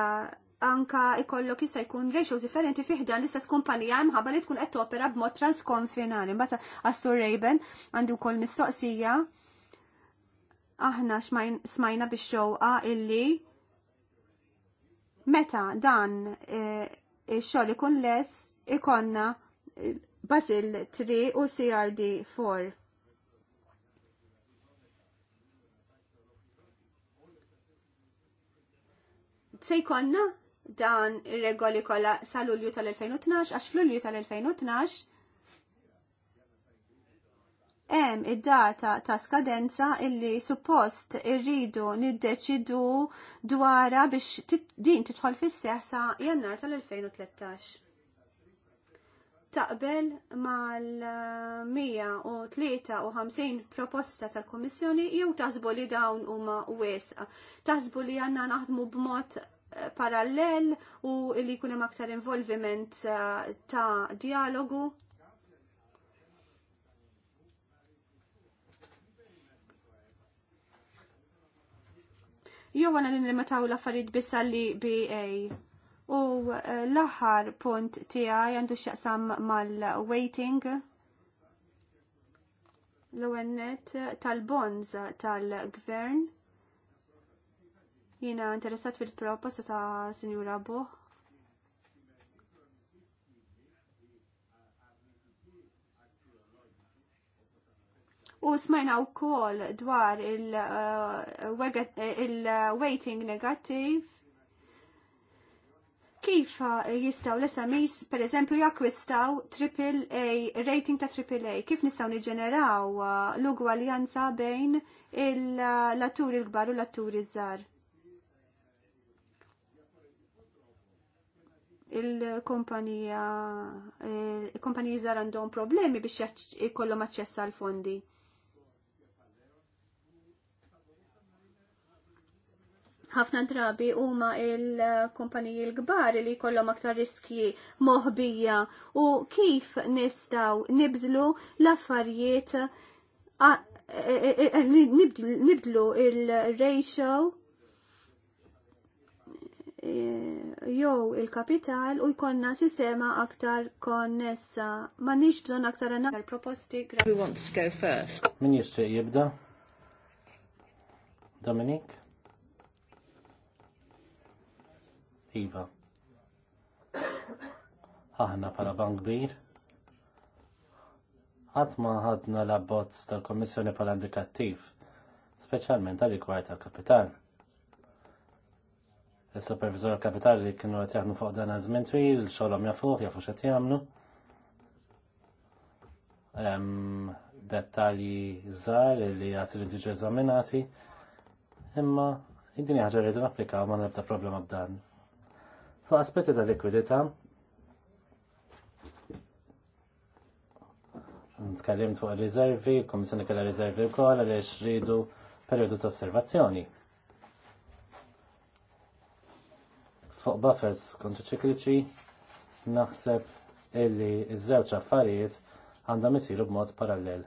anka ikollok jista' jkun ratios differenti fiħdan l-istess kumpanija mħabba li tkun qed topera b'mod transkonfinali. Mbagħad Astur Raven għandi wkoll mistoqsija aħna smajna bix-xewqa illi meta dan e, ix-xogħol ikun les ikonna e, Basil 3 u CRD 4. Se jkollna dan ir-regoli kollha sa Lulju tal-2012 għax fl ulju tal-2012 hemm id-data ta' skadenza illi suppost irridu niddeċidu dwara biex din tidħol fis-seħ sa Jannar tal-2013 taqbel mal-153 proposta tal-Komissjoni jew taħsbu li dawn huma wesqa. Taħsbu li għandna naħdmu b'mod parallel u li jkun hemm aktar involviment eh, ta' dialogu Jo għana nilmetaw l-affarijiet biss li BA. U eh, l-aħħar punt tiegħi għandu x'jaqsam mal-waiting l-ONET eh, tal-bonds tal-gvern. Jiena interessat fil-proposta ta' Sinjura Boh. U smajna u kol dwar il-waiting uh, uh, negativ. Kif uh, jistaw l mis, per eżempju, jakwistaw AAA, rating ta' AAA, kif nistaw niġeneraw l-ugwaljanza bejn l-latturi l-gbar u l z zzar? il-kompanija eh, il kompanija żgħar għandhom problemi biex jkollhom aċċess għal fondi. ħafna drabi huma il-kumpaniji l-kbar li jkollhom aktar riski moħbija u kif nistgħu nibdlu l-affarijiet eh, eh, nibdlu il-ratio jew il-kapital u jkollna sistema aktar konnessa. Ma nix bżon aktar għanna proposti. Who wants to go first? Min jistri jibda? Dominik? Iva. Aħna pala bank bir. Għatma ħadna l-abbozz tal-Komissjoni pala indikattiv, specialment għal-ikwar tal-kapital il-supervisor kapitali li kienu għet jaħdmu fuq dan għazmentri, twil, xolom jafuħ, jafu xet jamlu. Dettalji zaħr li għat l-intiġu eżaminati, imma id-dini ħagġa rridu napplikaw ma nabda problema b'dan. Fuq aspetti ta' likwidita, Nitkellimt fuq il-rizervi, il-Komissjoni kellha riservi wkoll għaliex rridu perjodu ta' osservazzjoni. Fuq buffers ċikliċi, naħseb illi iż-żewġ affarijiet għandhom isiru b'mod parallel.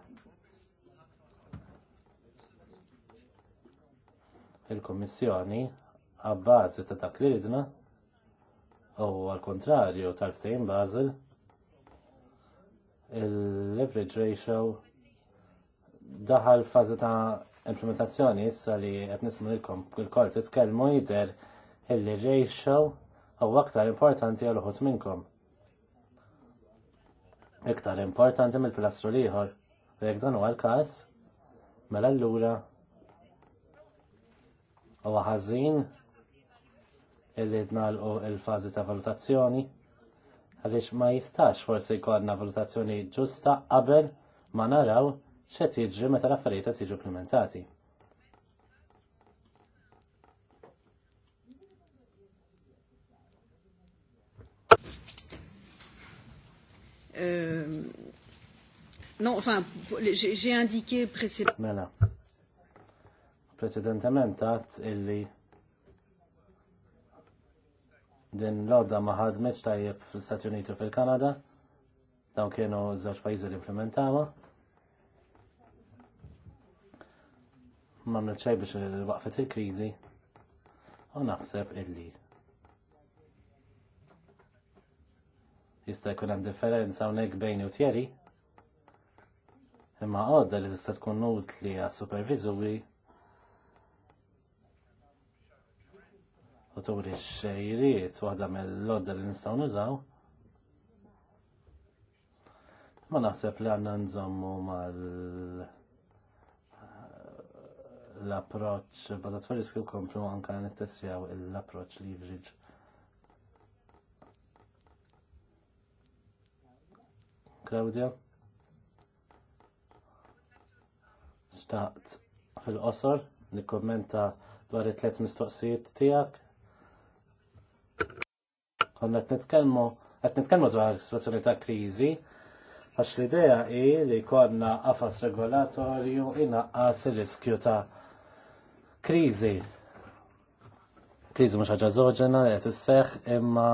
Il-Kummissjoni għabbażi ta' dak li ridna u għal-kontrarju tal-ftejn Basel il-leverage ratio daħal fazi ta' implementazzjoni issa li qed nismu il-kol titkellmu jidher illi rejxaw u aktar importanti għal uħut minnkom. Iktar importanti mill-pilastru liħor, u jek dan u għal-kas, mela l-lura u għazin illi dnalqu il-fazi ta' valutazzjoni, għalix ma jistax forsi jkollna valutazzjoni ġusta qabel ma naraw x'e jiġri meta l-affarijiet jiġu implementati. Euh, non, enfin, j'ai indiqué précédemment. Mela. Precedentement, tat illi din l-odda ma ħadmitx tajjeb fl-Stati Uniti u fil-Kanada, daw kienu żewġ pajjiżi li implementawa. Ma mnilċej biex waqfet il-kriżi u naħseb illi jista' jkun hemm differenza hawnhekk bejni u tjeri. Imma għodda li tista' tkun utli għas superviżuri u turi xejriet waħda mill-għodda li nistgħu nużaw. Ma naħseb li għandna nżommu mal eh, l approċċ bada fariski u komplu anka nittessjaw l-approċ li jivġiġ Claudia. Staqt fil-qosor li kommenta dwar it-tlet mistoqsijiet tiegħek. Konna qed nitkellmu qed nitkellmu dwar situazzjoni ta' kriżi għax l-idea hi li jkollna qafas regolatorju inaqqas ir-riskju ta' kriżi. Kriżi mhux ħaġa żoġena li qed isseħħ imma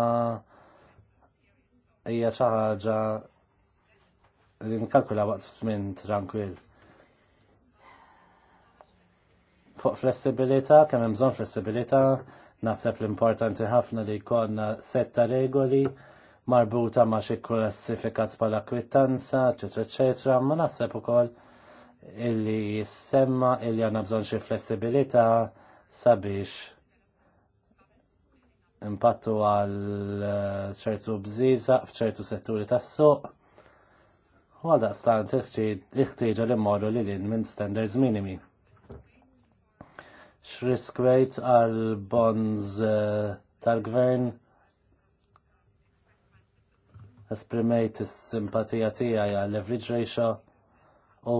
hija xaħġa li nkalkula waqt f-smin tranquil. Fuq flessibilità, kemm hemm bżonn flessibilità, naħseb l-importanti ħafna li jkollna setta regoli marbuta ma' xi klassifikat bħala kwittanza, eċetera, eċetera, ma naħseb ukoll illi jissemma illi għandna bżonn xi flessibilità sabiex impattu għal eh, ċertu bżiża f'ċertu setturi tas-suq u għal daqstant iħtieġa li mmorru li lin minn standards minimi. X'risk rate għal bonds eh, tal-gvern esprimejt is-simpatija tiegħi għal leverage ratio u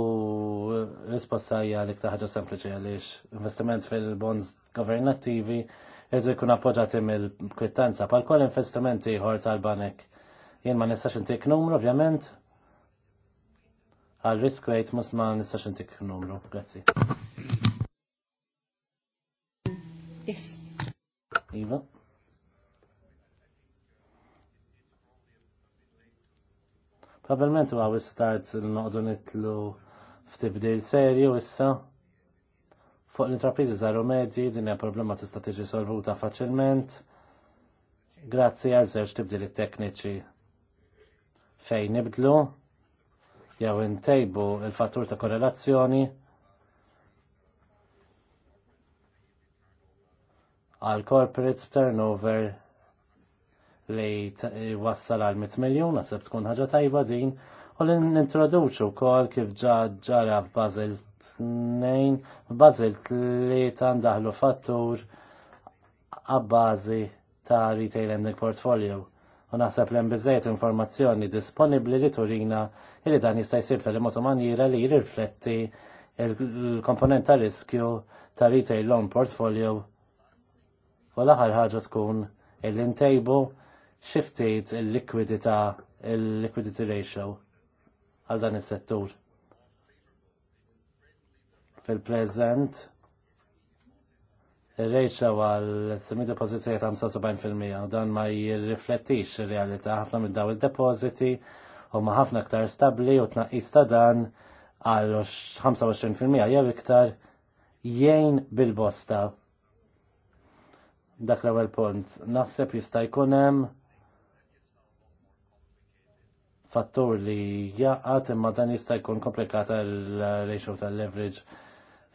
risposta hija li ktaħġa sempliċi għaliex investiment fil-bonds governattivi jgħidu jkun appoġġati mill-kwittanza. Pal-kol investimenti ieħor tal-banek jien ma nistax intik numru, ovvjament, għal risk rates mus ma nistax intik numru. Grazzi. Yes. Iva. Probabilment u għawis start l-noqdu nitlu f'tibdil serju issa. Fuq l-intrapriżi zaru medji din hija problema tista' tiġi solvuta faċilment. Grazzi għal żewġ tibdil tekniċi fejn nibdlu jew intejbu il-fattur ta' korrelazzjoni għal corporate turnover li eh, wassal għal 100 miljon, għasab tkun ħaġa tajba din, u li nintroduċu kol kif ġara f'Bazil 2, f'Bazil 3 ndaħlu fattur għabbazi ta' retail ending portfolio u naħseb l biżejjed informazzjoni disponibbli li turina li dan jista' jsir fil-mod manjira li jirrifletti il-komponent ta' riskju ta' retail loan portfolio u l-aħħar ħaġa tkun il-intejbu xiftit il-likwidità il-liquidity ratio għal dan is-settur. Fil-preżent, Rejċa għal semidu pozizjoni ta' 75% dan ma jirriflettix il realita ħafna minn daw il depositi u ma ħafna aktar stabbli u tnaqqis ta' dan għal 25% jew iktar jgħin bil-bosta. Dak l-ewwel punt. Naħseb jista' jkun hemm fattur li jaqat imma dan jista' jkun komplikata l-ratio tal-leverage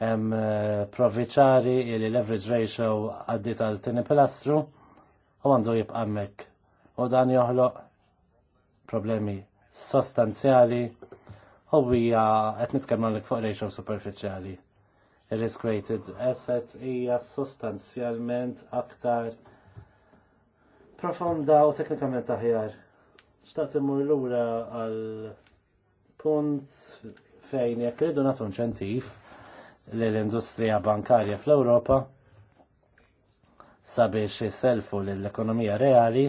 hemm eh, provviċari li leverage ratio għaddi tal-tini pilastru u għandu jibqa' U dan joħloq problemi sostanzjali u hija qed nitkellmu fuq ratio superfiċjali. Il-risk rated asset hija sostanzjalment aktar profonda u teknikament aħjar. Xtaqt imur lura għal punt fejn jekk rridu nagħtu inċentiv l-industrija bankarja fl-Ewropa sabiex jiselfu l-ekonomija reali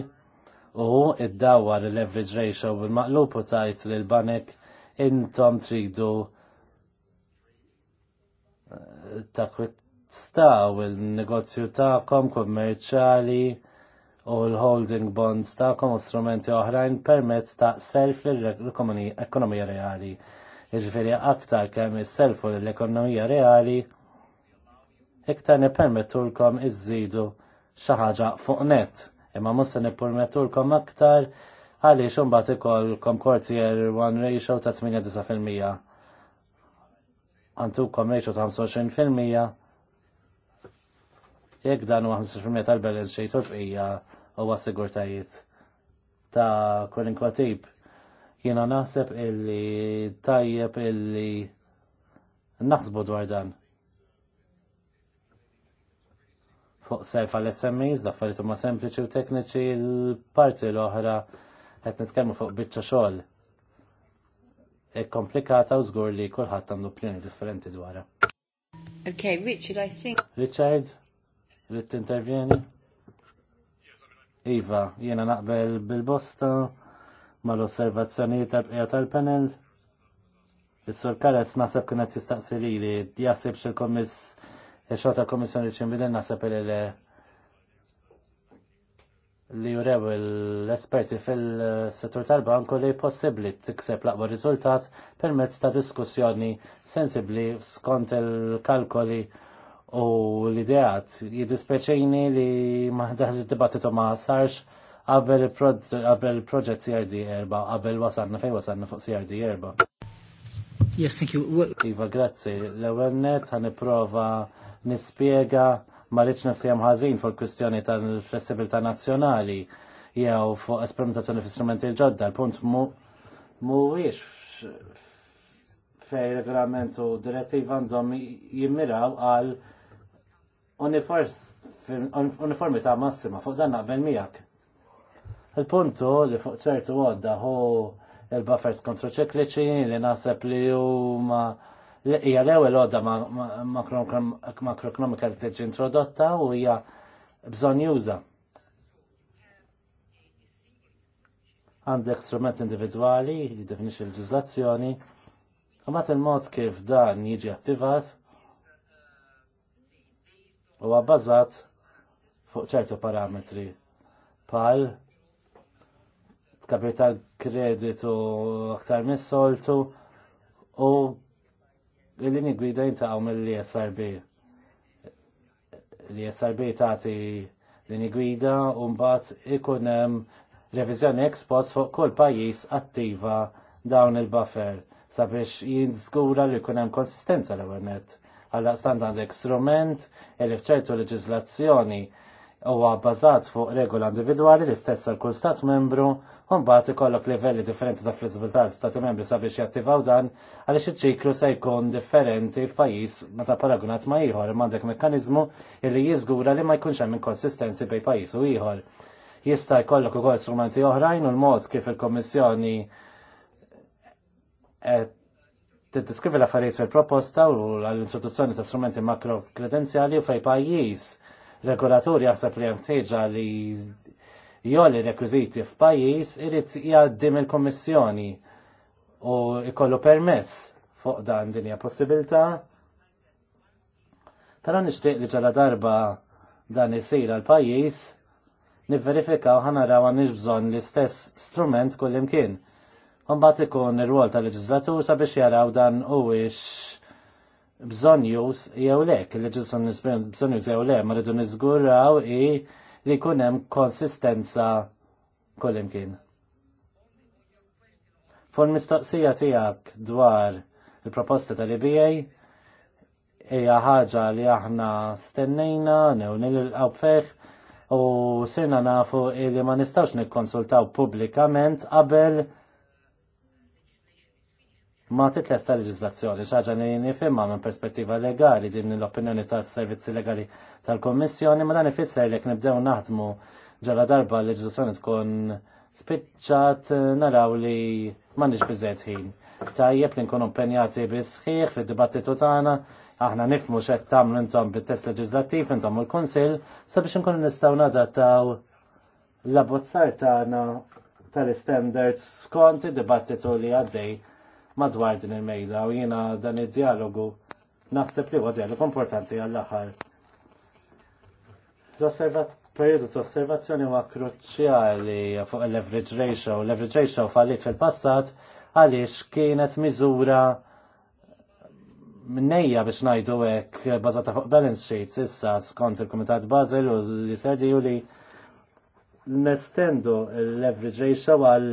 u id-dawar l-leverage ratio bil-maqlupu tajt l-banek intom tridu eh, ta' staw il-negozju kom kommerċali u l-holding bonds ta' u strumenti oħrajn permezz ta' self l-ekonomija reali. Iġveri aktar kemm is-selfu l-ekonomija reali, iktar nipermetulkom iżżidu xi ħaġa fuq net. Imma mhux se nippermetulkom aktar għaliex imbagħad ikollkom quartier one ratio ta' 89%. Antukom ratio ta' 25% jekk dan huwa 15% tal-balance sheet u l-bqija huwa sigurtajiet ta' kull inkwa tip Jiena naħseb illi tajjeb illi naħsbu dwar dan. Fuq serf għal SMEs, daffariet huma sempliċi u tekniċi l-parti l-oħra qed nitkellmu fuq biċċa xogħol. E komplikata u żgur li kulħadd għandu plini differenti dwarha. Okay, Richard, I think. Richard, rrit intervjeni? Iva, jena naqbel bil-bosta mal-osservazzjoni tal-bqija tal-panel. Is-sur Kares nasab kienet jistaqsi li li jasib xil-komis il-xogħol tal-Komissjoni ċimbidel nasab li li jurew l-esperti fil-settur tal-banku li possibli tikseb laqwa riżultat permezz ta' diskussjoni sensibli skont il-kalkoli u l-ideat. Jidispeċini li maħdaħ l dibattitu ma' sarx qabel il-proġett CRD erba, qabel wasalna fej wasanna fuq CRD erba. Yes, thank you. Iva, grazzi. L-ewel net għan iprofa nispiega ma rridx niftijem ħażin fuq il-kwistjoni tal-flessibilità nazzjonali jew fuq esperimentazzjoni f istrumenti l-ġodda. l punt mhuwiex fej regolament u direttiva għandhom jimmiraw għal uniformità massima fuq dan naqbel miegħek. Il-puntu li fuq ċertu għodda hu il-buffers ċekliċi li naħseb li huma hija l-ewwel għodda makroekonomika li tiġi introdotta u hija bżonn juża. Għandek strument individwali li definix il-ġizlazzjoni, u mat il-mod kif dan jiġi attivat u għabbażat fuq ċertu parametri pal kapital kreditu aktar mis-soltu u l-lini gwida jintaqaw mill-ISRB. L-ISRB e tagħti lini gwida u mbagħad ikun hemm reviżjoni ex fuq kull pajjiż attiva dawn il-buffer sabiex jinżgura li jkun hemm konsistenza l-ewwel Għalla stand għandek strument li f'ċertu leġiżlazzjoni huwa bbażat fuq regola individwali l-istess għal kull stat membru u mbagħad ikollok livelli differenti ta' flessibilità stati membri sabiex jattivaw dan għaliex iċ-ċiklu se jkun differenti f'pajjiż meta paragunat ma' ieħor imma għandek mekkaniżmu li jiżgura li ma jkunx hemm inkonsistenzi bejn pajjiż u ieħor. Jista' jkollok ukoll strumenti oħrajn u l-mod kif il-Kommissjoni eh, tiddiskrivi l-affarijiet fil-proposta u l-introduzzjoni ta' strumenti makro-kredenzjali u fej pajjiż regolatorja għasab li jemtieġa li jolli rekwiziti f'pajis irrit jgħaddim il-kommissjoni u ikollu permess fuq dan dinja possibilta. Pero nishtiq li ġala darba dan isir għal pajis nivverifikaw ħanaraw għan bżonn l-istess strument kullimkien. Mbagħad ikun ir wol tal-leġislatur sabiex jaraw dan u ix bżonn jus jew le, il-leġizzjoni bżonn jus jew le, ma rridu niżguraw i li jkun hemm konsistenza kullimkien. Fon mistoqsija tiegħek dwar il-proposta tal-IBA hija ħaġa li aħna stennejna, new nilqgħu feħ u sirna nafu li ma nistax nikkonsultaw pubblikament qabel ma titles ta' leġislazzjoni, xaġa li nifimma minn perspettiva legali din l-opinjoni ta' servizzi legali tal-Kommissjoni, ma dan ifisser li nibdew naħdmu ġala darba l-leġislazzjoni tkun spiċċat eh, naraw li nix bizzet ħin. Tajjeb li nkunu impenjati bisħiħ fid-dibattitu tagħna, aħna nifmu x'qed tagħmlu intom bit-test leġislattiv intom il l-Kunsill sabiex nkunu nistgħu nadattaw l-abbozzar tagħna tal-standards skont id-dibattitu li għaddej madwar din il-mejda u jiena dan id-dialogu naħseb li huwa dialogu importanti għall-aħħar. L-periodu ta' osservazzjoni huwa kruċjali fuq il-leverage ratio. Leverage ratio fallit fil-passat għaliex kienet miżura minnejja biex najdu hekk bażata fuq balance sheets issa skont il kumitat Basel u li serdi li nestendu l-leverage ratio għal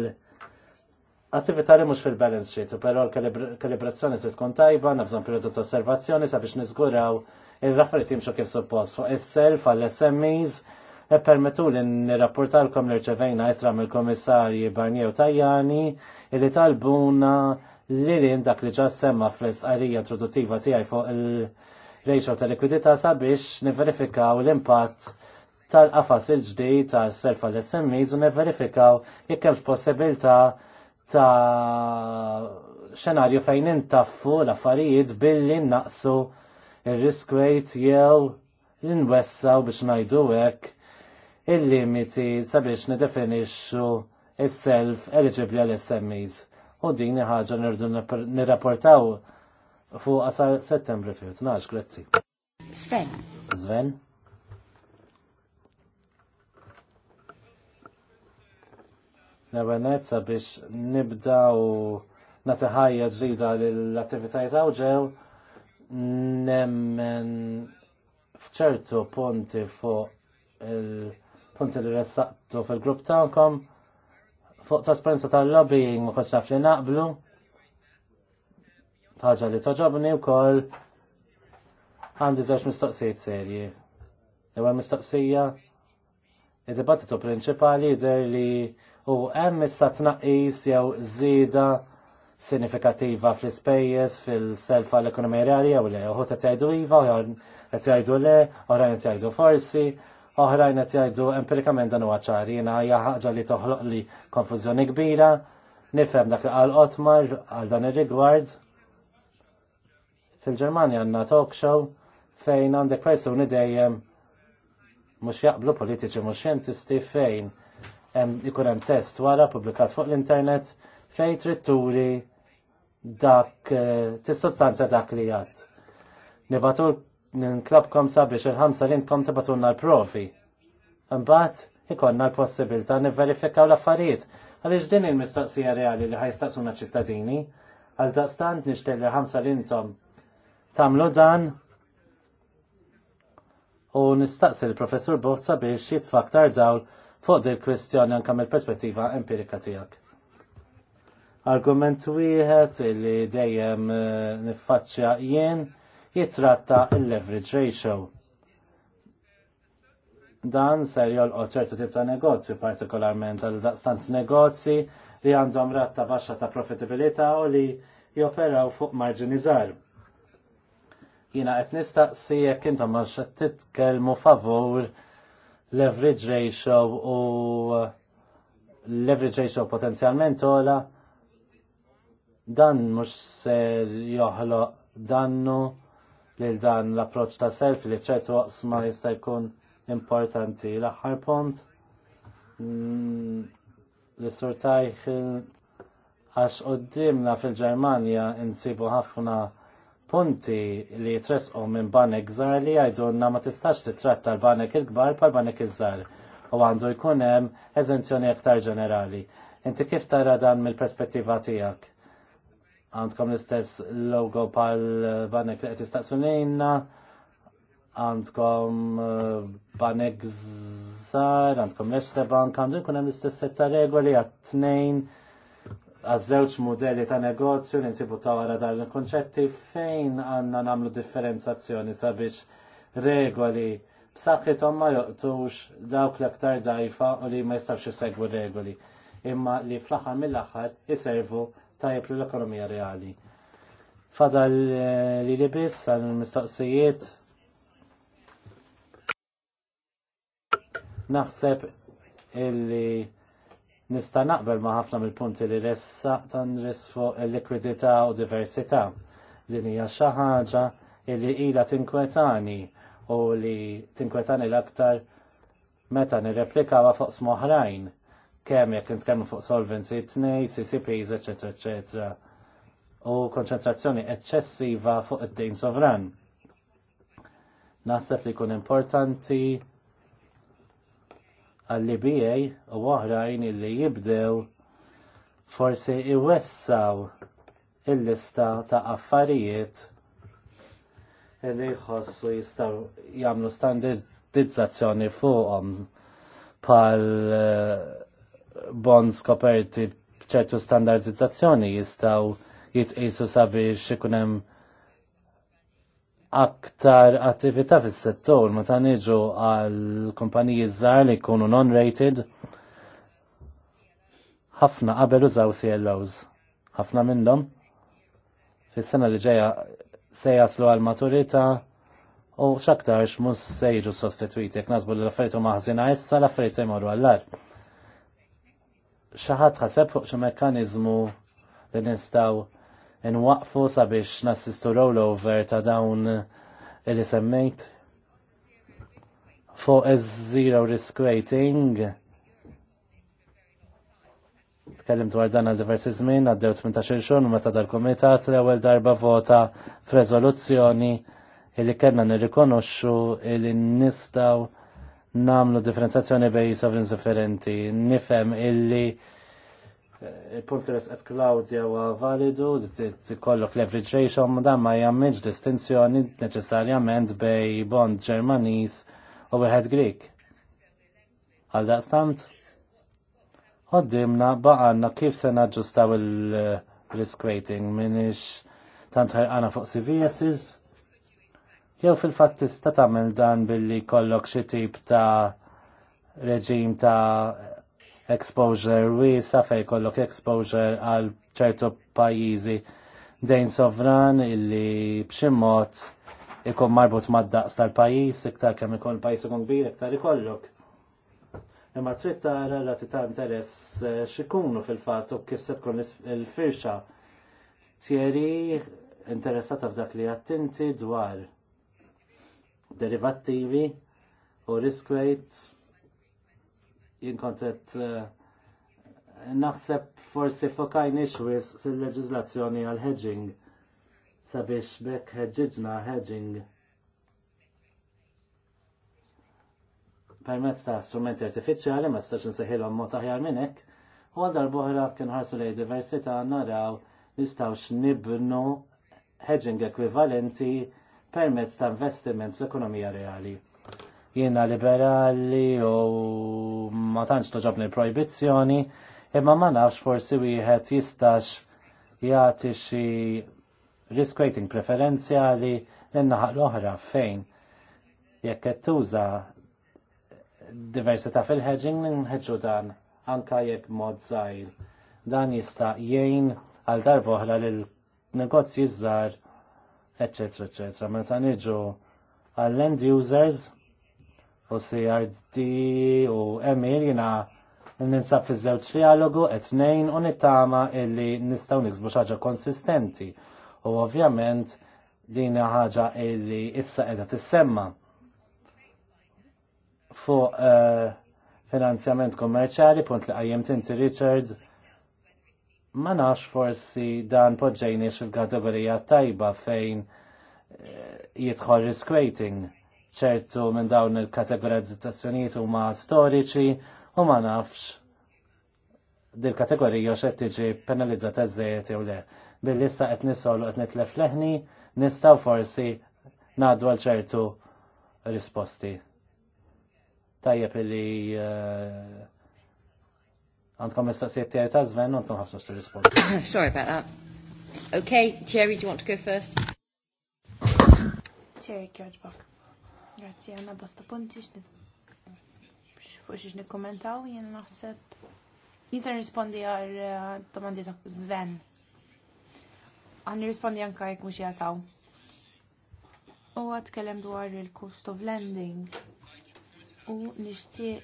attività li mhux fil-balance sheet, però l-kalibrazzjoni trid tkun tajba, nabżon periodu ta' osservazzjoni sabiex niżguraw il-raffariet jimxu kif suppost fuq is-self għall-SMEs e permetu li nirrapportalkom li rċevejna itra mill komissarji Barnier u Tajani li talbuna li li dak li ġas semma fl-isqarija introduttiva tiegħi fuq il-ratio ta' likwidità sabiex niverifikaw l-impatt tal-qafas il-ġdid tal-self għall-SMEs u niverifikaw jekk hemm possibilta' ta' xenarju fejn intaffu l-affarijiet billi naqsu il-risk weight jew l-inwessaw biex najdu hekk il-limiti sabiex nidefinixxu is-self eligibbli għal SMEs. U din ħaġa nirdu nirrapportaw fuq għasar settembru 2012, grazzi. Sven. Sven. l biex nibda u natiħajja ġrida l-attivitajiet għawġew nemmen fċertu punti fuq il-punti li ressaqtu fil-grupp tagħkom fuq trasparenza tal-lobbying ma konċ naf li naqblu ħaġa li toġobni wkoll għandi żewġ mistoqsijiet serji. Ewa mistoqsija il dibattitu prinċipali jidher li u hemm issa tnaqqis jew żieda sinifikattiva fl-ispejjeż fil-self l ekonomija reali jew le, uħu qed tgħidu iva, qed jgħidu le, oħrajn qed jgħidu forsi, oħrajn qed jgħidu empirikament dan huwa ċar, jiena hija ħaġa li toħloq li konfużjoni kbira, nifhem dak li qal Otmar għal dan ir-rigward. Fil-Ġermanja għandna talk show fejn għandek persuni dejjem mhux jaqblu politiċi mhux xjentisti fejn ikun hemm test wara publikat fuq l-internet fejn tritturi dak eh, t sostanza dak li għad. Nibatu n-klabkom sabiex il-ħamsa li intkom tibatunna l-profi. Mbagħad ikonna l-possibilità nivverifikaw l-affarijiet għaliex din il-mistoqsija reali li ħajstaqsuna ċittadini għal daqstant nixtelli ħamsa li intom tamlu dan u nistaqsi l-professur Bozza biex jitfaktar dawl fuq dil kwestjoni anka mill-perspettiva empirika tiegħek. Argument wieħed li dejjem eh, niffaċċja jien jitratta il-leverage ratio. Dan ser jolqot ċertu tip ta' negozju, partikolarment għal daqstant negozji li għandhom ratta baxxa ta' profitabilità u li joperaw fuq marġini żgħar Jina qed nistaqsijek jekk intom għax titkellmu favur leverage ratio u leverage ratio potenzjalment ola dan mhux se joħloq dannu lil dan l-approċċ ta' self li ċertu waqsma jista' jkun importanti l-aħħar pont mm, li sortajħ għax qoddimna fil-Ġermanja insibu ħafna punti li jitresqu minn banek żgħar li jgħidulna ma tistax titratta l-banek il-kbar par banek iż-żgħar u għandu jkun hemm eżenzjoni aktar ġenerali. Inti kif tara dan mill-perspettiva tiegħek? Għandkom l-istess logo pal banek li qed għandkom eh, banek żgħar, għandkom l-Eshlebank, għandu jkun hemm l-istess setta regoli għat-tnejn għazzewċ modelli ta' negozju li nsibu tawra dan il-konċetti fejn għandna nagħmlu differenzazzjoni sabiex regoli b'saħħithom ma joqtux dawk l-aktar dajfa u li ma jistax isegwu regoli imma li fl-aħħar mill-aħħar iservu tajjeb l-ekonomija reali. Fadal eh, li li biss għal mistoqsijiet naħseb illi Nista' naqbel ma' ħafna mill-punti li ressa tan risfu l-likwidità u diversità. Din hija xi ħaġa li ilha tinkwetani u li tinkwetani l-aktar meta nirreplikawa fuq smoħrajn kemm jekk nitkellmu fuq solvency tnej, CCPs, eċetera, etc. u konċentrazzjoni eċċessiva fuq id-dejn sovran. Naħseb li jkun importanti għall-IBA u oħrajn illi jibdew forsi iwessaw il-lista ta' affarijiet illi jħossu jistaw jamlu standardizzazzjoni fuqhom pal eh, bonds koperti ċertu standardizzazzjoni jistaw jitqisu sabiex ikun hemm aktar attività fis-settur meta niġu għal kumpaniji żgħar li jkunu non-rated ħafna qabel użaw CLOs. Ħafna minnhom fis-sena li ġejja se jaslu għal maturità u x'aktarx mus se jiġu sostituiti jek nasbu li l-affarijiet u ħażina issa l-affarijiet se jmorru għall Xaħat Xi ħaseb fuq xi mekkaniżmu li nistgħu nwaqfu sabiex nassistu rollover ta' dawn li semmejt fuq iż-zero risk rating. Tkellim dwar dan għal diversi żmien, għaddew 18 xhur meta dal-kumitat l-ewwel darba vota f'reżoluzzjoni illi kellna nirrikonoxxu illi nistgħu namlu differenzazzjoni bej sovrins differenti. Nifhem illi il-punt Claudia validu t-kollok leverage ratio ma ma jagħmilx distinzjoni neċessarjament bej bond ġermanis u wieħed Grik. Għal stamt? Għoddimna baqanna kif se naġġustaw il-risk rating minix tant ħarqana fuq CVSs jew fil-fatt tista' tagħmel dan billi kollok xi tip ta' reġim ta' exposure we fej kollok exposure għal ċertu pajjiżi dejn sovran illi b'ximmot ikun marbut mad-daqs tal-pajis, iktar kemm ikun pajis ikun kbir, iktar ikollok. Imma trid tara rati ta' interess eh, xikunu fil-fatt u kif se tkun il-firxa. Tieri interessata f'dak li għattinti dwar derivattivi u risk rates Jien kontet eh, naħseb forsi fokajni xwis fil-leġizlazzjoni għal-hedging sabiex bekk hedġiġna hedging permezz ta' strumenti artifiċjali ma stax nseħilhom mod aħjar minn hekk, u għal darbohra kien ħarsu lej diversità naraw nistgħu nibnu hedging ekwivalenti permezz ta' investiment fl-ekonomija reali jiena liberali u ma tantx toġobni proibizzjoni, imma ma nafx forsi wieħed jistax jagħti xi risk rating preferenzjali l-naħaq l-oħra fejn jekk qed tuża diversità fil-hedging nħeġġu dan anka jekk mod żgħir. Dan jista' jgħin għal darba oħra lil negozji żgħar, eċetera, eċċetra. Meta niġu għall-end users u CRD u Emil jina ninsab fi żewġ trialogu qed nejn u nittama illi nistgħu niksbu xaġa konsistenti. U ovvjament din ħaġa illi issa qiegħda tissemma fuq uh, eh, finanzjament kommerċali, punt li qajjem tinti Richard, ma nafx forsi dan poġġejniex fil-kategorija tajba fejn eh, jidħol risk rating ċertu minn dawn il u huma storiċi u ma nafx dil kategorija xed tiġi penalizzata żejjed jew le. Billi issa qed nisolu qed nitlef leħni, nistaw forsi ngħaddu għal ċertu risposti. Tajjeb li eh, għandkom mistaqsijiet tiegħi ta' żven u għandkom ħafna risposti. Sorry about that. Okay, Cherry, do you want to go first? Cherry, go back. Grazie, għanna bosta punti fuq xiex nikkommentaw jien naħseb. Jisa rispondi għal eh, domandi ta' Sven. Għan rispondi anka jek mux jataw. U għatkellem dwar il-cost of lending. U nishti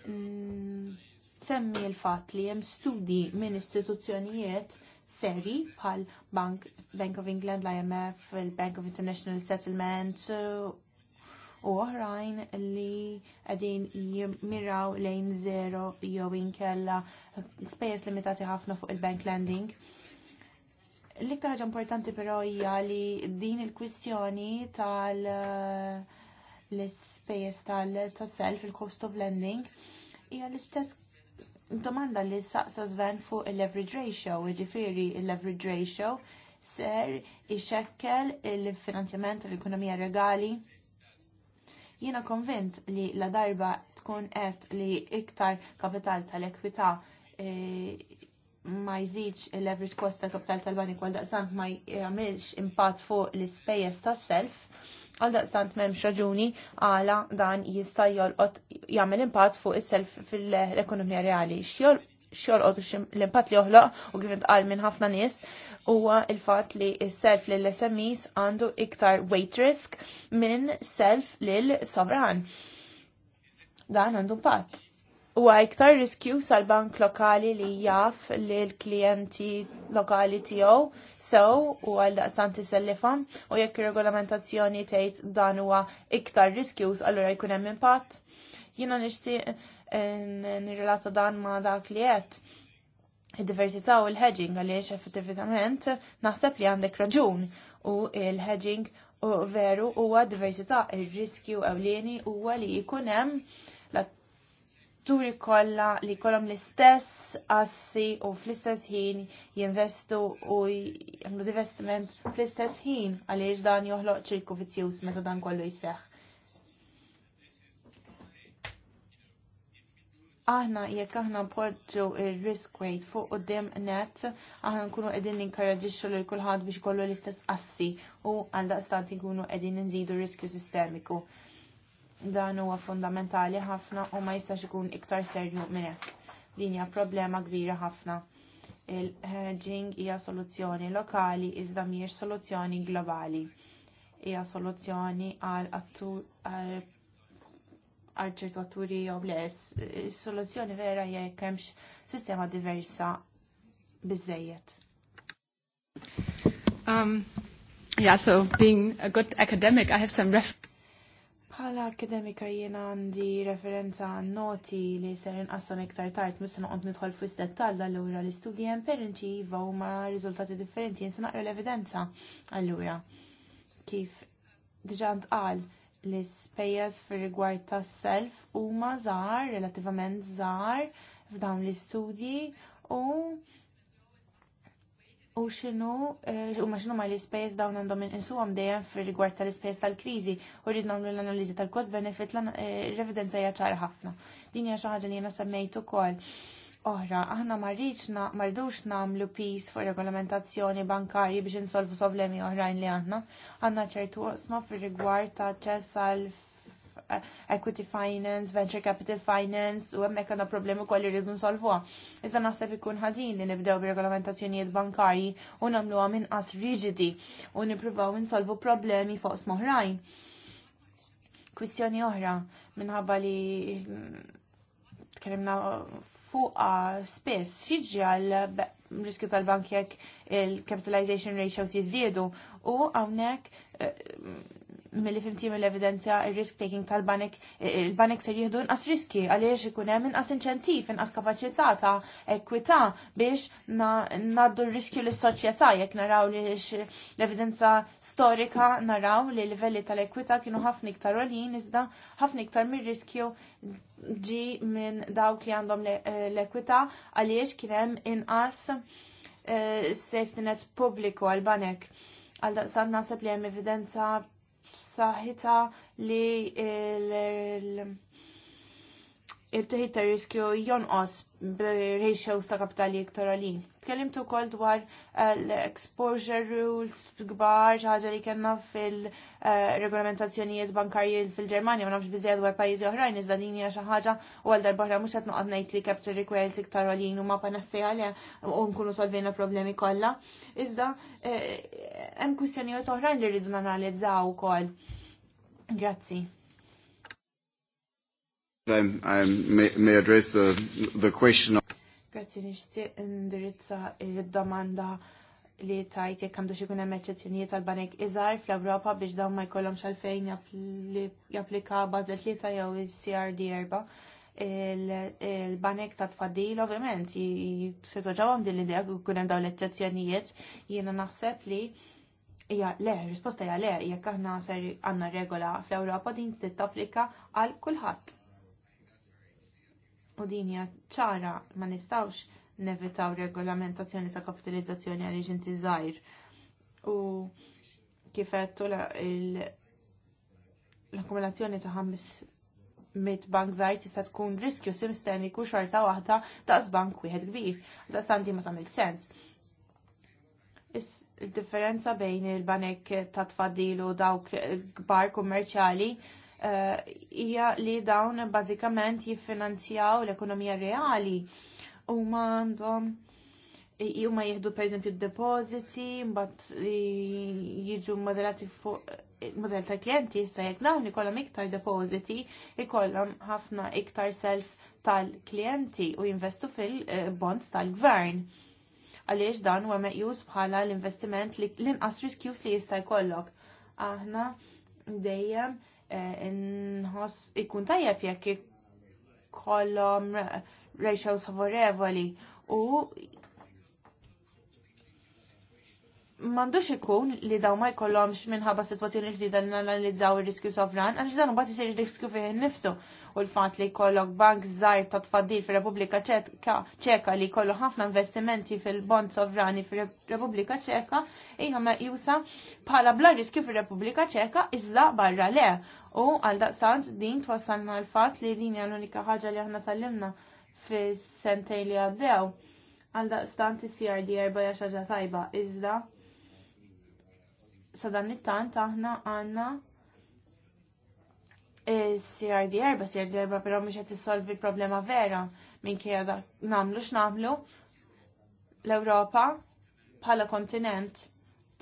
semmi l-fat li jem studi minn istituzzjonijiet seri bħal Bank, Bank of England, l-IMF, il-Bank of International Settlement, u oħrajn li għedin jimmiraw lejn zero jew inkella spejjeż limitati ħafna fuq il-bank lending. L-iktar ħaġa importanti però hija li din il-kwistjoni tal- eh, l-spejjeż tal-self, il-cost of lending, hija l-istess domanda li saqsa żven fuq il-leverage ratio, jiġifieri il-leverage ratio ser ixekkel il-finanzjament tal-ekonomija regali Jiena konvent li la darba tkun qed li iktar kapital tal-ekwità eh, ma jżidx l-average cost tal-kapital tal-banik għal daqsant ma jgħamilx impatt fuq l-ispejjeż tas-self, għal daqsant m'hemmx raġuni għala dan jista' jolqot jagħmel impatt fuq is-self fil-ekonomija reali. X'jolqot l-impatt li joħloq u kif intqal minn ħafna nies huwa il-fatt li s-self lil lill smes għandu iktar weight risk minn self lil sovran. Dan għandu impatt. Huwa iktar riskju sal-bank lokali li jaf li l-klijenti lokali tiegħu sew u għal daqsanti sellifam, u jekk ir-regolamentazzjoni tgħid dan huwa iktar riskjuż allura jkun hemm impatt. Jiena nixtieq eh, nirrelata dan ma' dak li jett id-diversità u l-hedging għaliex effettivament naħseb li għandek raġun u l-hedging u veru huwa diversità ir-riskju ewlieni huwa li jkun hemm turi atturi kollha li jkollhom l-istess assi u fl-istess ħin jinvestu u jagħmlu divestiment fl-istess ħin għaliex dan joħloq ċirku vizzjuż meta dan kollu jseħħ. aħna jekk aħna podġu il-risk weight fuq qudiem net, aħna nkunu qegħdin ninkoraġixxu lil kulħadd biex kollu l-istess assi u għal daqstant nkunu qegħdin inżidu riskju sistemiku. Dan huwa fundamentali ħafna u ma jistax ikun iktar serju minn hekk. Din hija problema kbira ħafna. Il-hedging hija soluzzjoni lokali iżda mhijiex soluzzjoni globali. Hija soluzzjoni għal attur għal għal jew les, is-soluzzjoni vera jekk hemmx sistema diversa bizzejiet. Um, yeah, so being a good academic, I have some ref Bħala akademika jiena għandi referenza noti li ser inqassam iktar tard mis noqgħod nidħol fuq dettall allura l-istudji hemm parenti jiva huma riżultati differenti jinsa naqra l-evidenza allura kif diġà ntqal l-ispejjeż fir-rigward tas-self huma żgħar, relattivament żgħar f'dawn l-istudji u u xinu, eh, u ma xinu ma l-ispejs dawn għandhom insu għam dejjem fil-rigward tal-ispejs tal-krizi u rrid nagħmlu l-analiżi tal-kost benefit l-revidenza eh, hija ċara ħafna. Din hija xi ħaġa li jiena semmejt ukoll oħra, aħna marriċna, mardux namlu pis fuq regolamentazzjoni bankarji biex insolvu problemi oħrajn li aħna. Għanna ċertu osma fil rigward ta' ċessal equity finance, venture capital finance, u għemmek għanna problemi kolli rridu nsolvuha. Iżda naħseb ikun ħazin li nibdew bi regolamentazzjonijiet bankari u namluha minn qas riġidi u nippruvaw insolvu problemi fuq smoħrajn. Kwistjoni oħra minħabba li tkellimna fuqa ah, spess xieġi għal riskju tal-bank jekk il-capitalization ratios jizdiedu u għawnek eh, mill-li fimti mill-evidenzja il-risk taking tal banik il-banek ser jihdu inqas riski għaliex ikun hemm inqas inċentiv, inqas kapaċità ta' ekwità biex naddu r-riskju l soċjetà jekk naraw li l-evidenza storika naraw li l livelli tal-ekwità kienu ħafna iktar għolin iżda ħafna iktar mir-riskju ġi minn dawk li għandhom l-ekwità għaliex kien hemm inqas eh, safety net pubbliku għal-banek. Għal daqstan nasab li hemm evidenza b'saħħitha li l il ta' riskju jonqos b'ratios ta' kapitali iktar għalin. Tkellimt dwar eh, l-exposure rules kbar xi ħaġa li kellna fil-regolamentazzjonijiet eh, bankarji fil-Ġermanja ma nafx biżejjed għar pajjiżi oħrajn iżda din hija xi ħaġa u għal darbaħra mhux qed noqgħod ngħid li capital requires iktar għalin pa' panassej għal u nkunu solvina problemi kollha. Iżda eh, hemm kwistjonijiet oħrajn li rridu nanalizzaw ukoll. Grazzi. I, um, um, may, may address the, the question of... Grazie nishtiq indirizza il-domanda li tajt jekk għandu xikun hemm eċċezzjonijiet għal banek iżgħar fl-Ewropa biex dawn ma jkollhomx għalfejn japplika bażel tlieta jew is-CRD erba' il-banek ta' tfaddil ovvjament jissetu ġawam din l-idea kun hemm dawn l-eċċezzjonijiet jiena naħseb li hija le, risposta hija le, jekk aħna ser għandna regola fl-Ewropa din titapplika għal kulħadd u din hija ċara ma nistgħux nevitaw regolamentazzjoni ta' kapitalizzazzjoni għal ġinti żgħir. U kif qed l-akkumulazzjoni ta' ħames mit bank zaħir tista' tkun riskju sistemiku xorta waħda ta' bank wieħed kbir. Daqs għandi ma tagħmel sens. il differenza bejn il-banek ta' tfaddil u dawk kbar kummerċjali Eh, hija li dawn bażikament jiffinanzjaw l-ekonomija reali u għandhom huma jieħdu pereżempju d-depożiti, mbagħad jiġu modelati fuq eh, model ta' klienti issa jekk dawn ikollhom iktar depositi, ikollhom ħafna iktar self tal-klienti u jinvestu fil-bonds eh, tal-gvern. Għaliex dan huwa meqjus bħala l-investiment li l-inqas riskjus li jista' jkollok. Aħna dejjem Eh, nħoss ikun tajjeb jekk kollom ratios favorevoli u mandux ikun li daw ma jkollhomx minħabba sitwazzjoni ġdida li nanalizzaw ir-riskju sovran, għaliex dan imbagħad isir riskju fih innifsu u l-fatt li jkollok bank żgħir ta' tfaddil fir-Repubblika Ċeka li jkollu ħafna investimenti fil-bond sovrani fir-Repubblika Ċeka hija meqjusa bħala bla riskju fir-Repubblika Ċeka iżda barra le. U għal daqsant din twassalna l-fatt li din hija l-unika ħaġa li aħna tallimna fis-sentej li għaddew għal daqstant is-CRD erba' xaġa tajba iżda sa dan it-tant aħna għandna eh, CRD erba, CRD erba però mhux qed issolvi l-problema vera minkejja dak nagħmlu x'nagħmlu l-Ewropa bħala kontinent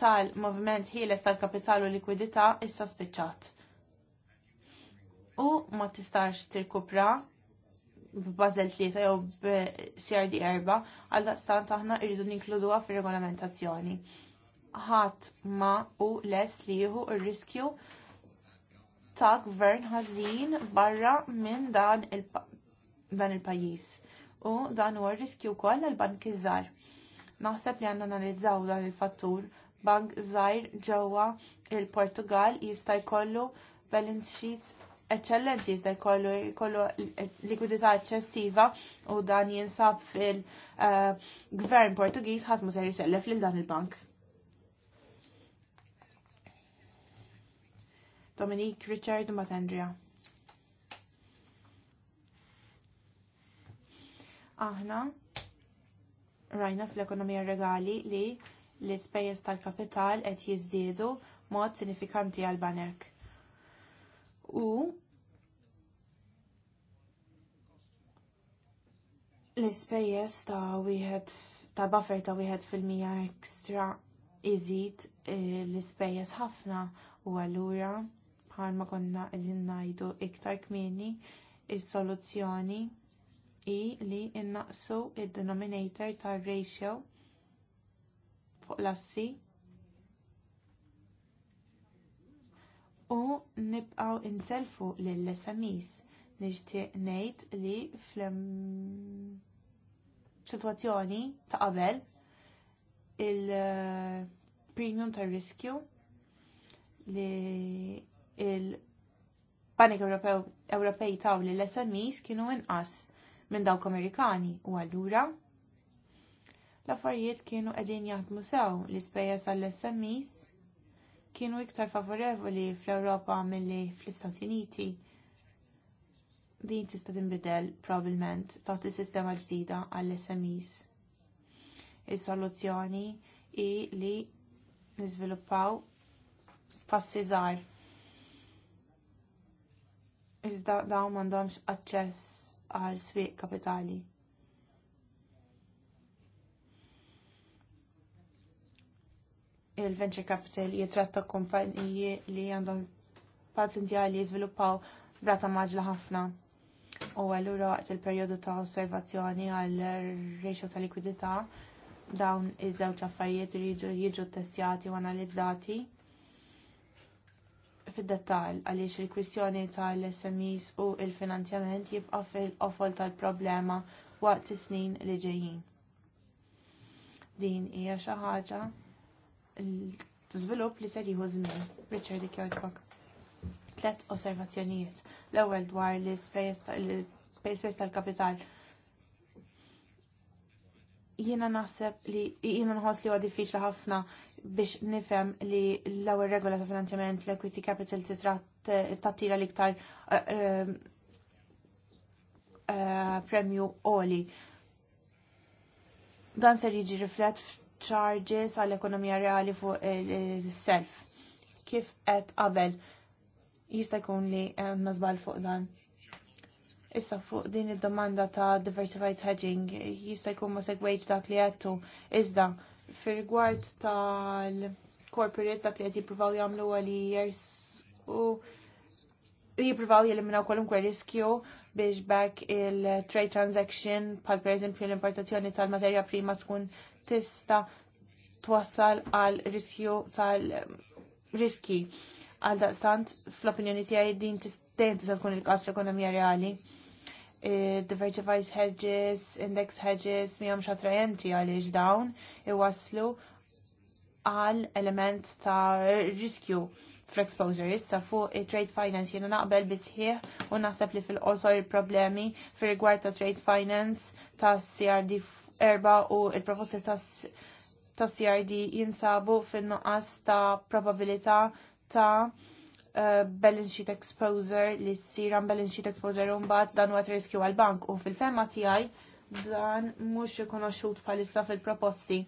tal-moviment ħieles tal-kapitalu likwidità issa spiċċat. U ma tistax tirkupra b'Bazel 3 jew b'CRD 4 għal daqstant aħna irridu ninkluduha fir-regolamentazzjoni ħadd ma hu les li jieħu r riskju ta' gvern ħażin barra minn dan il-pajjiż. u dan huwa r-riskju wkoll għall banki żgħar. Naħseb li għandna analizzaw dan il-fattur bank żgħar ġewwa il-Portugal jista' jkollu balance sheets eccellenti jista' jkollu jkollu likwidità eċċessiva u dan jinsab fil-gvern eh, Portugiż ħadd ma se jisellef lil dan il-bank. Dominique, Richard u Matandria. Aħna rajna fl-ekonomija regali li l-ispejjeż tal-kapital qed jiżdiedu mod sinifikanti għal banek. U l-ispejjeż ta' wieħed ta' buffer ta' wieħed fil-mija ekstra iżid eh, l-ispejjeż ħafna u allura bħal ma konna qegħdin ngħidu iktar kmieni is-soluzzjoni i li innaqsu d denominator tar-ratio fuq l-assi u nibqgħu inselfu lill-SMEs nixtieq ngħid li fl-sitwazzjoni ta' qabel il-premium eh, tar riskju li il-Panik Ewropej taw li l-SMEs kienu inqas minn dawk Amerikani u allura l-affarijiet kienu qegħdin jaħdmu sew l-ispejjeż għall-SMEs kienu iktar favorevoli fl-Ewropa milli fl-Istati Uniti. Din tista' tinbidel probabbilment taħt is-sistema ġdida għall-SMEs. Is-soluzzjoni hi li niżviluppaw spassi żgħar iżda dawn m'għandhomx aċċess għal swieq kapitali. Il-venture capital jitratta kumpaniji li għandhom potenzjali jiżviluppaw brata maġla ħafna. U allura waqt il-perjodu ta' osservazzjoni għal ratio ta' likwidità dawn iż-żewġ affarijiet iridu jiġu ttestjati u analizzati fid-dettall għaliex il-kwistjoni tal-SMEs u l finanzjament jibqa' fil-qofol tal-problema waqt is-snin li ġejjin. Din hija xi ħaġa l-żvilupp li ser jieħu żmien. Richard Kjordbok. Tlet osservazzjonijiet. L-ewwel dwar l-ispejjeż tal-kapital Jiena naħseb li jiena nħoss li huwa diffiċli ħafna biex nifhem li l-ewwel regola ta' finanzjament l-equity capital eh, tattira l-iktar eh, eh, premju oli. Dan ser jiġi riflett charges għall-ekonomija reali fuq il-self. Kif qed qabel jista' jkun li nażbal fuq dan. Issa fuq din id-domanda ta' diversified hedging jista' jkun ma segwejġ dak li għattu iżda fir-rigward tal-corporate dak li qed jippruvaw jagħmlu għali jers u jippruvaw jeliminaw kwalunkwe riskju biex back il-trade transaction per pereżempju l-importazzjoni tal-materja prima tkun tista' twassal għal riskju tal-riski. Għal daqstant, fl-opinjoni tiegħi din tista' tista' tkun il-każ fl-ekonomija reali diversified hedges, index hedges, miħom xatrajenti għaliex dawn iwaslu għal element ta' riskju fl-exposure issa fuq trade finance jiena naqbel bisħieħ u naħseb li fil-qosor problemi fir rigward ta' trade finance ta' CRD erba' u il-proposti ta' CRD jinsabu fin nuqqas ta' probabilita ta' Eh, balance sheet exposure li s-sir għan balance sheet exposure un bat dan u għat riskju għal-bank u fil-femma tijaj dan mux ikonoxut palissa fil-proposti.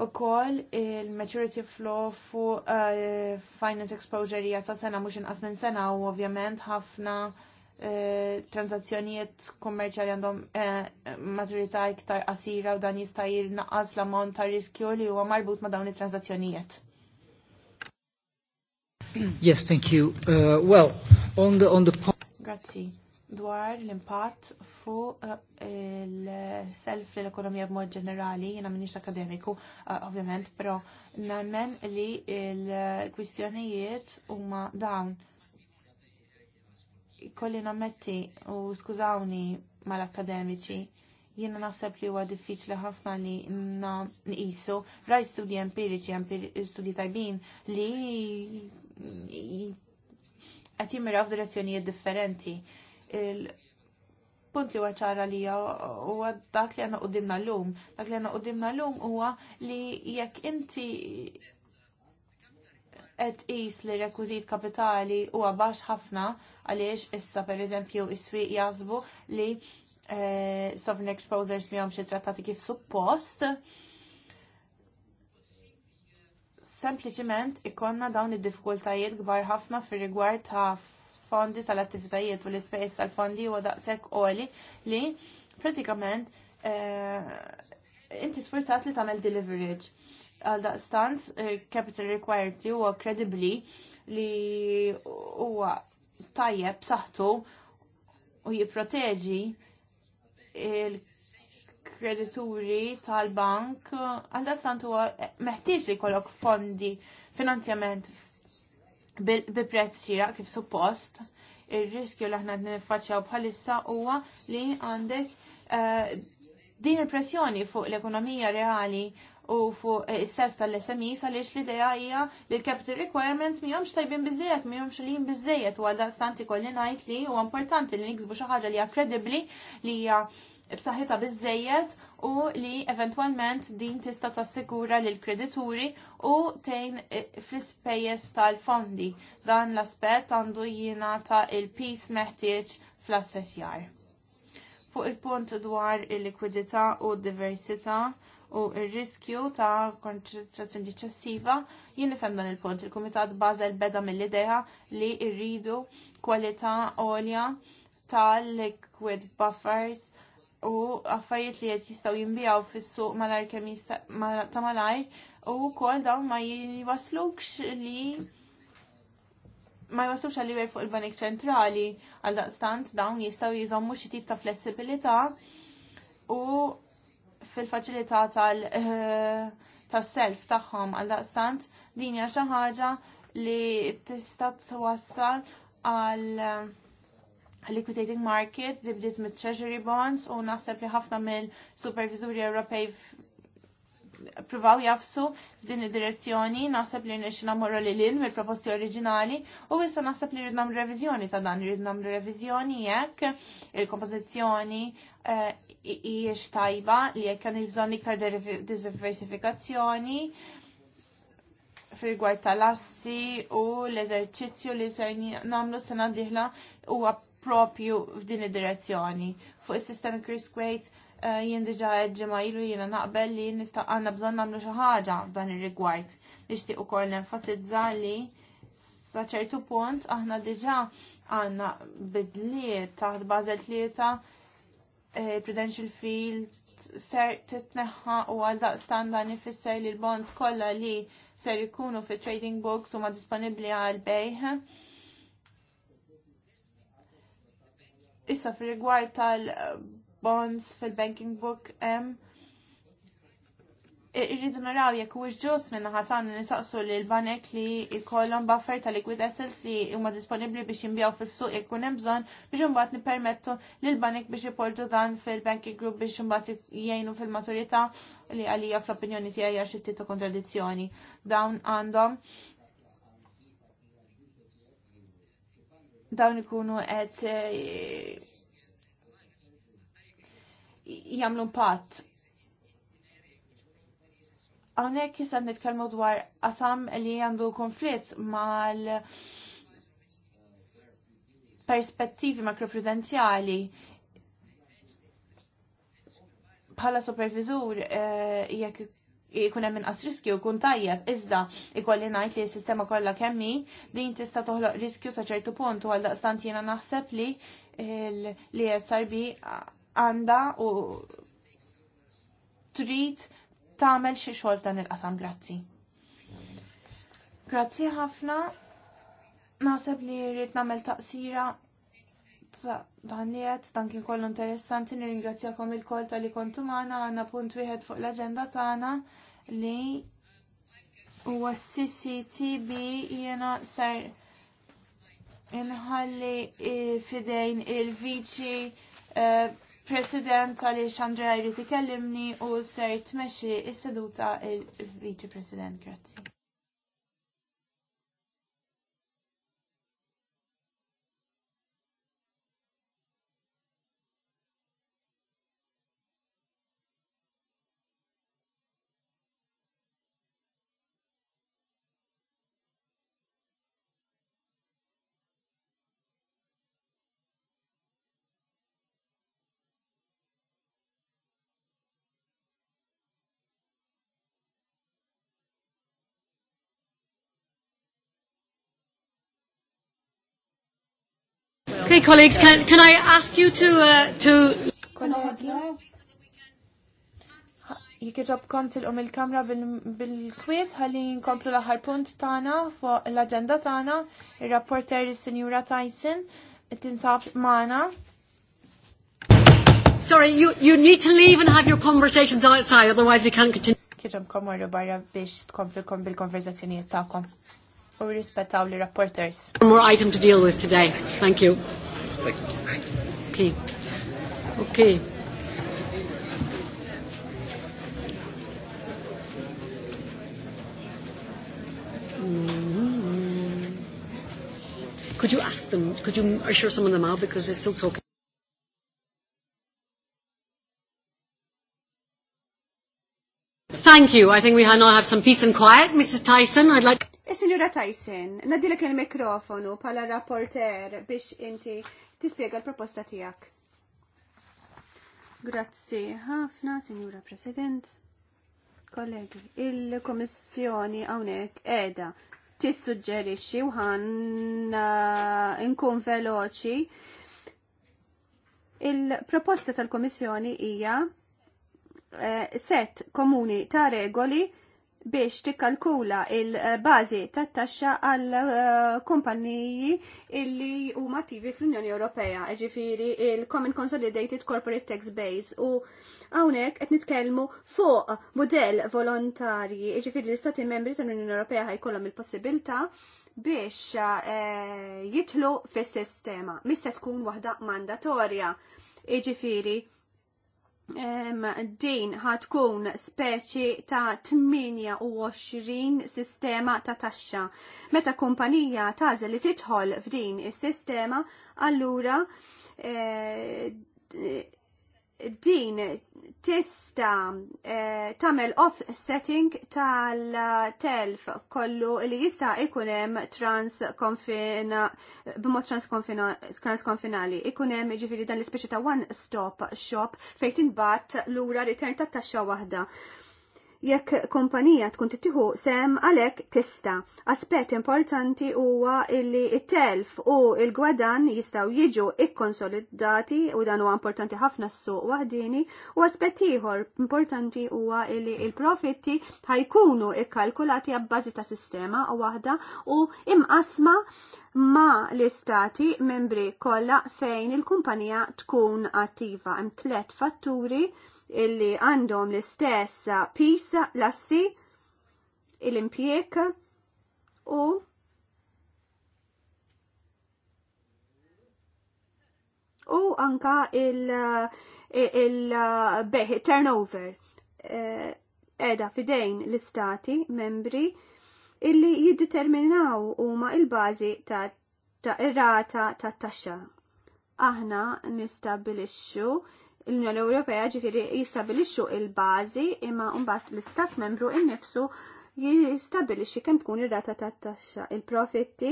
U koll il-maturity flow fu uh, finance exposure hija ta' sena mhux inqas minn sena u ovvjament ħafna uh, transazzjonijiet kummerċjali għandhom uh, maturità iktar qasira u dan jista' jirnaqqas l-ammont ta' riskju li huwa marbut ma' dawn it-transazzjonijiet. Yes, thank you. Uh, well, on the, on the point... Grazie. Dwar l-impatt fu uh, l self l-ekonomija b-mod ġenerali, jena minix akademiku, uh, ovvjament, pero nemmen li l kwistjonijiet huma dawn. Kolli nammetti u skużawni mal-akademiċi, jena naħseb li huwa diffiċli ħafna li nqisu rajt studi empiriċi, studi tajbin li qed jimmiraw f'direzzjonijiet differenti. Il-punt li ċara li huwa dak li għandna l llum. Dak li għandna qudiemna llum huwa li jekk inti qed is li rekwiżit kapitali huwa baxx ħafna għaliex issa pereżempju is-swieq jazbu li eh, sovereign exposers għom xi trattati kif suppost sempliciment ikonna dawn id-diffikultajiet kbar ħafna fir rigward ta' fondi tal-attivitajiet u l-ispejs tal-fondi u daqshekk qoli li pratikament eh, inti sfurzat li tagħmel deliverage. Għal daqstanz eh, capital required huwa kredibbli li huwa tajjeb saħtu u jipproteġi il kredituri tal-bank għalda stantu meħtieġ li kollok fondi finanzjament bi prezz kif suppost. Ir-riskju li aħna nifaċċaw bħalissa huwa li għandek eh, din il-pressjoni fuq l-ekonomija reali u fuq eh, is-self tal smi e għaliex l-idea hija li l-capital requirements mihomx tajbin biżejjed, mihomx lin biżejjed u għal daqstant ikolli ngħid li huwa importanti li niksbu xi ħaġa li hija kredibbli li hija b'saħħitha biżejjed u li eventwalment din tista' tassigura lil kredituri u tejn e, fl-ispejjeż tal-fondi. Dan l-aspett għandu jingħata il peace meħtieġ fl-assessjar. Fuq il-punt dwar il-likwidità u d-diversità u il-riskju ta' konċentrazzjoni ċessiva, jien nifhem dan il-punt. Il-Kumitat Basel beda mill-idea li rridu kwalità għolja tal-liquid buffers u affarijiet li qed jistgħu jinbijaw fis-suq malar kemm ta' malajr u wkoll dawn ma jwaslux li ma jwaslux għal liwej fuq il-Banik Ċentrali għal daqstant dawn jistgħu jżommu xi tip ta' flessibilità u fil-faċilità tal eh, tas-self tagħhom għal daqstant din hija xi ħaġa li tista' twassal għal eh, liquidating market dibdiet mit treasury bonds u naħseb li ħafna mill supervisuri Ewropej provaw jafsu f'din id-direzzjoni, naħseb li nix namorra li l-in mill-proposti oriġinali u issa naħseb li rridnam revizjoni reviżjoni ta' dan, rridnam revizjoni reviżjoni jekk il-kompożizzjoni eh, hijiex tajba li jekk kan bżonn iktar diversifikazzjoni fil-rigward tal-assi u l-eżerċizzju li ser nagħmlu sena diħla huwa propju f'din id-direzzjoni. Fuq is-systemic risk Quaid eh, jien diġa ġemma ilu jiena naqbel li nista' għandna bżonn nagħmlu xi ħaġa f'dan ir-rigward. Nixtieq ukoll nenfasizza li sa ċertu punt aħna diġa għandna bidliet taħt Basel tlieta eh, Prudential Field ser titneħħa u għal daqstan dan ifisser li l-bonds kollha li ser ikunu fit trading books huma disponibbli għal bejħ Issa fil-rigward tal-bonds fil-banking book hemm irridu naraw jekk huwiex ġust minn ħatan nisaqsu li l-banek li jkollhom buffer ta' liquid assets li huma disponibbli biex jinbjaw fis-suq jekk ikun hemm bżonn biex imbagħad nippermettu lil banek biex ipoġġu dan fil-banking group biex imbagħad jgħinu fil-maturità li għalija fl-opinjoni tiegħi għax it kontradizzjoni. Dawn għandhom dawn ikunu għed eh, jamlu pat. Għonek jisad nitkelmu dwar asam li għandu konflitt mal perspettivi makroprudenziali bħala supervizur eh, jekk ikun hemm inqas riskju jkun tajjeb, iżda ikolli ngħid li s-sistema kollha kemm hi din tista' toħloq riskju sa ċertu punt u għal daqstant jiena naħseb li li SRB għandha u trid tagħmel xi xogħol dan il-qasam grazzi. Grazzi ħafna. Naħseb li rrid nagħmel taqsira Daniet, dan kien kollu interessanti, nirringrazzjakom il-kol tal-li kontu maħna, għanna punt wieħed fuq l-agenda tagħna li huwa CCTB jena ser inħalli eh, fidejn il-viċi eh, President għalli xandra jrid tikellimni u ser tmexxi is-seduta il-Viċi President. Grazzi. Okay, colleagues, can, can I ask you to... Uh, to... Jikġobkom tilqom il-kamra bil-kwiet ħalli nkomplu laħar punt tagħna fuq l agenda tagħna il rapporter il-senjura Tyson tinsab maħna. Sorry, you, you need to leave and have your conversations outside, otherwise we can't continue. Kieġobkom warru barra biex tkomplu bil konverzazzjoni jittakom u rispettaw li One more item to deal with today. Thank you. Okay. Okay. Mm Could you ask them, could you assure some of them out because they're still talking? Thank you. I think we now have some peace and quiet. Mrs. Tyson, I'd like is eh, Signora Tyson, nadilek il-mikrofonu pala rapporter biex inti tispiega l-proposta tijak. Grazzi ħafna, Signora President. Kollegi, il-Komissjoni għawnek edha tissuġġerixxi u ħan nkun veloċi. Il-proposta tal-Komissjoni hija eh, set komuni ta' regoli biex tikkalkula il-bazi tat taxxa għal eh, kumpaniji illi huma attivi fl-Unjoni Ewropea, ġifiri il-Common Consolidated Corporate Tax Base u hawnhekk qed nitkellmu fuq modell volontarji, ġifiri l-Istati membri tal-Unjoni Ewropea ħajkollhom il-possibilità biex eh, jitlu fis-sistema, mista tkun waħda mandatorja. Iġifiri, din ħatkun speċi ta' 28 sistema ta' taxxa. Meta kumpanija tażel li tidħol f'din is-sistema, allura eh, din tista eh, tamel setting tal-telf kollu li jista ikunem transkonfina b'mod transkonfinali ikunem ġifiri dan l speċi ta' one stop shop fejn l lura return ta' taxxa waħda jekk kompanija tkun tittiħu sem għalek tista. Aspet importanti huwa illi it-telf u il-gwadan jistaw jiġu ikkonsolidati u dan huwa importanti ħafna s-suq waħdini u aspet ieħor importanti huwa illi il-profitti ħajkunu ikkalkulati għabbażi ta' sistema waħda u imqasma ma l-istati membri kollha fejn il-kumpanija tkun attiva. Hemm tliet fatturi illi għandhom l-istess pisa lassi, il impjek u u anka il-beħi, turnover, e, edha fidejn l-istati membri illi jiddeterminaw huma il-bazi ta' ta' irrata ta' taxxa. Aħna nistabilixxu l-Unjoni Ewropea ġifiri jistabilixxu il-bażi imma mbagħad l-Istat membru innifsu jistabilixxi kemm tkun ir-rata tat-taxxa. Il-profitti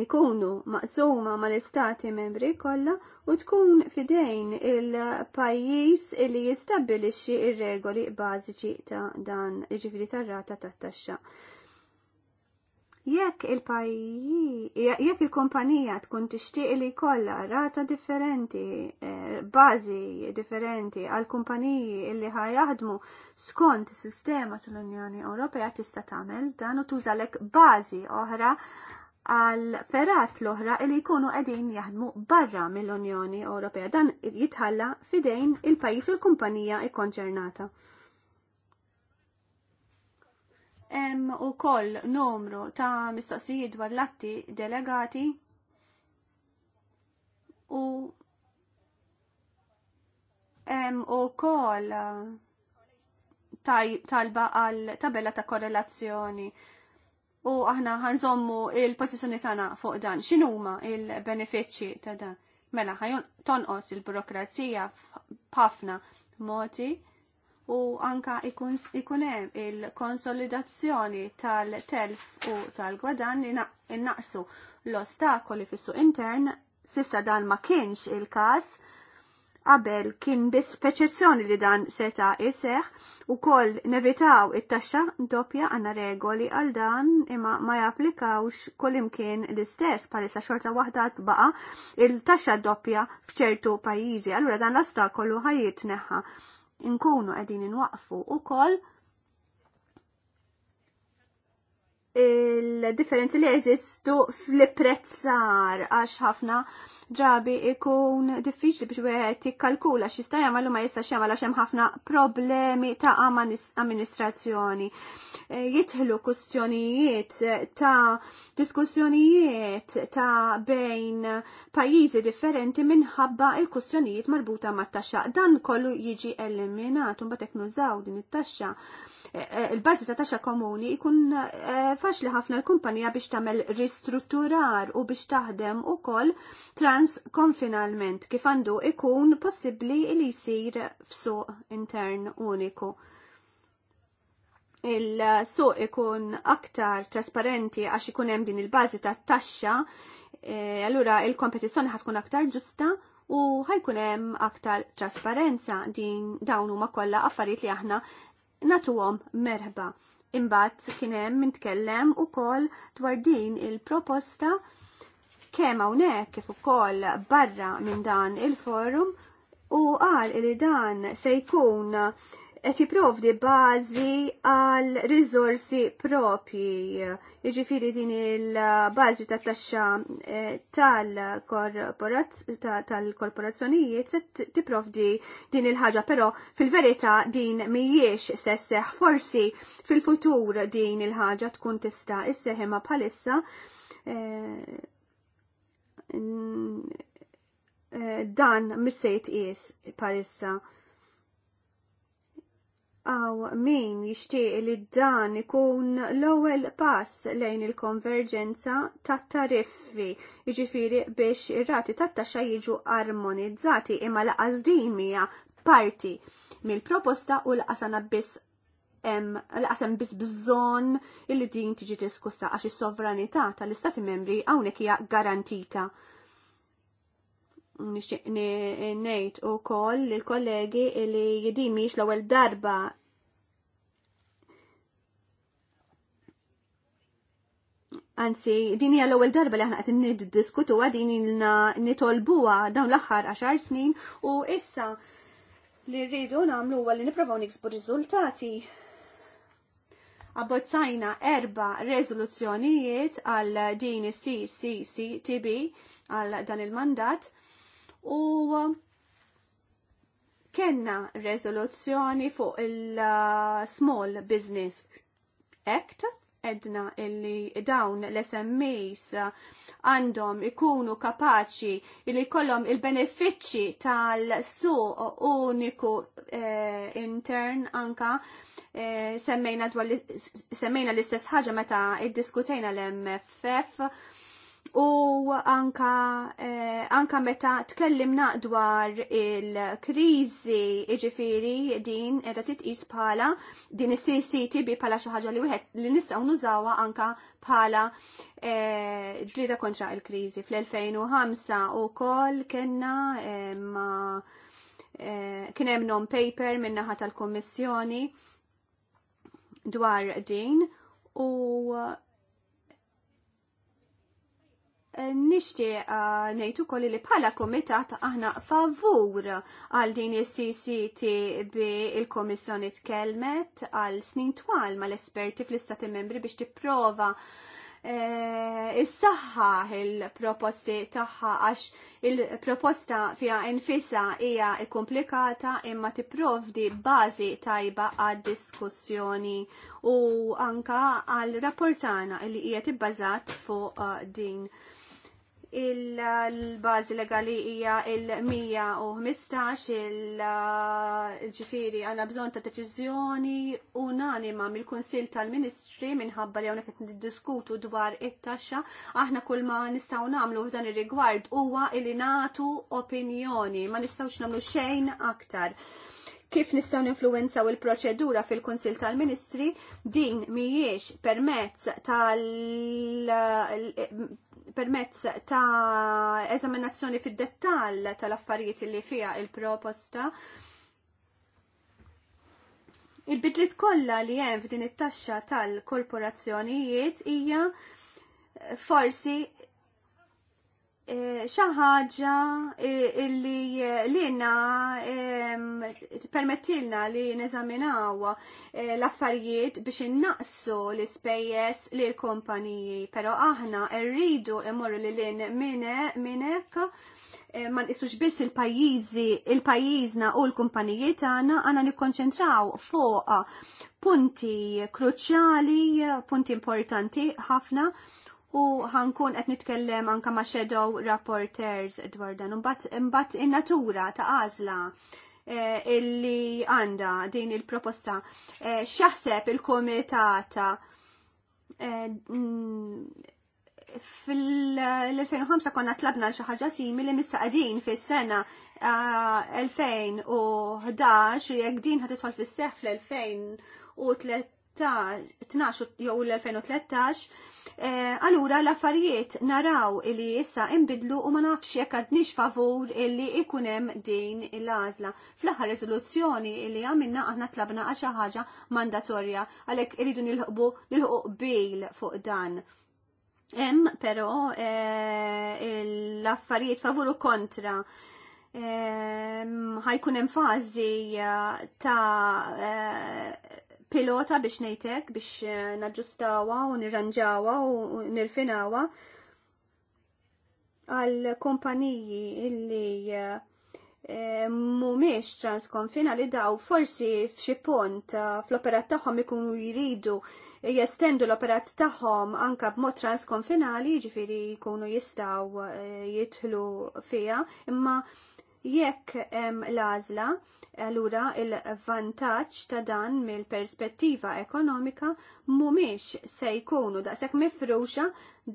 jkunu maqsuma mal-istati membri kollha u tkun fidejn il-pajjiż li jistabilixxi ir-regoli bażiċi ta' dan ġifiri tar-rata tat-taxxa. Jekk il-pajji, jekk il-kumpanija tkun tixtieq li jkollha rata differenti, eh, bażi differenti għal kumpaniji li ħajaħdmu skont sistema tal-Unjoni Ewropea tista' tagħmel dan u tużalek bażi oħra għal ferat l-oħra li jkunu qegħdin jaħdmu barra mill-Unjoni Ewropea. Dan jitħalla fidejn il-pajjiż u l-kumpanija ikkonċernata. Hemm ukoll numru ta' mistoqsijiet dwar l-atti delegati u hemm ukoll talba għal tabella ta' korrelazzjoni u aħna ħanżommu il-pozizjoni tagħna fuq dan. X'inhuma il-benefiċċji ta' dan? Mela ħajon tonqos il-burokrazija b'ħafna moti u anka ikun hemm il-konsolidazzjoni tal-telf u tal-gwadan li innaqsu l-ostakoli fis intern sissa dan ma kienx il-każ qabel kien biss peċezzjoni li dan seta jseħ u koll nevitaw it-taxxa doppja għanna regoli għal dan imma ma japplikawx kullimkien l-istess palissa xorta waħda tbaqa il-taxxa doppja fċertu pajjiżi. Allura dan l-ostakolu neħħa Inkunu qegħdin inwaqfu ukoll il-differenzi li jeżistu fl-prezzar għax ħafna ġabi ikun diffiċli biex wieħed jikkalkula x'jista' jagħmel u ma jistax jagħmel għax hemm ħafna problemi ta' amministrazzjoni. E, Jidħlu kustjonijiet ta' diskussjonijiet ta' bejn pajjiżi differenti minħabba il-kustjonijiet marbuta mat-taxxa. Dan kollu jiġi eliminat u mbagħad nużaw din it-taxxa Eh, il-bażi ta' taxxa komuni jkun eh, faċli ħafna l-kumpanija biex tagħmel ristrutturar u biex taħdem ukoll trans konfinalment kif għandu ikun possibbli li jsir f'suq intern uniku il-suq ikun aktar trasparenti għax ikun hemm din il-bażi ta' taxxa, eh, allura il-kompetizzjoni ħatkun aktar ġusta u ħajkun hemm aktar trasparenza din dawn huma kollha affarijiet li aħna natuhom merħba. Imbagħad kien hemm nitkellem ukoll dwar din il-proposta kemm hawnhekk kif ukoll barra minn dan il-forum u qal li dan se jkun qed jipprovdi bażi għal riżorsi propji. Jiġifieri din il-bażi ta' taxxa eh, tal-korporazzjonijiet se tipprovdi din il-ħaġa, però fil-verità din mhijiex se forsi fil-futur din il-ħaġa tkun tista' isseħħima bħalissa eh, eh, dan mis-sejt is palissa għaw min jixtieq li dan ikun l-ewwel pass lejn il-konverġenza tat tariffi, jiġifieri biex ir-rati tat-taxxa jiġu armonizzati imma laqas din hija parti mill-proposta u l-qasana biss l-qasem biss bżonn illi din tiġi diskussa għax is-sovranità tal-Istati membri hawnhekk hija garantita nejt u koll l-kollegi li jidin miex l-ewel darba Anzi, din hija l-ewwel darba li aħna qed niddiskutuha din ilna nitolbuha dawn l-aħħar 10 snin u issa li rridu nagħmlu huwa li nippruvaw niksbu riżultati. Abbozzajna erba rezoluzzjonijiet għal din is-CCCTB għal dan il-mandat u um, kena rezoluzzjoni fuq il-Small uh, Business Act edna illi dawn l-SMEs uh, għandhom ikunu kapaċi illi kollom il-benefiċċi tal-suq uniku eh, intern anka eh, semmejna, semmejna l-istess ħaġa meta id-diskutejna l-MFF u anka, eh, anka meta tkellimna dwar il-krizi iġifiri din edha titqis bħala din is bi bħala xi ħaġa li wieħed li nistgħu nużawha anka bħala eh, ġlida kontra il-krizi. Fl-2005 ukoll kellna eh, ma eh, kien hemm non-paper min-naħa tal-Kummissjoni dwar din u nishtiq uh, nejtu kolli li bħala komitat aħna favur għal din il-CCT bi il-Komissjoni tkelmet għal snin twal mal esperti fl-istati membri biex tipprova eh, Is-saħħa il-proposti tagħha għax il-proposta fiha infisa hija komplikata imma tipprovdi bażi tajba għad diskussjoni u anka għal rapportana li hija tibbażat fuq eh, din il-bazi legali hija il-115 il-ġifiri eh, għanna bżon ta' deċiżjoni unanima mill-Kunsil tal-Ministri minħabba li hawnhekk qed niddiskutu dwar it-taxxa aħna kull ma nistgħu nagħmlu f'dan ir-rigward huwa li nagħtu opinjoni, ma nistgħux nagħmlu xejn aktar kif nistaw u il-proċedura fil-Kunsil tal-Ministri din mhijiex permezz tal permezz ta' eżaminazzjoni fid-dettall tal-affarijiet li fija il-proposta. Il-bidlit kollha li hemm f'din it-taxxa tal-korporazzjonijiet hija forsi Eh, xaħġa eh, illi eh, lina permettilna li neżaminaw l-affarijiet biex innaqsu l spejjes li l-kompaniji. Pero aħna rridu immorru li lin minnek ma nqisux biss il-pajjiżi, il-pajjiżna u l-kumpaniji tagħna għandna nikkonċentraw fuq punti kruċjali, punti importanti ħafna u ħankun qed nitkellem anka ma' shadow rapporters dwar dan imbagħad in-natura ta' għażla eh, illi għanda din il-proposta eh, x'jaħseb il-komitata eh, mm, fil-2005 konna tlabna xi ħaġa simili missa qegħdin fis-sena 2011 jekk din ħatidħol fis-seħħ fl-2013 2012 jew l-2013, eh, allura l-affarijiet naraw li issa imbidlu u ma nafx jekk għadniex favur illi ikunem din l-għażla. Fl-aħħar riżoluzzjoni li għamilna aħna tlabna għal xi ħaġa mandatorja għalhekk iridu nilħqbu nilħuq bil fuq dan. Hemm però eh, l-affarijiet favur u kontra ħajkun hemm fażi eh, ta' pilota biex nejtek, biex eh, naġustawa u nirranġawa u nirfinawa għal kompaniji illi eh, eh, mumiex transkonfina li daw forsi f'xi pont fl-operat tagħhom ikunu jridu jestendu l-operat tagħhom anka b'mod transkonfinali ġifiri jkunu jistaw jidħlu fija imma Jekk hemm l-għażla, allura il-vantaġġ ta' dan mill-perspettiva ekonomika mhumiex se jkunu daqshekk mifruxa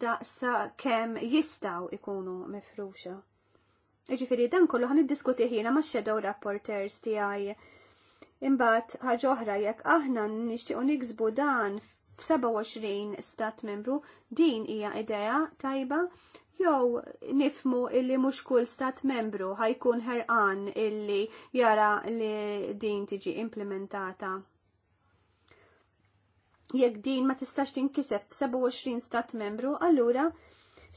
daqsa kemm jistgħu ikunu mifruxa. Iġifieri dan kollu ħan iddiskuti ħina ma' shadow rapporters tiegħi. Imbagħad ħaġa oħra jekk aħna nixtiequ niksbu dan f'27 stat membru din hija idea tajba jew nifmu illi mhux kull stat membru ħajkun ħerqan illi jara li din tiġi implementata. Jekk din ma tistax tinkiseb 27 stat membru, allura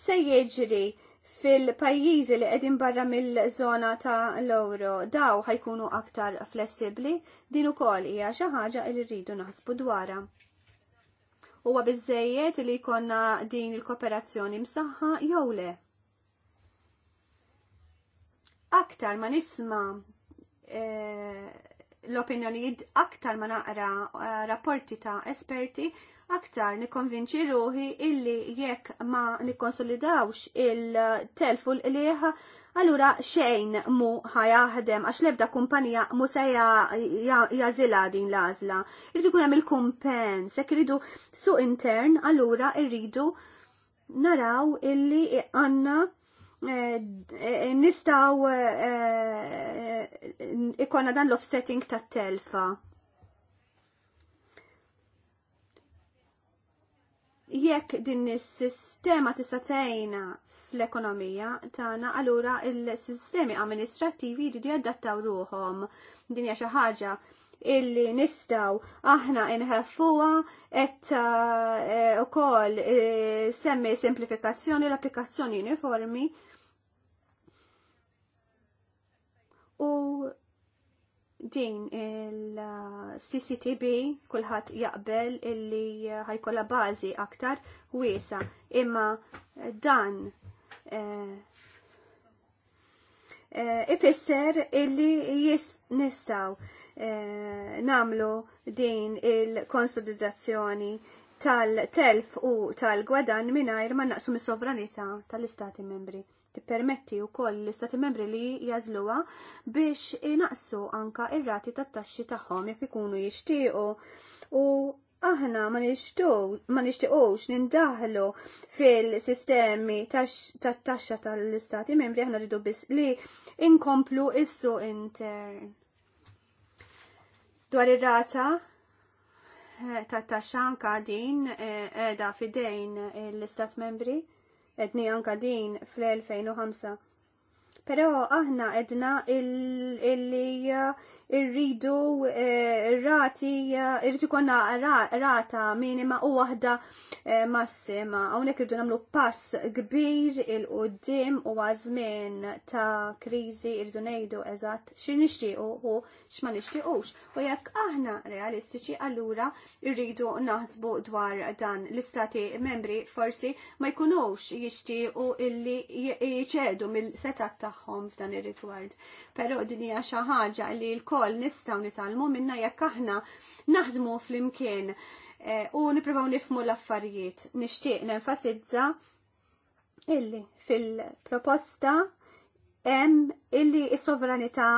se jiġri fil-pajjiżi li qegħdin barra mill-żona ta' l ewro daw ħajkunu aktar flessibbli, din ukoll hija xi ħaġa li rridu naħsbu dwarha huwa biżejjed li jkollna din il-kooperazzjoni msaħħa jew le. Aktar ma nisma eh, l-opinjonijiet aktar ma naqra eh, rapporti ta' esperti, aktar nikonvinċi ruħi illi jekk ma nikkonsolidawx il-telfu l-liħa Allura xejn mu ħajaħdem għax lebda kumpanija mu se jazila din l-għażla. Irridu kuna hemm il sekk irridu iridu suq intern, allura irridu naraw illi għanna eh, eh, nistaw eh, ikonna dan l-offsetting tat-telfa. jekk din is-sistema tista' tgħinna fl-ekonomija tagħna, allura il-sistemi amministrattivi jridu jadattaw ruhom. Din hija xi ħaġa illi nistaw aħna inħaffuha et eh, eh, ukoll eh, semmi semplifikazzjoni l-applikazzjoni uniformi u din il-CCTB kulħadd jaqbel illi ħajkolla bażi aktar wiesa imma dan eh, eh, ifisser illi jis nistaw eh, namlu din il-konsolidazzjoni tal-telf u tal-gwadan minajr ma naqsu mis-sovranità tal-istati membri tippermetti wkoll l-istati membri li jażluha biex inaqsu anka ir-rati tat-taxxi tagħhom jekk ikunu jixtiequ u aħna ma nixtiequx nindaħlu fil-sistemi tat-taxxa tal-istati membri aħna rridu biss li inkomplu issu intern. Dwar ir-rata eh, tat-taxxa anka din qiegħda eh, fidejn l-istat membri edni anka din fl-2005. Pero aħna edna illi irridu eh, rati, eh, irridu konna rata minima u wahda eh, massima. Għonek irridu namlu pass kbir il-qoddim u għazmin ta' krizi irridu nejdu eżat xin nishtiqo u xma nishtiqux. U jekk aħna realistiċi allura irridu naħsbu dwar dan l-istati membri forsi ma jkunux jishtiqo illi jċedu mill-setat tagħhom f'dan ir-rigward. Però din hija xi ħaġa li l il-koll nistaw nitalmu minna jekk aħna naħdmu fl-imkien eh, u niprofaw nifmu l-affarijiet. Nishtiq nenfasizza illi fil-proposta em illi is-sovranità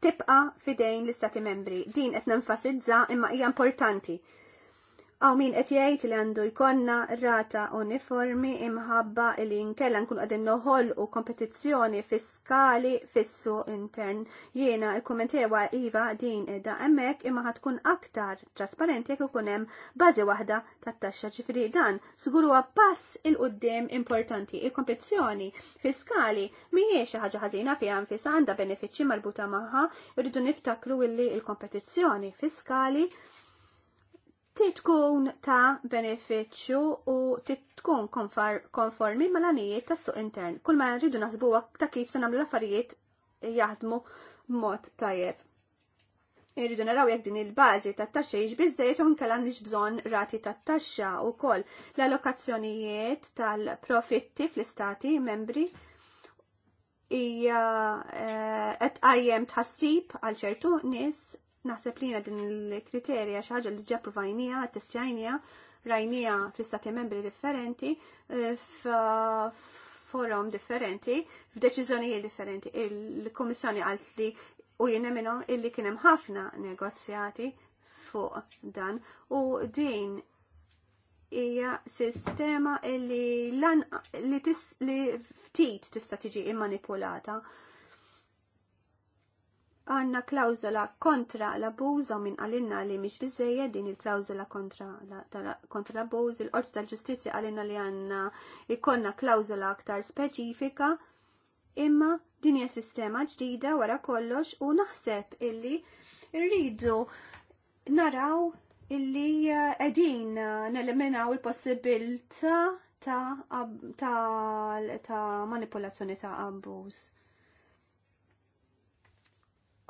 tibqa fidejn l-istati membri. Din qed nenfasizza imma hija importanti Aw min qed jgħid li għandu jkollna rata uniformi imħabba li nkella nkun qegħdin noħolqu kompetizzjoni fiskali fissu intern. Jiena l-kumentewa iva din da hemmhekk imma ħatkun aktar trasparenti jekk ikun hemm bażi waħda tat-taxxa ġifieri dan żgur pass il qudiem importanti. Il-kompetizzjoni fiskali mhijiex xi ħaġa ħażina fiha nfisha għandha benefiċċji marbuta magħha, irridu niftakru illi il-kompetizzjoni fiskali titkun ta' beneficju u tkun konformi mal-għanijiet tas suq intern. Kull ma rridu nasbu ta' kif se nagħmlu l-affarijiet jaħdmu mod tajjeb. Irridu naraw jekk din il-bażi tat-taxxa hix biżejjed u inkella għandix bżonn rati tat-taxxa wkoll l-allokazzjonijiet tal-profitti fl-istati membri hija eh, qed qajjem tħassib għal ċertu nies Naħseb li din il-kriterja xi ħaġa li ġa t testjajnija, rajnija fl-istati membri differenti, eh, forum differenti, f'deċiżjonijiet differenti. Il-Kummissjoni għalt li u jinnemino illi kienem ħafna negozjati fuq dan u din hija sistema illi lan li, tis, li ftit tista' tiġi immanipulata. manipulata għanna klawzola kontra l-abuż u minn għalinna li mhix biżżejjed din il-klawzola kontra l-abuż, il-qorti tal-ġustizzja għalinna li għanna ikonna klawzola aktar speċifika, imma din hija sistema ġdida wara kollox u naħseb illi rridu naraw illi qegħdin eh, neliminaw il-possibilta ta', ta, ta, ta manipolazzjoni ta' abbuż.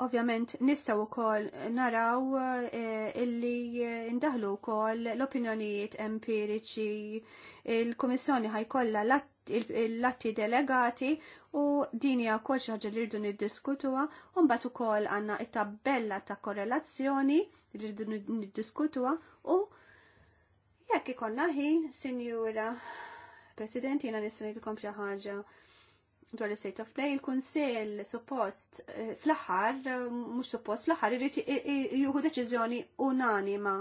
Ovvjament nistaw ukoll naraw eh, illi eh, ndaħlu ukoll l-opinjonijiet empiriċi, il-Kummissjoni ħajkollha l-atti delegati u din hija wkoll xi ħaġa li rridu niddiskutuha u mbagħad ukoll għandna it-tabella ta' korrelazzjoni li rridu niddiskutuha u jekk ikollna ħin, Sinjura President, jiena nista' ngħidilkom xi ħaġa dwar l-state of play, il-kunsel suppost eh, fl-ħar, eh, mux suppost fl-ħar, irrit juhu deċizjoni unanima.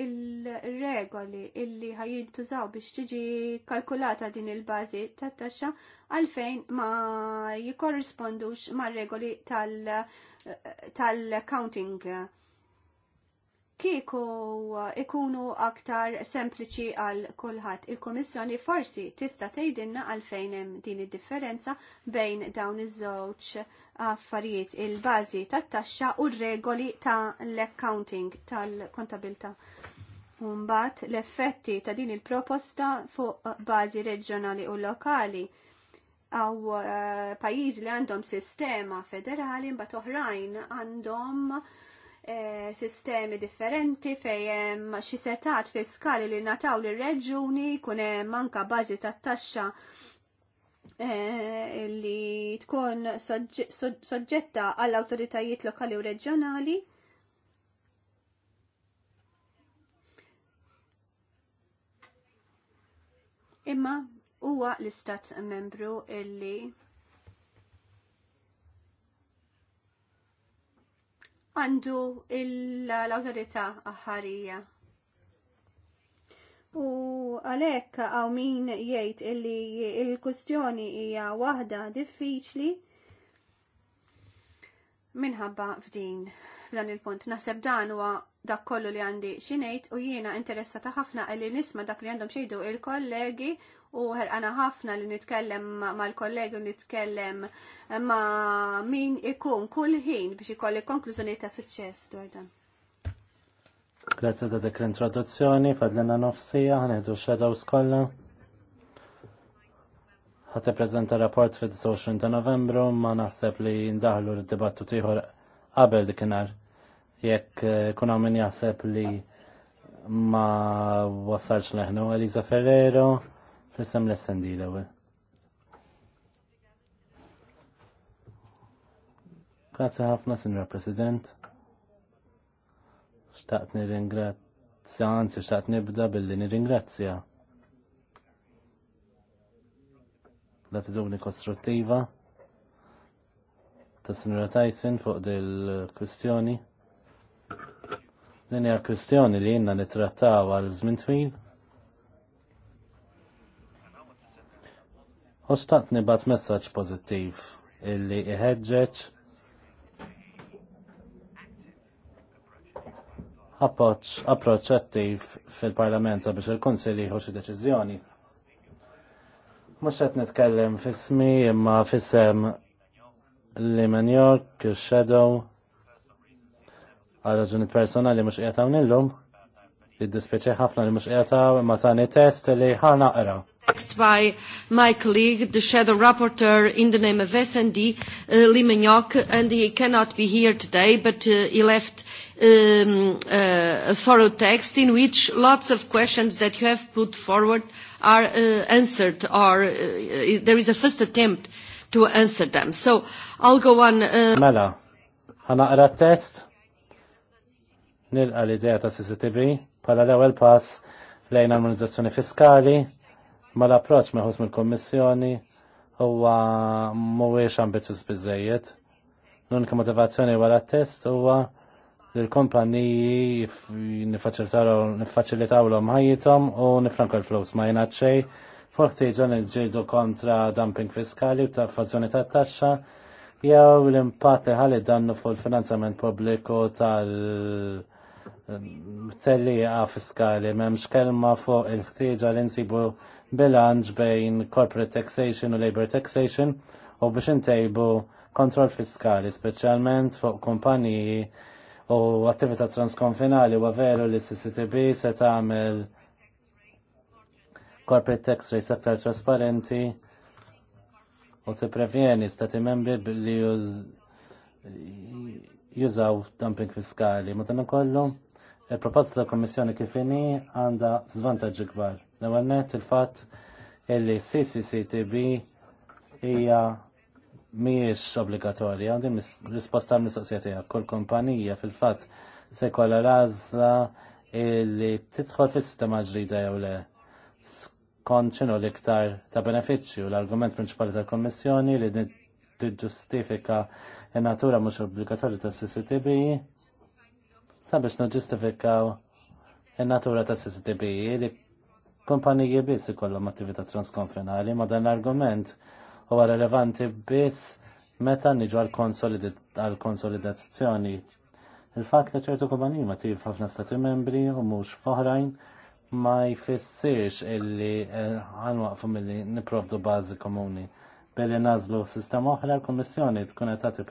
il-regoli illi ħajintużaw biex tiġi kalkulata din il-bazi tat taxxa għalfejn ma jikorrispondux ma' regoli tal-counting tal eh, kieku ikunu aktar sempliċi għal kulħadd. Il-Kummissjoni forsi tista' tgħidilna għalfejn hemm din id-differenza bejn dawn iż-żewġ affarijiet il-bażi tat-taxxa u r-regoli ta' l-accounting tal kontabilità Mbagħad l-effetti ta' din il-proposta fuq bażi reġjonali u lokali għaw uh, eh, pajiz li għandhom sistema federali mbagħad oħrajn għandhom uh, E, sistemi differenti fejn xi setat fiskali li nataw lir reġuni kun hemm anka bażi tat-taxxa e, li tkun soġġetta għall awtoritajiet lokali u reġjonali. Imma huwa l-istat membru illi għandu l autorita aħħarija. U għalhekk għaw min jgħid illi il-kustjoni hija waħda diffiċli minħabba f'din f'dan il-punt. Naħseb dan huwa dak kollu li għandi xinejt u jiena interessata ħafna li nisma dak li għandhom xejdu il-kollegi u ħerqana ħafna li nitkellem mal-kollegi u nitkellem ma' min ikun kull ħin biex ikolli konklużjoni ta' suċċess dwar dan. Grazzi ta' dik l-introduzzjoni, fadlina nofsija, ħanedu xedaw skolla. Għate prezenta rapport fid 20 ta' novembru, ma naħseb li ndaħlu l-dibattu tiħor qabel dikinar jekk eh, kuna min jaħseb li ma wasalx leħnu Eliza Ferrero fl l-essendi l Grazie ħafna, Sinra President. Xtaqt nir-ingrazzja, anzi xtaqt nibda billi nir-ingrazzja. L-attitudni kostruttiva ta' Sinra Tyson fuq dil-kwistjoni. Din hija kwistjoni li jinna nittrattaw għal żmien twil. U stant nibgħat messaġġ pożittiv illi iħeġġeġ approċċ attiv fil-Parlament sabiex il-Kunsill jieħu xi deċiżjoni. Mhux qed nitkellem fis-smi imma fis-sem li New York, il-Shadow, għal raġuni personali mux qiegħed hawn illum, id-dispeċi ħafna li mux qiegħed ma tani test li ħana għara. Text by my colleague, the shadow rapporteur in the name of SND, uh, Limenyok, and he cannot be here today, but uh, he left um, uh, a thorough text in which lots of questions that you have put forward are uh, answered, or uh, there is a first attempt to answer them. So I'll go on. Uh... Mela, ħanaqra test nilqa l-idea ta' CCTV pala l-ewwel pass lejn armonizzazzjoni fiskali ma l-approċ meħus mill-Kommissjoni huwa mhuwiex ambizjuż biżejjed. L-unika motivazzjoni wara t-test huwa li l-kompaniji nifaċilitawlhom ħajjithom u nifranku l-flus ma jingħad xejn fuq il-ġildu kontra dumping fiskali u tal-fazzjoni tat-taxxa jew l-impatt li ħalli dannu fuq il finanzament pubbliku tal- tellieqa fiskali m'hemmx kelma fuq il-ħtieġa li nsibu bilanġ bejn corporate taxation u labor taxation u biex intejbu kontroll fiskali, speċjalment fuq kumpaniji u attività transkonfinali huwa veru li CCTB se tagħmel corporate tax rates aktar trasparenti u t-prevjeni stati membri li jużaw dumping fiskali. Ma kollu Il-proposta ta' Kommissjoni kifini għanda zvantaġġi kbar. L-ewwel net il-fatt illi CCCTB hija mhijiex obbligatorja, din risposta mistoqsija tiegħek. Kull kumpanija fil-fatt se jkollha l-għażla illi tidħol fis-sistema ġdida jew le skont xinu l-iktar ta' benefiċċju l-argument prinċipali tal-Kommissjoni li tiġġustifika in-natura mhux obbligatorja tas-CCTB sabiex noġustifikaw in-natura ta' CCTB li kumpaniji biss ikollhom attività transkonfinali ma dan l-argument huwa relevanti biss meta niġu għal-konsolidazzjoni. Il-fatt li ċertu kumpaniji ma tif ħafna stati membri u mhux f'oħrajn ma jfissirx illi eh, għanwaqfu mill-li niprovdu bażi komuni. Billi nażlu sistema oħra l komissjoni tkun qed tagħti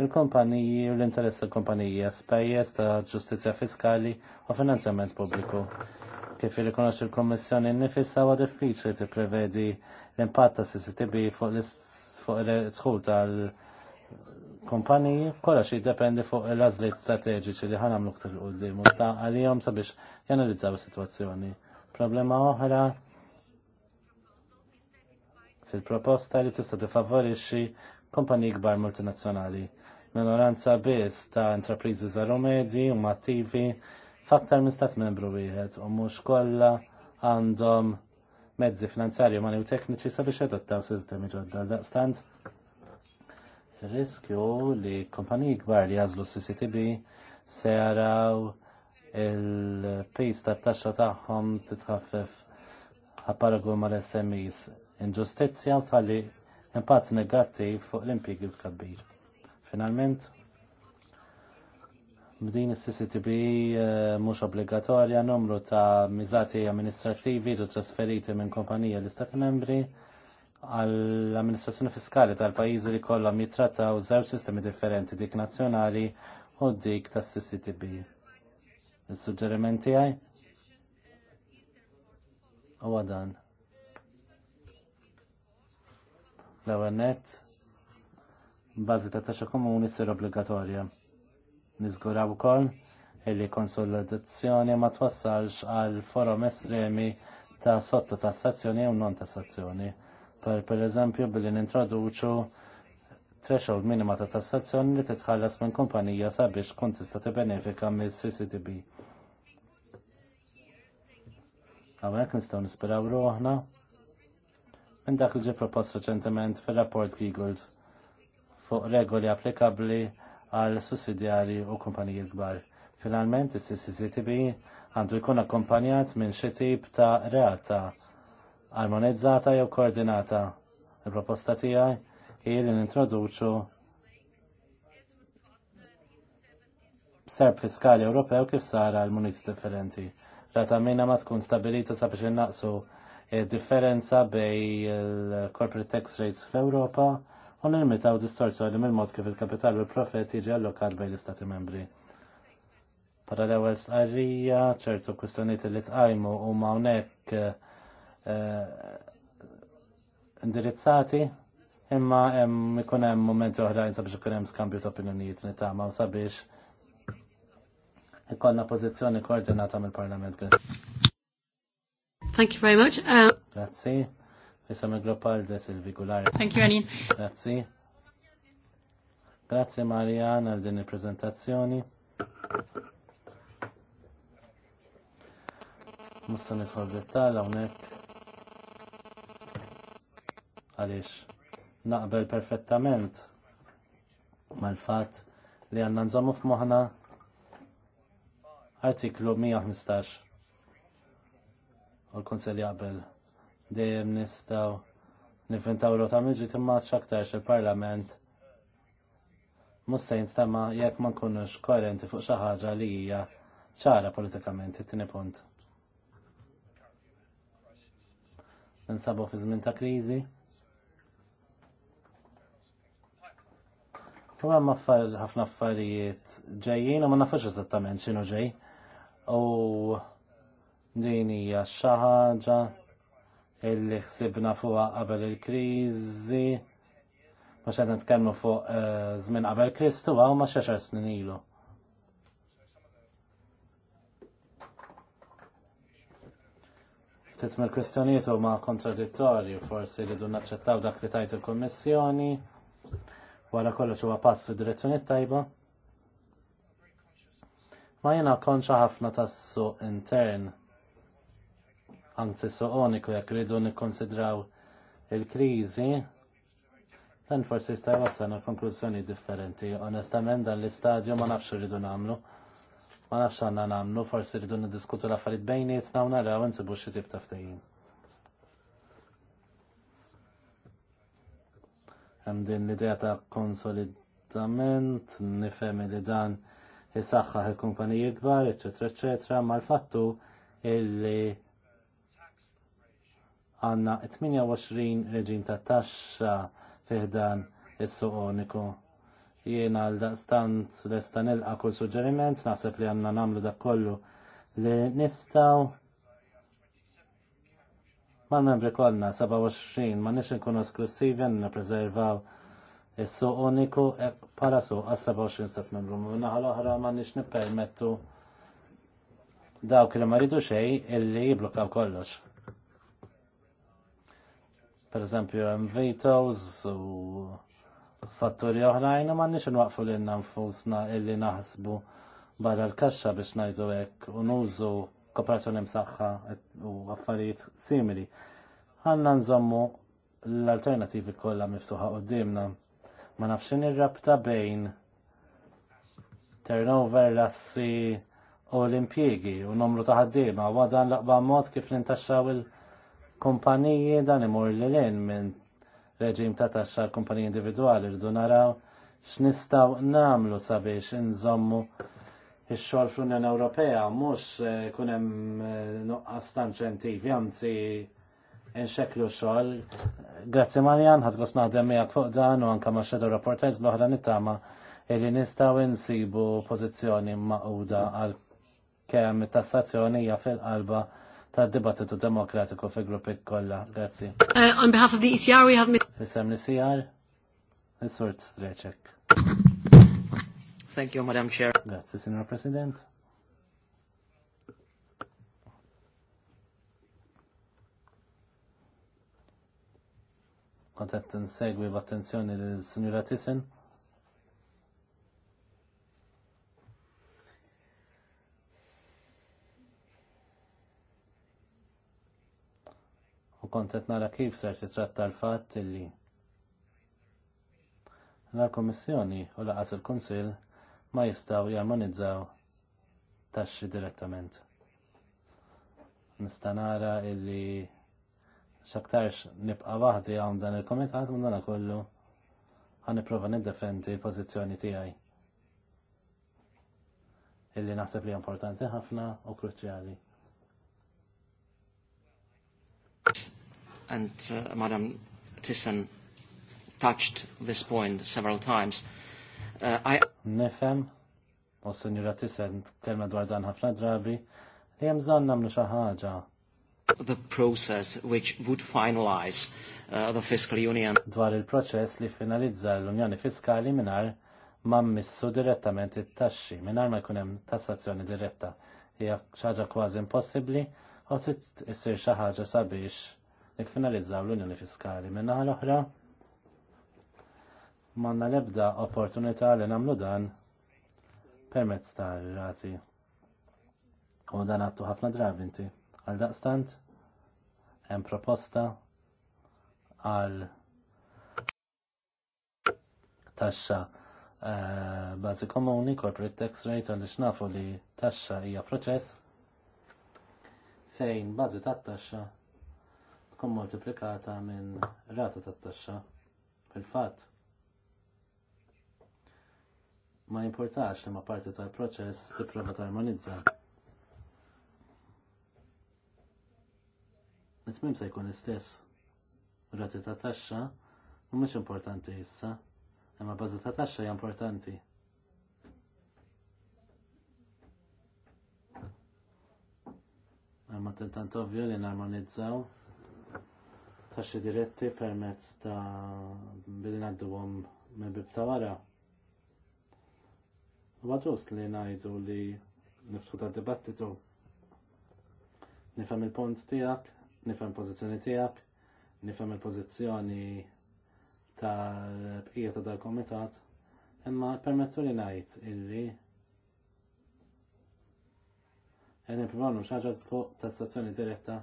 il-kompaniji u l-interess tal kompaniji spejjeż ta' ġustizzja fiskali u finanzjament pubbliku. Kif irrikonoxxi l-Kommissjoni għad huwa diffiċli tipprevedi l-impatt ta' CCTB fuq l il tal tal-kumpaniji, kollox jiddependi fuq l-għażliet strateġiċi li mluk tal qudiem u sta' għalihom sabiex janalizzaw is-sitwazzjoni. Problema oħra fil-proposta li tista' tifavorixxi kompani kbar multinazzjonali. Minoranza biss ta' intrapriżi żaru medji u mattivi f'aktar minn stat membru wieħed u mhux kollha għandhom mezzi finanzjarji u tekniċi sabiex jadottaw sistemi ġodda daqstant. Riskju li kompaniji kbar li jażlu CCTB se jaraw il-pejs ta' taxxa tagħhom titħaffef ħapparagu mal-SMEs inġustizzja u tħalli impatt negattiv fuq l il tkabbir. Finalment, b'din is-CCTB eh, mhux obbligatorja numru ta' miżati amministrativi ġu trasferiti minn kompanija l-Istati membri għall-amministrazzjoni fiskali tal-pajjiżi li kollha jittrattaw żewġ sistemi differenti dik nazzjonali u dik tas-CCTB. Is-suġġerimenti għaj? Huwa dan. l awennet bazi ta' taxa komuni sir obbligatorja. Nizguraw ukoll illi konsolidazzjoni ma twassalx għal forum estremi ta' sotto tassazzjoni u non tassazzjoni. Per, per eżempju billi nintroduċu threshold minima ta' tassazzjoni li titħallas minn kumpanija sabiex kun tista' tibbenefika minn CCTB. Għawek nistaw nispiraw ruħna minn dak li ġie ċentiment fil fir-rapport Giegold fuq regoli applikabbli għal sussidjarji u kumpaniji kbar. Finalment, is-CCTB għandu jkun akkompanjat minn xi tip ta' reata armonizzata jew koordinata. Il-proposta tiegħi hi li nintroduċu serb fiskali Ewropew kif sara l-muniti differenti. Rata minna ma tkun stabilita sabiex innaqsu differenza bej il-corporate tax rates f'Ewropa u nirmitaw distorzjoni mill-mod kif il-kapital u l profet jiġi allokat bej l-Istati membri. Para l-ewwel sqarrija ċertu kwistjonijiet li tqajmu u hawnhekk eh, indirizzati imma hemm ikun hemm momenti oħrajn sabiex ikun hemm skambju ta' opinjonijiet nitama sabiex ikollna pożizzjoni koordinata mill-Parlament. Thank you very much. Grazie. Uh, Grazzi. Isam global glopalde Silvi Gulari. Thank you, Anin. Grazzi. Grazzi Marian għal din il-prezentazzjoni. Musta nidħol dettal hawnhekk. Għaliex naqbel perfettament mal-fatt li għandna nżommu f'moħħna artiklu 115 u l-Kunsel jaqbel dejjem nistgħu nivvintaw rota miġi timma x'aktarx il-Parlament mhux se jekk ma nkunux koerenti fuq xi ħaġa li hija ċara politikament it-tieni punt. Ninsabu fi żmien ta' kriżi. U hemm ħafna affarijiet ġejjin u ma nafux eżattament x'inhu ġej. U Din hija xi ħaġa illi ħsibna fuqha qabel il-kriżi. Mhux qed nitkellmu fuq eh, żmien qabel Kristu għaw ma xexar snin ilu. Ftit mill-kwistjonijiet huma kontradittorji forsi li dun naċċettaw dak li tajt il-Kummissjoni wara kollox huwa pass fid-direzzjoni tajba. Ma jena konċa ħafna tas-suq intern anzi soqoniku jekk rridu nikkonsidraw il-kriżi, dan forsi jista' jwassalna konklużjoni differenti. Onestament dan l-istadju ma nafx rridu nagħmlu. Ma nafx għandna nagħmlu, forsi rridu niddiskutu l-affarijiet bejnietna u naraw insibu xi tip ta' ftehim. Hemm din l-idea ta' konsolidament, nifhem li dan jisaxħaħ il-kumpaniji kbar, eċetera, eċetera, ma l-fattu illi għanna 28 reġim ta' taxxa fiħdan is-suq uniku. Jiena għal daqstant lesta nilqa kull suġġeriment, naħseb li għanna namlu dak kollu li nistaw. Mal membri kollna 27 ma nixin nkunu esklusivi nippreservaw is-suq uniku e para su għas 27 stat membru. Naħa l-oħra ma nix nippermettu dawk li ma xej illi jiblokaw kollox Per eżempju, hemm vetoes u fatturi oħrajn ma nix nwaqfu lil nfusna illi naħsbu barra l-kaxxa biex ngħidu hekk u nużu kooperazzjoni msaħħa u affarijiet simili. Ħanna nżommu l-alternativi kollha miftuħa qudiemna. Ma nafx ir-rabta bejn turnover rassi u l-impjiegi u numru ta' ħaddiema u dan laqba mod kif nintaxxaw il- kumpaniji dan imur li lejn minn reġim ta' taxxa kumpaniji individwali rridu naraw x'nistgħu nagħmlu sabiex inżommu ix-xogħol fl-Unjoni Ewropea mhux kun hemm eh, nuqqas ta' inċentivi anzi nxeklu xogħol. Grazzi Marjan, ħadgos naħdem miegħek fuq dan u anke ma' xedu rapporters l-oħra nittama illi nistgħu insibu pożizzjoni Magħquda għal kemm it-tassazzjoni hija fil-qalba ta' dibattitu demokratiku fi gruppi kollha. Grazzi. Uh, on behalf of the ECR we have Fissem li CR Is-Sort Streċek. Thank you, Madam Chair. Grazzi, Signor President. Kontet nsegwi b'attenzjoni l-Signora Tissen. kontet nara kif ser titratta l-fatt illi l-Komissjoni u laqas il-Kunsil ma jistgħu jarmonizzaw taxxi direttament. Nista' nara illi xaktarx nibqa' waħdi hawn dan il-Komitat u dan kollu għan nipprova niddefendi l-pożizzjoni tiegħi illi naħseb li importanti ħafna u kruċjali. and uh, Madam Tissen touched this point several times. Uh, I Nefem, u Senjura Tissen, kelma dwar dan ħafna drabi, li hemm bżonn nagħmlu xi ħaġa. The process which would finalize uh, the fiscal union. Dwar il-proċess li finalizza l-Unjoni Fiskali mingħajr ma mmissu direttament it-taxxi mingħajr ma jkun hemm tassazzjoni diretta. Hija xi ħaġa kważi impossibbli u tit issir xi ħaġa sabiex iffinalizzaw l-Unjoni Fiskali. minn-naħa l-oħra, manna lebda opportunità li namlu dan permezz tar rati U dan għattu ħafna drabinti. Għal daqstant, hemm proposta għal taxxa bazi eh, bażi komuni, corporate tax rate, għal nafu li taxxa hija proċess fejn bażi tat-taxxa tkun multiplikata minn rata tat-taxxa. Fil-fatt, ma importax li ma parti tal-proċess tipprova tarmonizza. Nitmim se jkun istess. Rati ta' taxxa mhumiex importanti issa, imma bażi ta' taxxa hija importanti. Imma tintant ovvju li narmonizzaw taxxi diretti permezz ta' billi ngħadduhom minn bib ta' wara. Huwa ġust li ngħidu li niftħu ta' dibattitu. Nifhem il-pont tiegħek, nifhem pożizzjoni tiegħek, nifhem il-pożizzjoni ta' bqija ta' dal-komitat, imma permettu li ngħid illi e għedin provanu fuq ta' stazzjoni diretta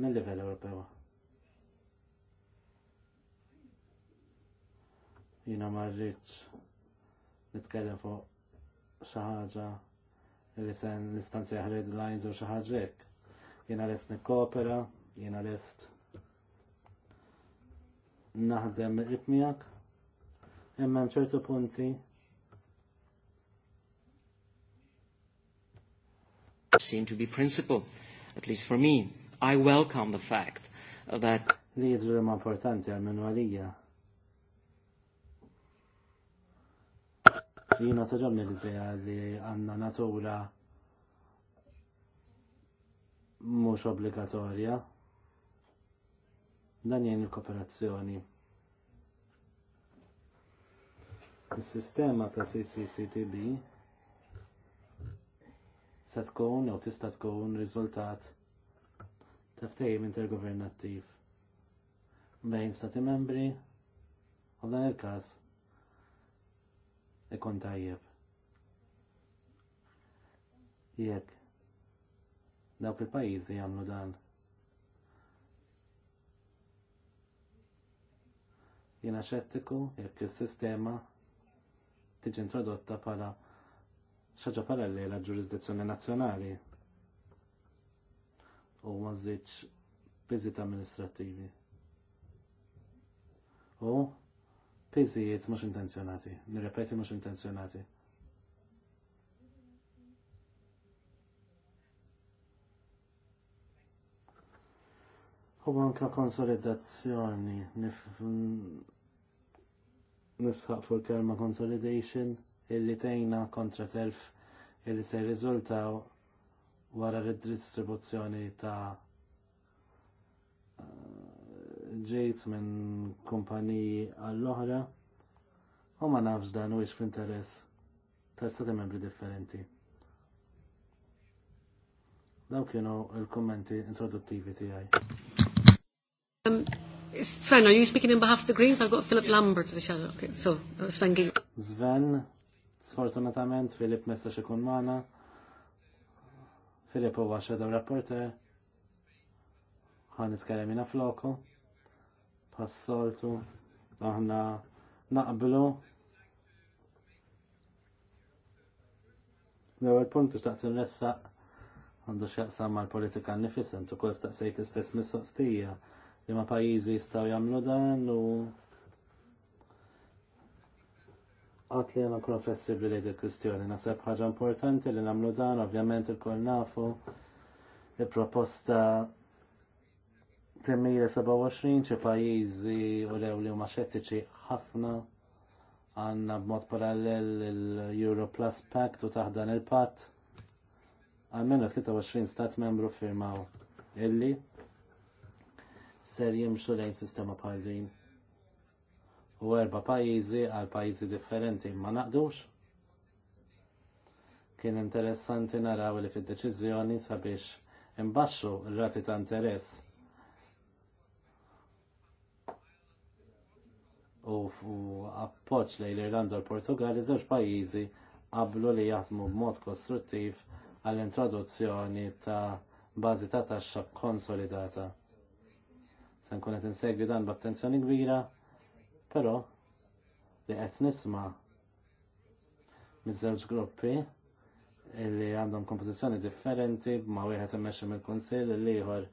mill-livell Ewropew. Jina ma rridx nitkellem fuq xi ħaġa li se nistanzi ħred lines u xi ħaġa hekk. Jiena lest nikkopera, jiena lest naħdem qrib miegħek. Imma ċertu punti seem to be principle, at least for me. I welcome the fact that li jidru li ma importanti għal minn Jina taġamni l-idea li għanna natura mux obbligatorja. Dan jgħin il-kooperazzjoni. Il-sistema ta' CCCTB se tkun jew tista' tkun riżultat ta' intergovernattiv bejn stati membri u dan il-każ ikun tajjeb. Jekk dawk il-pajjiżi jagħmlu dan. Jiena xettiku jekk is-sistema tiġi introdotta bħala xaġa parallela ġurisdizzjoni nazzjonali u ma żidx biżit amministrattivi. U piżijiet mhux intenzjonati, nirrepeti mhux intenzjonati. U anka konsolidazzjoni nisħaq fuq kelma consolidation illi tejna kontra telf illi se rizultaw wara redistribuzzjoni ta' ġejt minn kumpaniji għall-oħra u ma nafx dan u f'interess ta' stati membri differenti. Daw kienu il-kommenti introduttivi tiegħi. Um, Sven, are you speaking on behalf of the Greens? I've got Philip Lambert to the shadow. Okay, so, uh, Sven Gill. Sven, sfortunatament Philip messa xikun Filippo Vasha da rapporter, ħan nitkellem jina floku, passoltu, aħna naqblu. L-ewwel punt taqt nressaq għandu x'jaqsam mal-politika nifis, intu kol staqsejt l-istess mistoqsija li ma pajjiżi jistgħu jagħmlu dan u għat li għana kuna flessibli li di kwistjoni. Nasab ħagġa importanti li namlu dan, ovvjament il-kol nafu, il-proposta temmira 27 ċe pajizi u lew li huma xettiċi ħafna għanna b'mod parallel il euro Plus Pact u taħdan il-Pat. Għalmenu 23 stat membru firmaw illi ser jimxu lejn sistema bħal u erba pajjiżi għal pajjiżi differenti ma naqdux. Kien interessanti naraw li fid-deċiżjoni sabiex imbaxxu r-rati ta' interess u appoċ lejn l-Irlanda u l-Portugal żewġ pajjiżi qablu li jaħdmu b'mod kostruttiv għall-introduzzjoni ta' bażi ta' taxxa konsolidata. Se kunet qed insegwi dan b'attenzjoni kbira Però li qed nisma' miż-żewġ gruppi li għandhom kompożizzjoni differenti ma wieħed immexxi mill-Kunsill l ieħor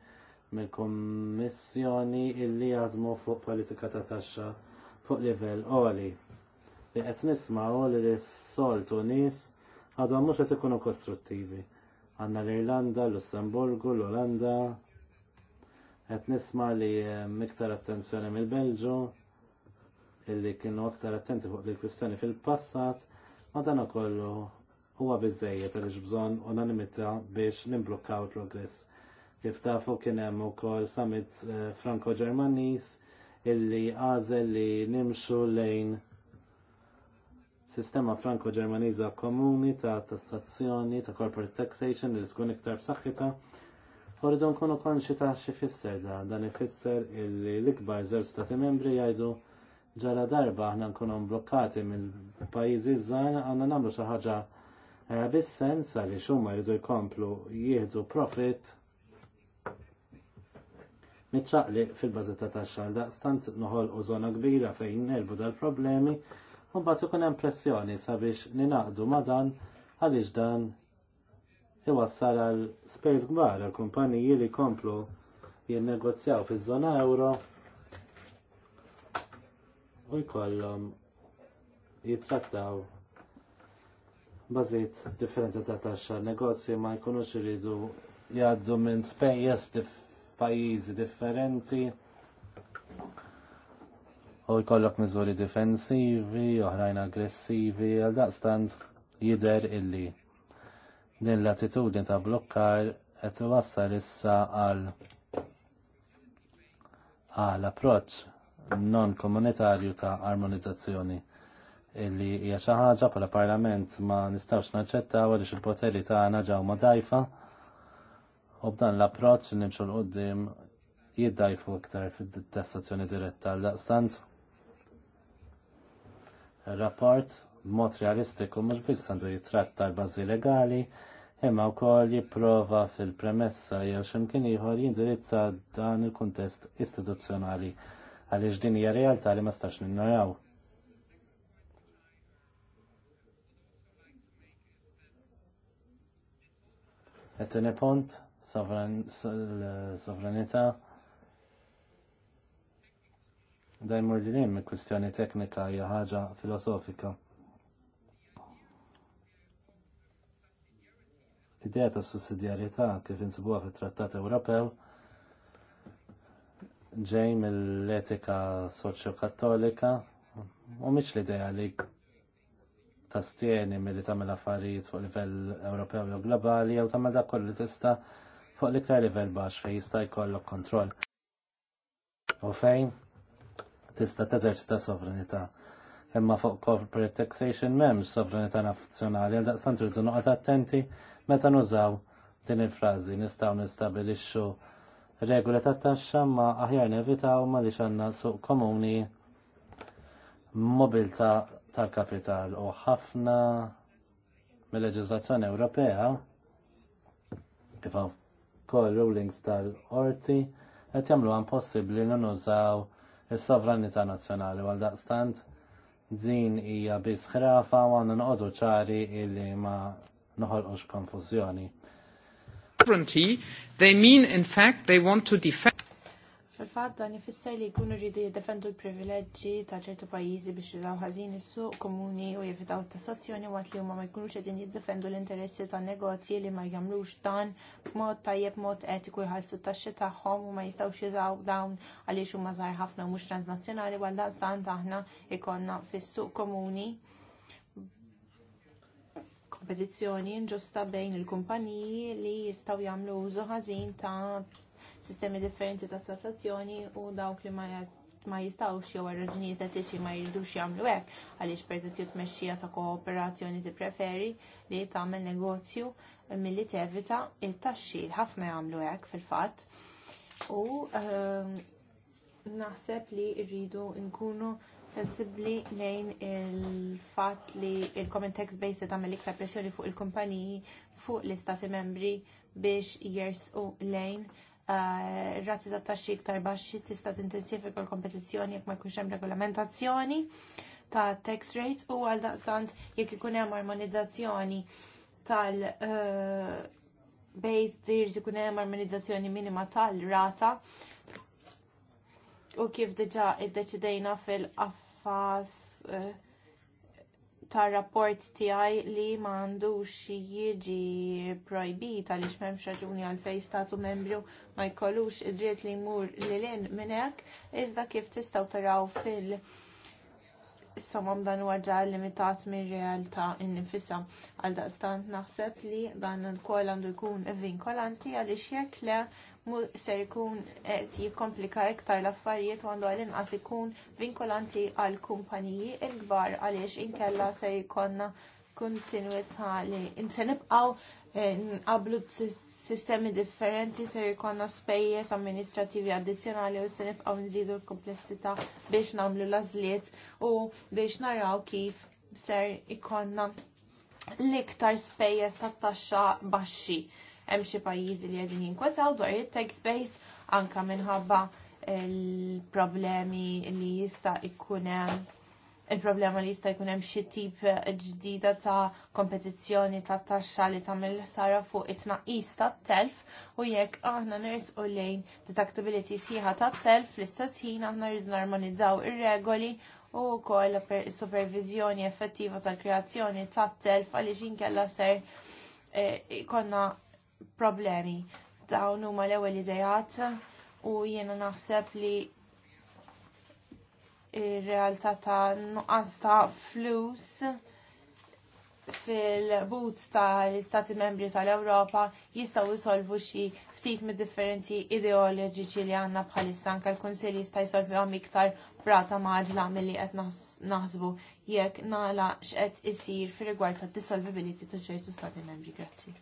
mill-Kummissjoni li jaħdmu fuq politika ta' taxxa fuq livell għoli. Li qed nisma' li s-soltu nies għadhom mhux qed ikunu kostruttivi. Għandna l-Irlanda, l-Lussemburgu, l-Olanda, qed nisma' li miktar attenzjoni mill-Belġu, illi kienu aktar attenti fuq il kwistjoni fil-passat, ma dan kollu huwa biżejjed għaliex bżonn unanimità biex nimblukkaw il-progress. Kif tafu kien hemm ukoll summit eh, Franko-Ġermaniż illi għażel li nimxu lejn sistema Franko-Ġermaniża komuni ta' tassazzjoni ta' corporate taxation li tkun iktar b'saħħitha uridu nkunu konxi ta' xi fisser da, dan ifisser illi l-ikbar żewġ stati membri jgħidu ġara darba aħna nkunu mblokkati mill-pajjiżi żgħar għandna nagħmlu xi ħaġa eh, bis-sens għaliex huma jridu jkomplu jieħdu profit mitċaqli fil bażita ta' taxxal daqstant noħol u kbira fejn nerbu dal-problemi u mbagħad ikun hemm pressjoni sabiex ninaqdu ma' dan għaliex dan iwassal għal space kbar għal kumpaniji li komplu jinnegozjaw fiż-żona euro u jkollhom jittrattaw bażit differenti ta' taxxa negozji ma jkunux iridu jgħaddu minn spejjeż pajjiżi differenti u jkollok miżuri difensivi, oħrajn aggressivi, għal daqstant jider illi din l-attitudni ta' blokkar qed iwassal issa għal għal approċċ non komunitarju ta' armonizzazzjoni illi hija xi ħaġa bħala parlament ma nistgħux naċċettaw għaliex il-poteri tagħna ġew ma dajfa u b'dan l-approċċ nimxu l qudiem jiddajfu iktar fid-testazzjoni diretta għal daqstant. rapport b'mod realistiku mhux biss għandu jitratta l-bażi legali imma wkoll jipprova fil-premessa jew x'imkien ieħor jindirizza dan il-kuntest istituzzjonali għaliex din hija realtà li ma stax ninnaraw. Et pont, sovranità, da jmur li lim, kwestjoni teknika hija ħaġa filosofika. Idea ta' sussidjarjetà kif insibuha fit-Trattat Ewropew ġej mill-etika soċjo-kattolika u miex l-idea li tastieni milli tagħmel affarijiet fuq livell Ewropew jew globali jew tagħmel dak kollu li tista' fuq l-iktar livell baxx fejn jista' jkollok kontroll. U fejn tista' teżerċita sovranità. Imma fuq corporate taxation m'hemmx sovranità nazzjonali għal daqstant tridu noqgħod attenti meta nużaw din il-frażi nistgħu nistabilixxu regola ta' taxxa ma aħjar nevitaw ma li xanna suq komuni mobilta tal-kapital u ħafna mill-leġislazzjoni Ewropea kif kol rulings tal-orti qed jagħmluha possibbli li nużaw is-sovranità nazzjonali għal daqstant din hija biss ħrafa u għandna noqogħdu ċari illi ma noħolqux konfużjoni sovereignty, they mean in fact they want to defend Fil-fat dan jifisser li jkunu rridu jiddefendu l-privileġġi ta' ċertu pajjiżi biex jilaw ħażin is-suq komuni u jevitaw tassazzjoni waqt li huma ma jkunux qegħdin jiddefendu l-interessi tan-negozji li ma jagħmlux dan b'mod tajjeb mod etiku jħallsu t-taxxi tagħhom u ma jistgħux jużaw dawn għaliex huma żgħar ħafna u mhux transnazzjonali għal dan aħna jkollna fis-suq komuni kompetizzjoni inġusta bejn il-kumpaniji li jistgħu jagħmlu użu ħażin ta' sistemi differenti ta' tassazzjoni u dawk li ma jistgħux jew raġunijiet etiċi ma jridux jagħmlu hekk għaliex pereżempju tmexxija ta' kooperazzjoni tippreferi li tagħmel negozju milli tevita it-taxxi ħafna jagħmlu hekk fil-fatt. U ehm, naħseb li rridu nkunu sensibli lejn il-fat li il-Common Tax Base tagħmel iktar pressjoni fuq il-kumpaniji fuq l-istati membri biex jersqu lejn eh, razzi ta' taxxi iktar baxxi tista' tintensifika l-kompetizzjoni jekk ma jkunx hemm regolamentazzjoni ta' tax rates u għal daqstant jekk ikun hemm armonizzazzjoni tal eh, base tirs ikun hemm armonizzazzjoni minima tal-rata u kif diġà iddeċidejna fil-qaff Fas eh, tar rapport tiegħi li m'għandux jiġi projbita għaliex m'hemmx raġuni għalfejn statu membru ma jkollux id-dritt li jmur lilin minn hekk iżda kif tistgħu taraw fil- Somom dan huwa ġa limitat mir realtà innifisha għal daqstant naħseb li dan ukoll għandu jkun vinkolanti għaliex jekk le ser ikun qed jikkomplika iktar l-affarijiet għandu għal-inqas ikun vinkolanti għall kumpaniji l kbar għaliex inkella ser jkollna kontinuità li se nibqgħu eh, nqablu sistemi differenti ser jkollna spejjeż amministrativi addizzjonali u se nibqgħu nżidu l-komplessità biex nagħmlu l-għażliet u biex naraw kif ser ikonna l-iktar spejjeż tat-taxxa baxxi hemm xi pajjiżi li qegħdin jinkwetaw dwar it-tax base anka minħabba il-problemi li jista' jkun hemm il-problema li jista' jkun hemm xi tip ġdida ta' kompetizzjoni ta' taxxa li tagħmel sara fuq it-tnaqqis tat-telf u jekk aħna nirsqu lejn deductibility sieħa tat-telf fl-istess ħin aħna rridu narmonizzaw ir-regoli u wkoll supervizjoni effettiva tal-kreazzjoni tat-telf għaliex inkella ser eh, konna problemi. Dawn huma l-ewwel idejat u jiena naħseb li ir-realtà ta' nuqqas ta' flus fil-boots tal-Istati Membri tal-Ewropa jistgħu jsolvu xi ftit mid differenti ideoloġiċi li għandna bħalissa anke l-Kunsill jista' għam iktar brata maġla milli qed naħsbu jekk nagħlaq x'qed isir fir-rigward tad-dissolvibility ta' ċertu Stati Membri. Grazzi.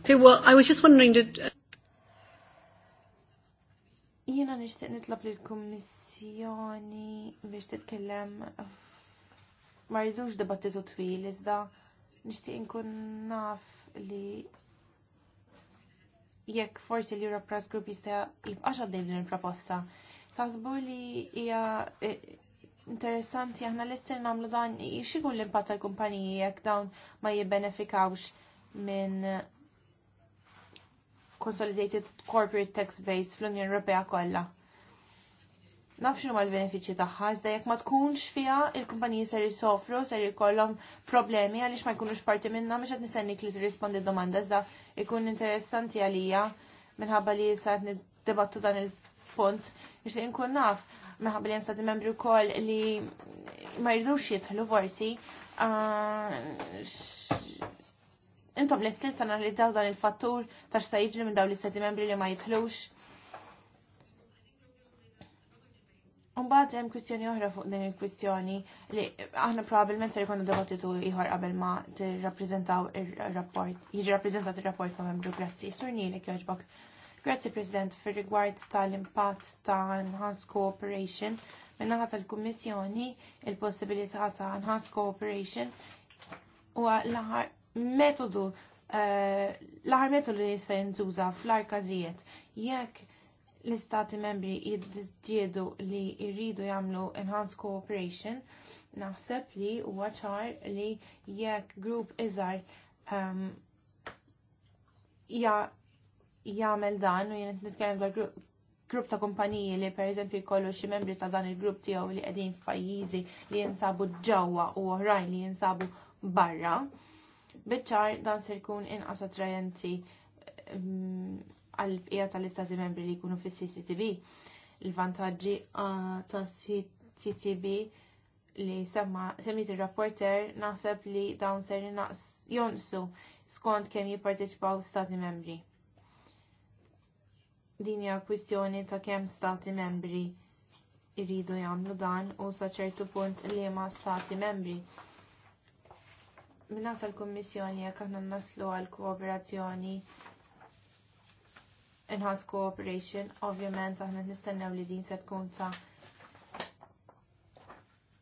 Okay, well, I was just wondering did uh, Jiena nixtieq nitlob lill-Kummissjoni biex titkellem ma rridux dibattitu twil iżda nixtieq inkun naf li jekk forsi l-Europe Press Group jista' jibqa' xaddej din il-proposta. Tasbu li hija eh, interessanti aħna l-istir nagħmlu dan xikun l-impatt tal-kumpaniji jekk dawn ma jibbenefikawx minn Consolidated Corporate Tax Base fl-Unjoni Ewropea kollha. Naf x'inhu l-benefiċċji tagħha, iżda jekk ma tkunx fiha, il-kumpaniji ser jisofru, ser jkollhom problemi għaliex ma jkunux parti minnha biex qed nistennik li tirrispondi d-domanda iżda jkun interessanti għalija minħabba li sa debattu dan il-punt biex inkun naf minħabba li hemm stati membri wkoll li ma jridux jidħlu forsi ah, intom l-istil ta' narritaw dan il-fattur ta' xta' jiġri minn daw l-istati membri li ma jitħlux. Unbad hemm kwistjoni oħra fuq din il-kwistjoni li aħna probabbilment ser jkunu debattitu ieħor qabel ma tirrappreżentaw ir-rapport, jiġi rappreżentat ir-rapport ma' membru grazzi. Sur li jogħġbok. Grazzi President fir-rigward tal-impatt ta' enhanced cooperation minnaħa tal-Kummissjoni il-possibilità ta' enhanced cooperation huwa l-aħħar metodu eh, l-aħar metodu li jista' jintuża fl-ar każijiet jekk l-istati membri jiddiedu li jridu jagħmlu enhanced cooperation, naħseb li huwa ċar li jekk grupp iżgħar ehm, jagħmel dan u jien nitkellem dwar grupp ta' kumpaniji li per eżempju jkollu xi membri ta' dan il-grupp tiegħu li qegħdin f'pajjiżi li jinsabu ġewwa u oħrajn li jinsabu barra. Biċċar dan se jkun inqas attrajenti mm, għal bqija tal-istati membri li jkunu fis-CCTV. Il-vantaġġi ah, ta' CCTV li semma semmit ir-rapporter naħseb li dawn ser jonsu skont kemm jipparteċipaw stati membri. Din hija kwistjoni ta' kemm stati membri jridu jagħmlu dan u sa ċertu punt liema stati membri minna tal-Kommissjoni jekk aħna naslu għal kooperazzjoni enhanced cooperation, ovvjament aħna nistennew li din se tkun ta'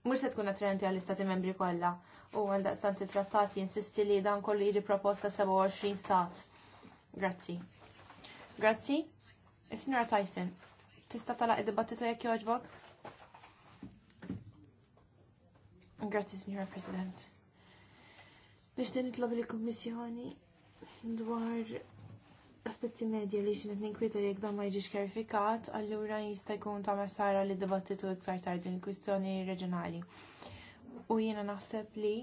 mhux se tkun attrenti għall-istati membri kollha u għal daqstant it trattati jinsisti li dan kollu jiġi proposta 27 stat. Grazzi. Grazzi. Is-Sinjora Tyson, tista' talaq id-dibattitu jekk jogħġbok? Grazzi, Sinjora President. Nishtin nitlob il-Kommissjoni dwar aspetti medja li xinet ninkwita li dan ma jġiġ karifikat, allura jista' jkun ta' messara li dibattitu iktar tard din il-kwistjoni reġjonali. U jiena naħseb li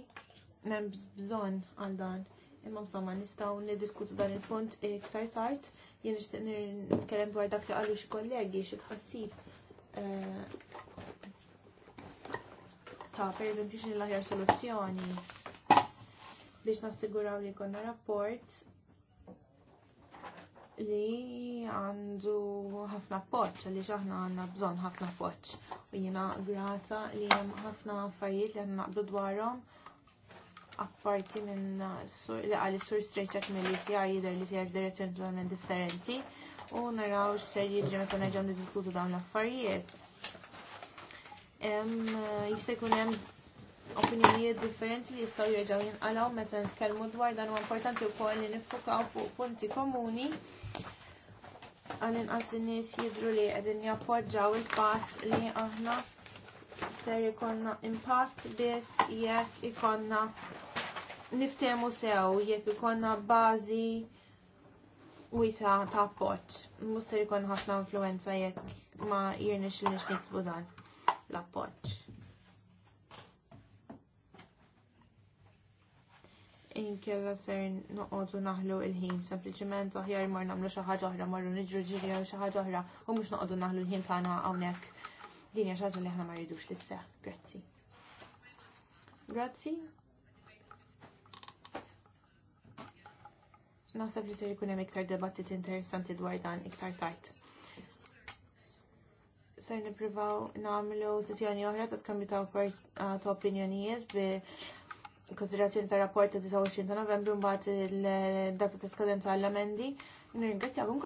m'hemm bżonn għal dan. Imma insomma nistgħu niddiskutu dan il-punt iktar tard. Jien nixtieq nitkellem dwar dak li qalu xi kollegi xi tħassib eh, ta' pereżempju xi l-aħjar soluzzjoni biex nassiguraw li jkollna rapport li għandu ħafna poċ, għaliex aħna għandna bżonn ħafna poċ. U jiena grata li hemm ħafna affarijiet li għandna naqblu dwarhom apparti minn li għalli sur strejċat mill ICR jidher li jidher direzzjoni totalment differenti u naraw x'ser jiġri meta nerġgħu niddiskutu dawn l-affarijiet. Jista' jkun hemm opinjonijiet differenti li jistgħu jerġgħu jinqalgħu meta nitkellmu dwar dan huwa importanti wkoll li niffukaw fuq punti komuni għal inqas in-nies jidhru li qegħdin jappoġġaw il-fatt li aħna ser ikonna impatt biss jekk ikonna niftehmu sew jekk ikonna bażi wisa ta' appoġġ. Mhux ser ikon ħafna influenza jekk ma jirnex li nix dan l-appoġġ. inkella ser noqogħdu naħlu l ħin sempliċiment aħjar mar nagħmlu xi ħaġa oħra marru niġru ġirja xi ħaġa oħra u mhux noqogħdu naħlu l-ħin tagħna hawnhekk. Din hija xi ħaġa li aħna ma rridux lisseħ. Grazzi. Grazzi. Naħseb li ser ikun hemm iktar debattit interessanti dwar dan iktar tard ser nippruvaw nagħmlu sessjoni oħra ta' skambitaw ta' opinjonijiet bi konsiderazzjoni tar rapport ta' 29 ta' novembru mbagħad il-data ta' skadenza għall-amendi. Nirringrazzjakom.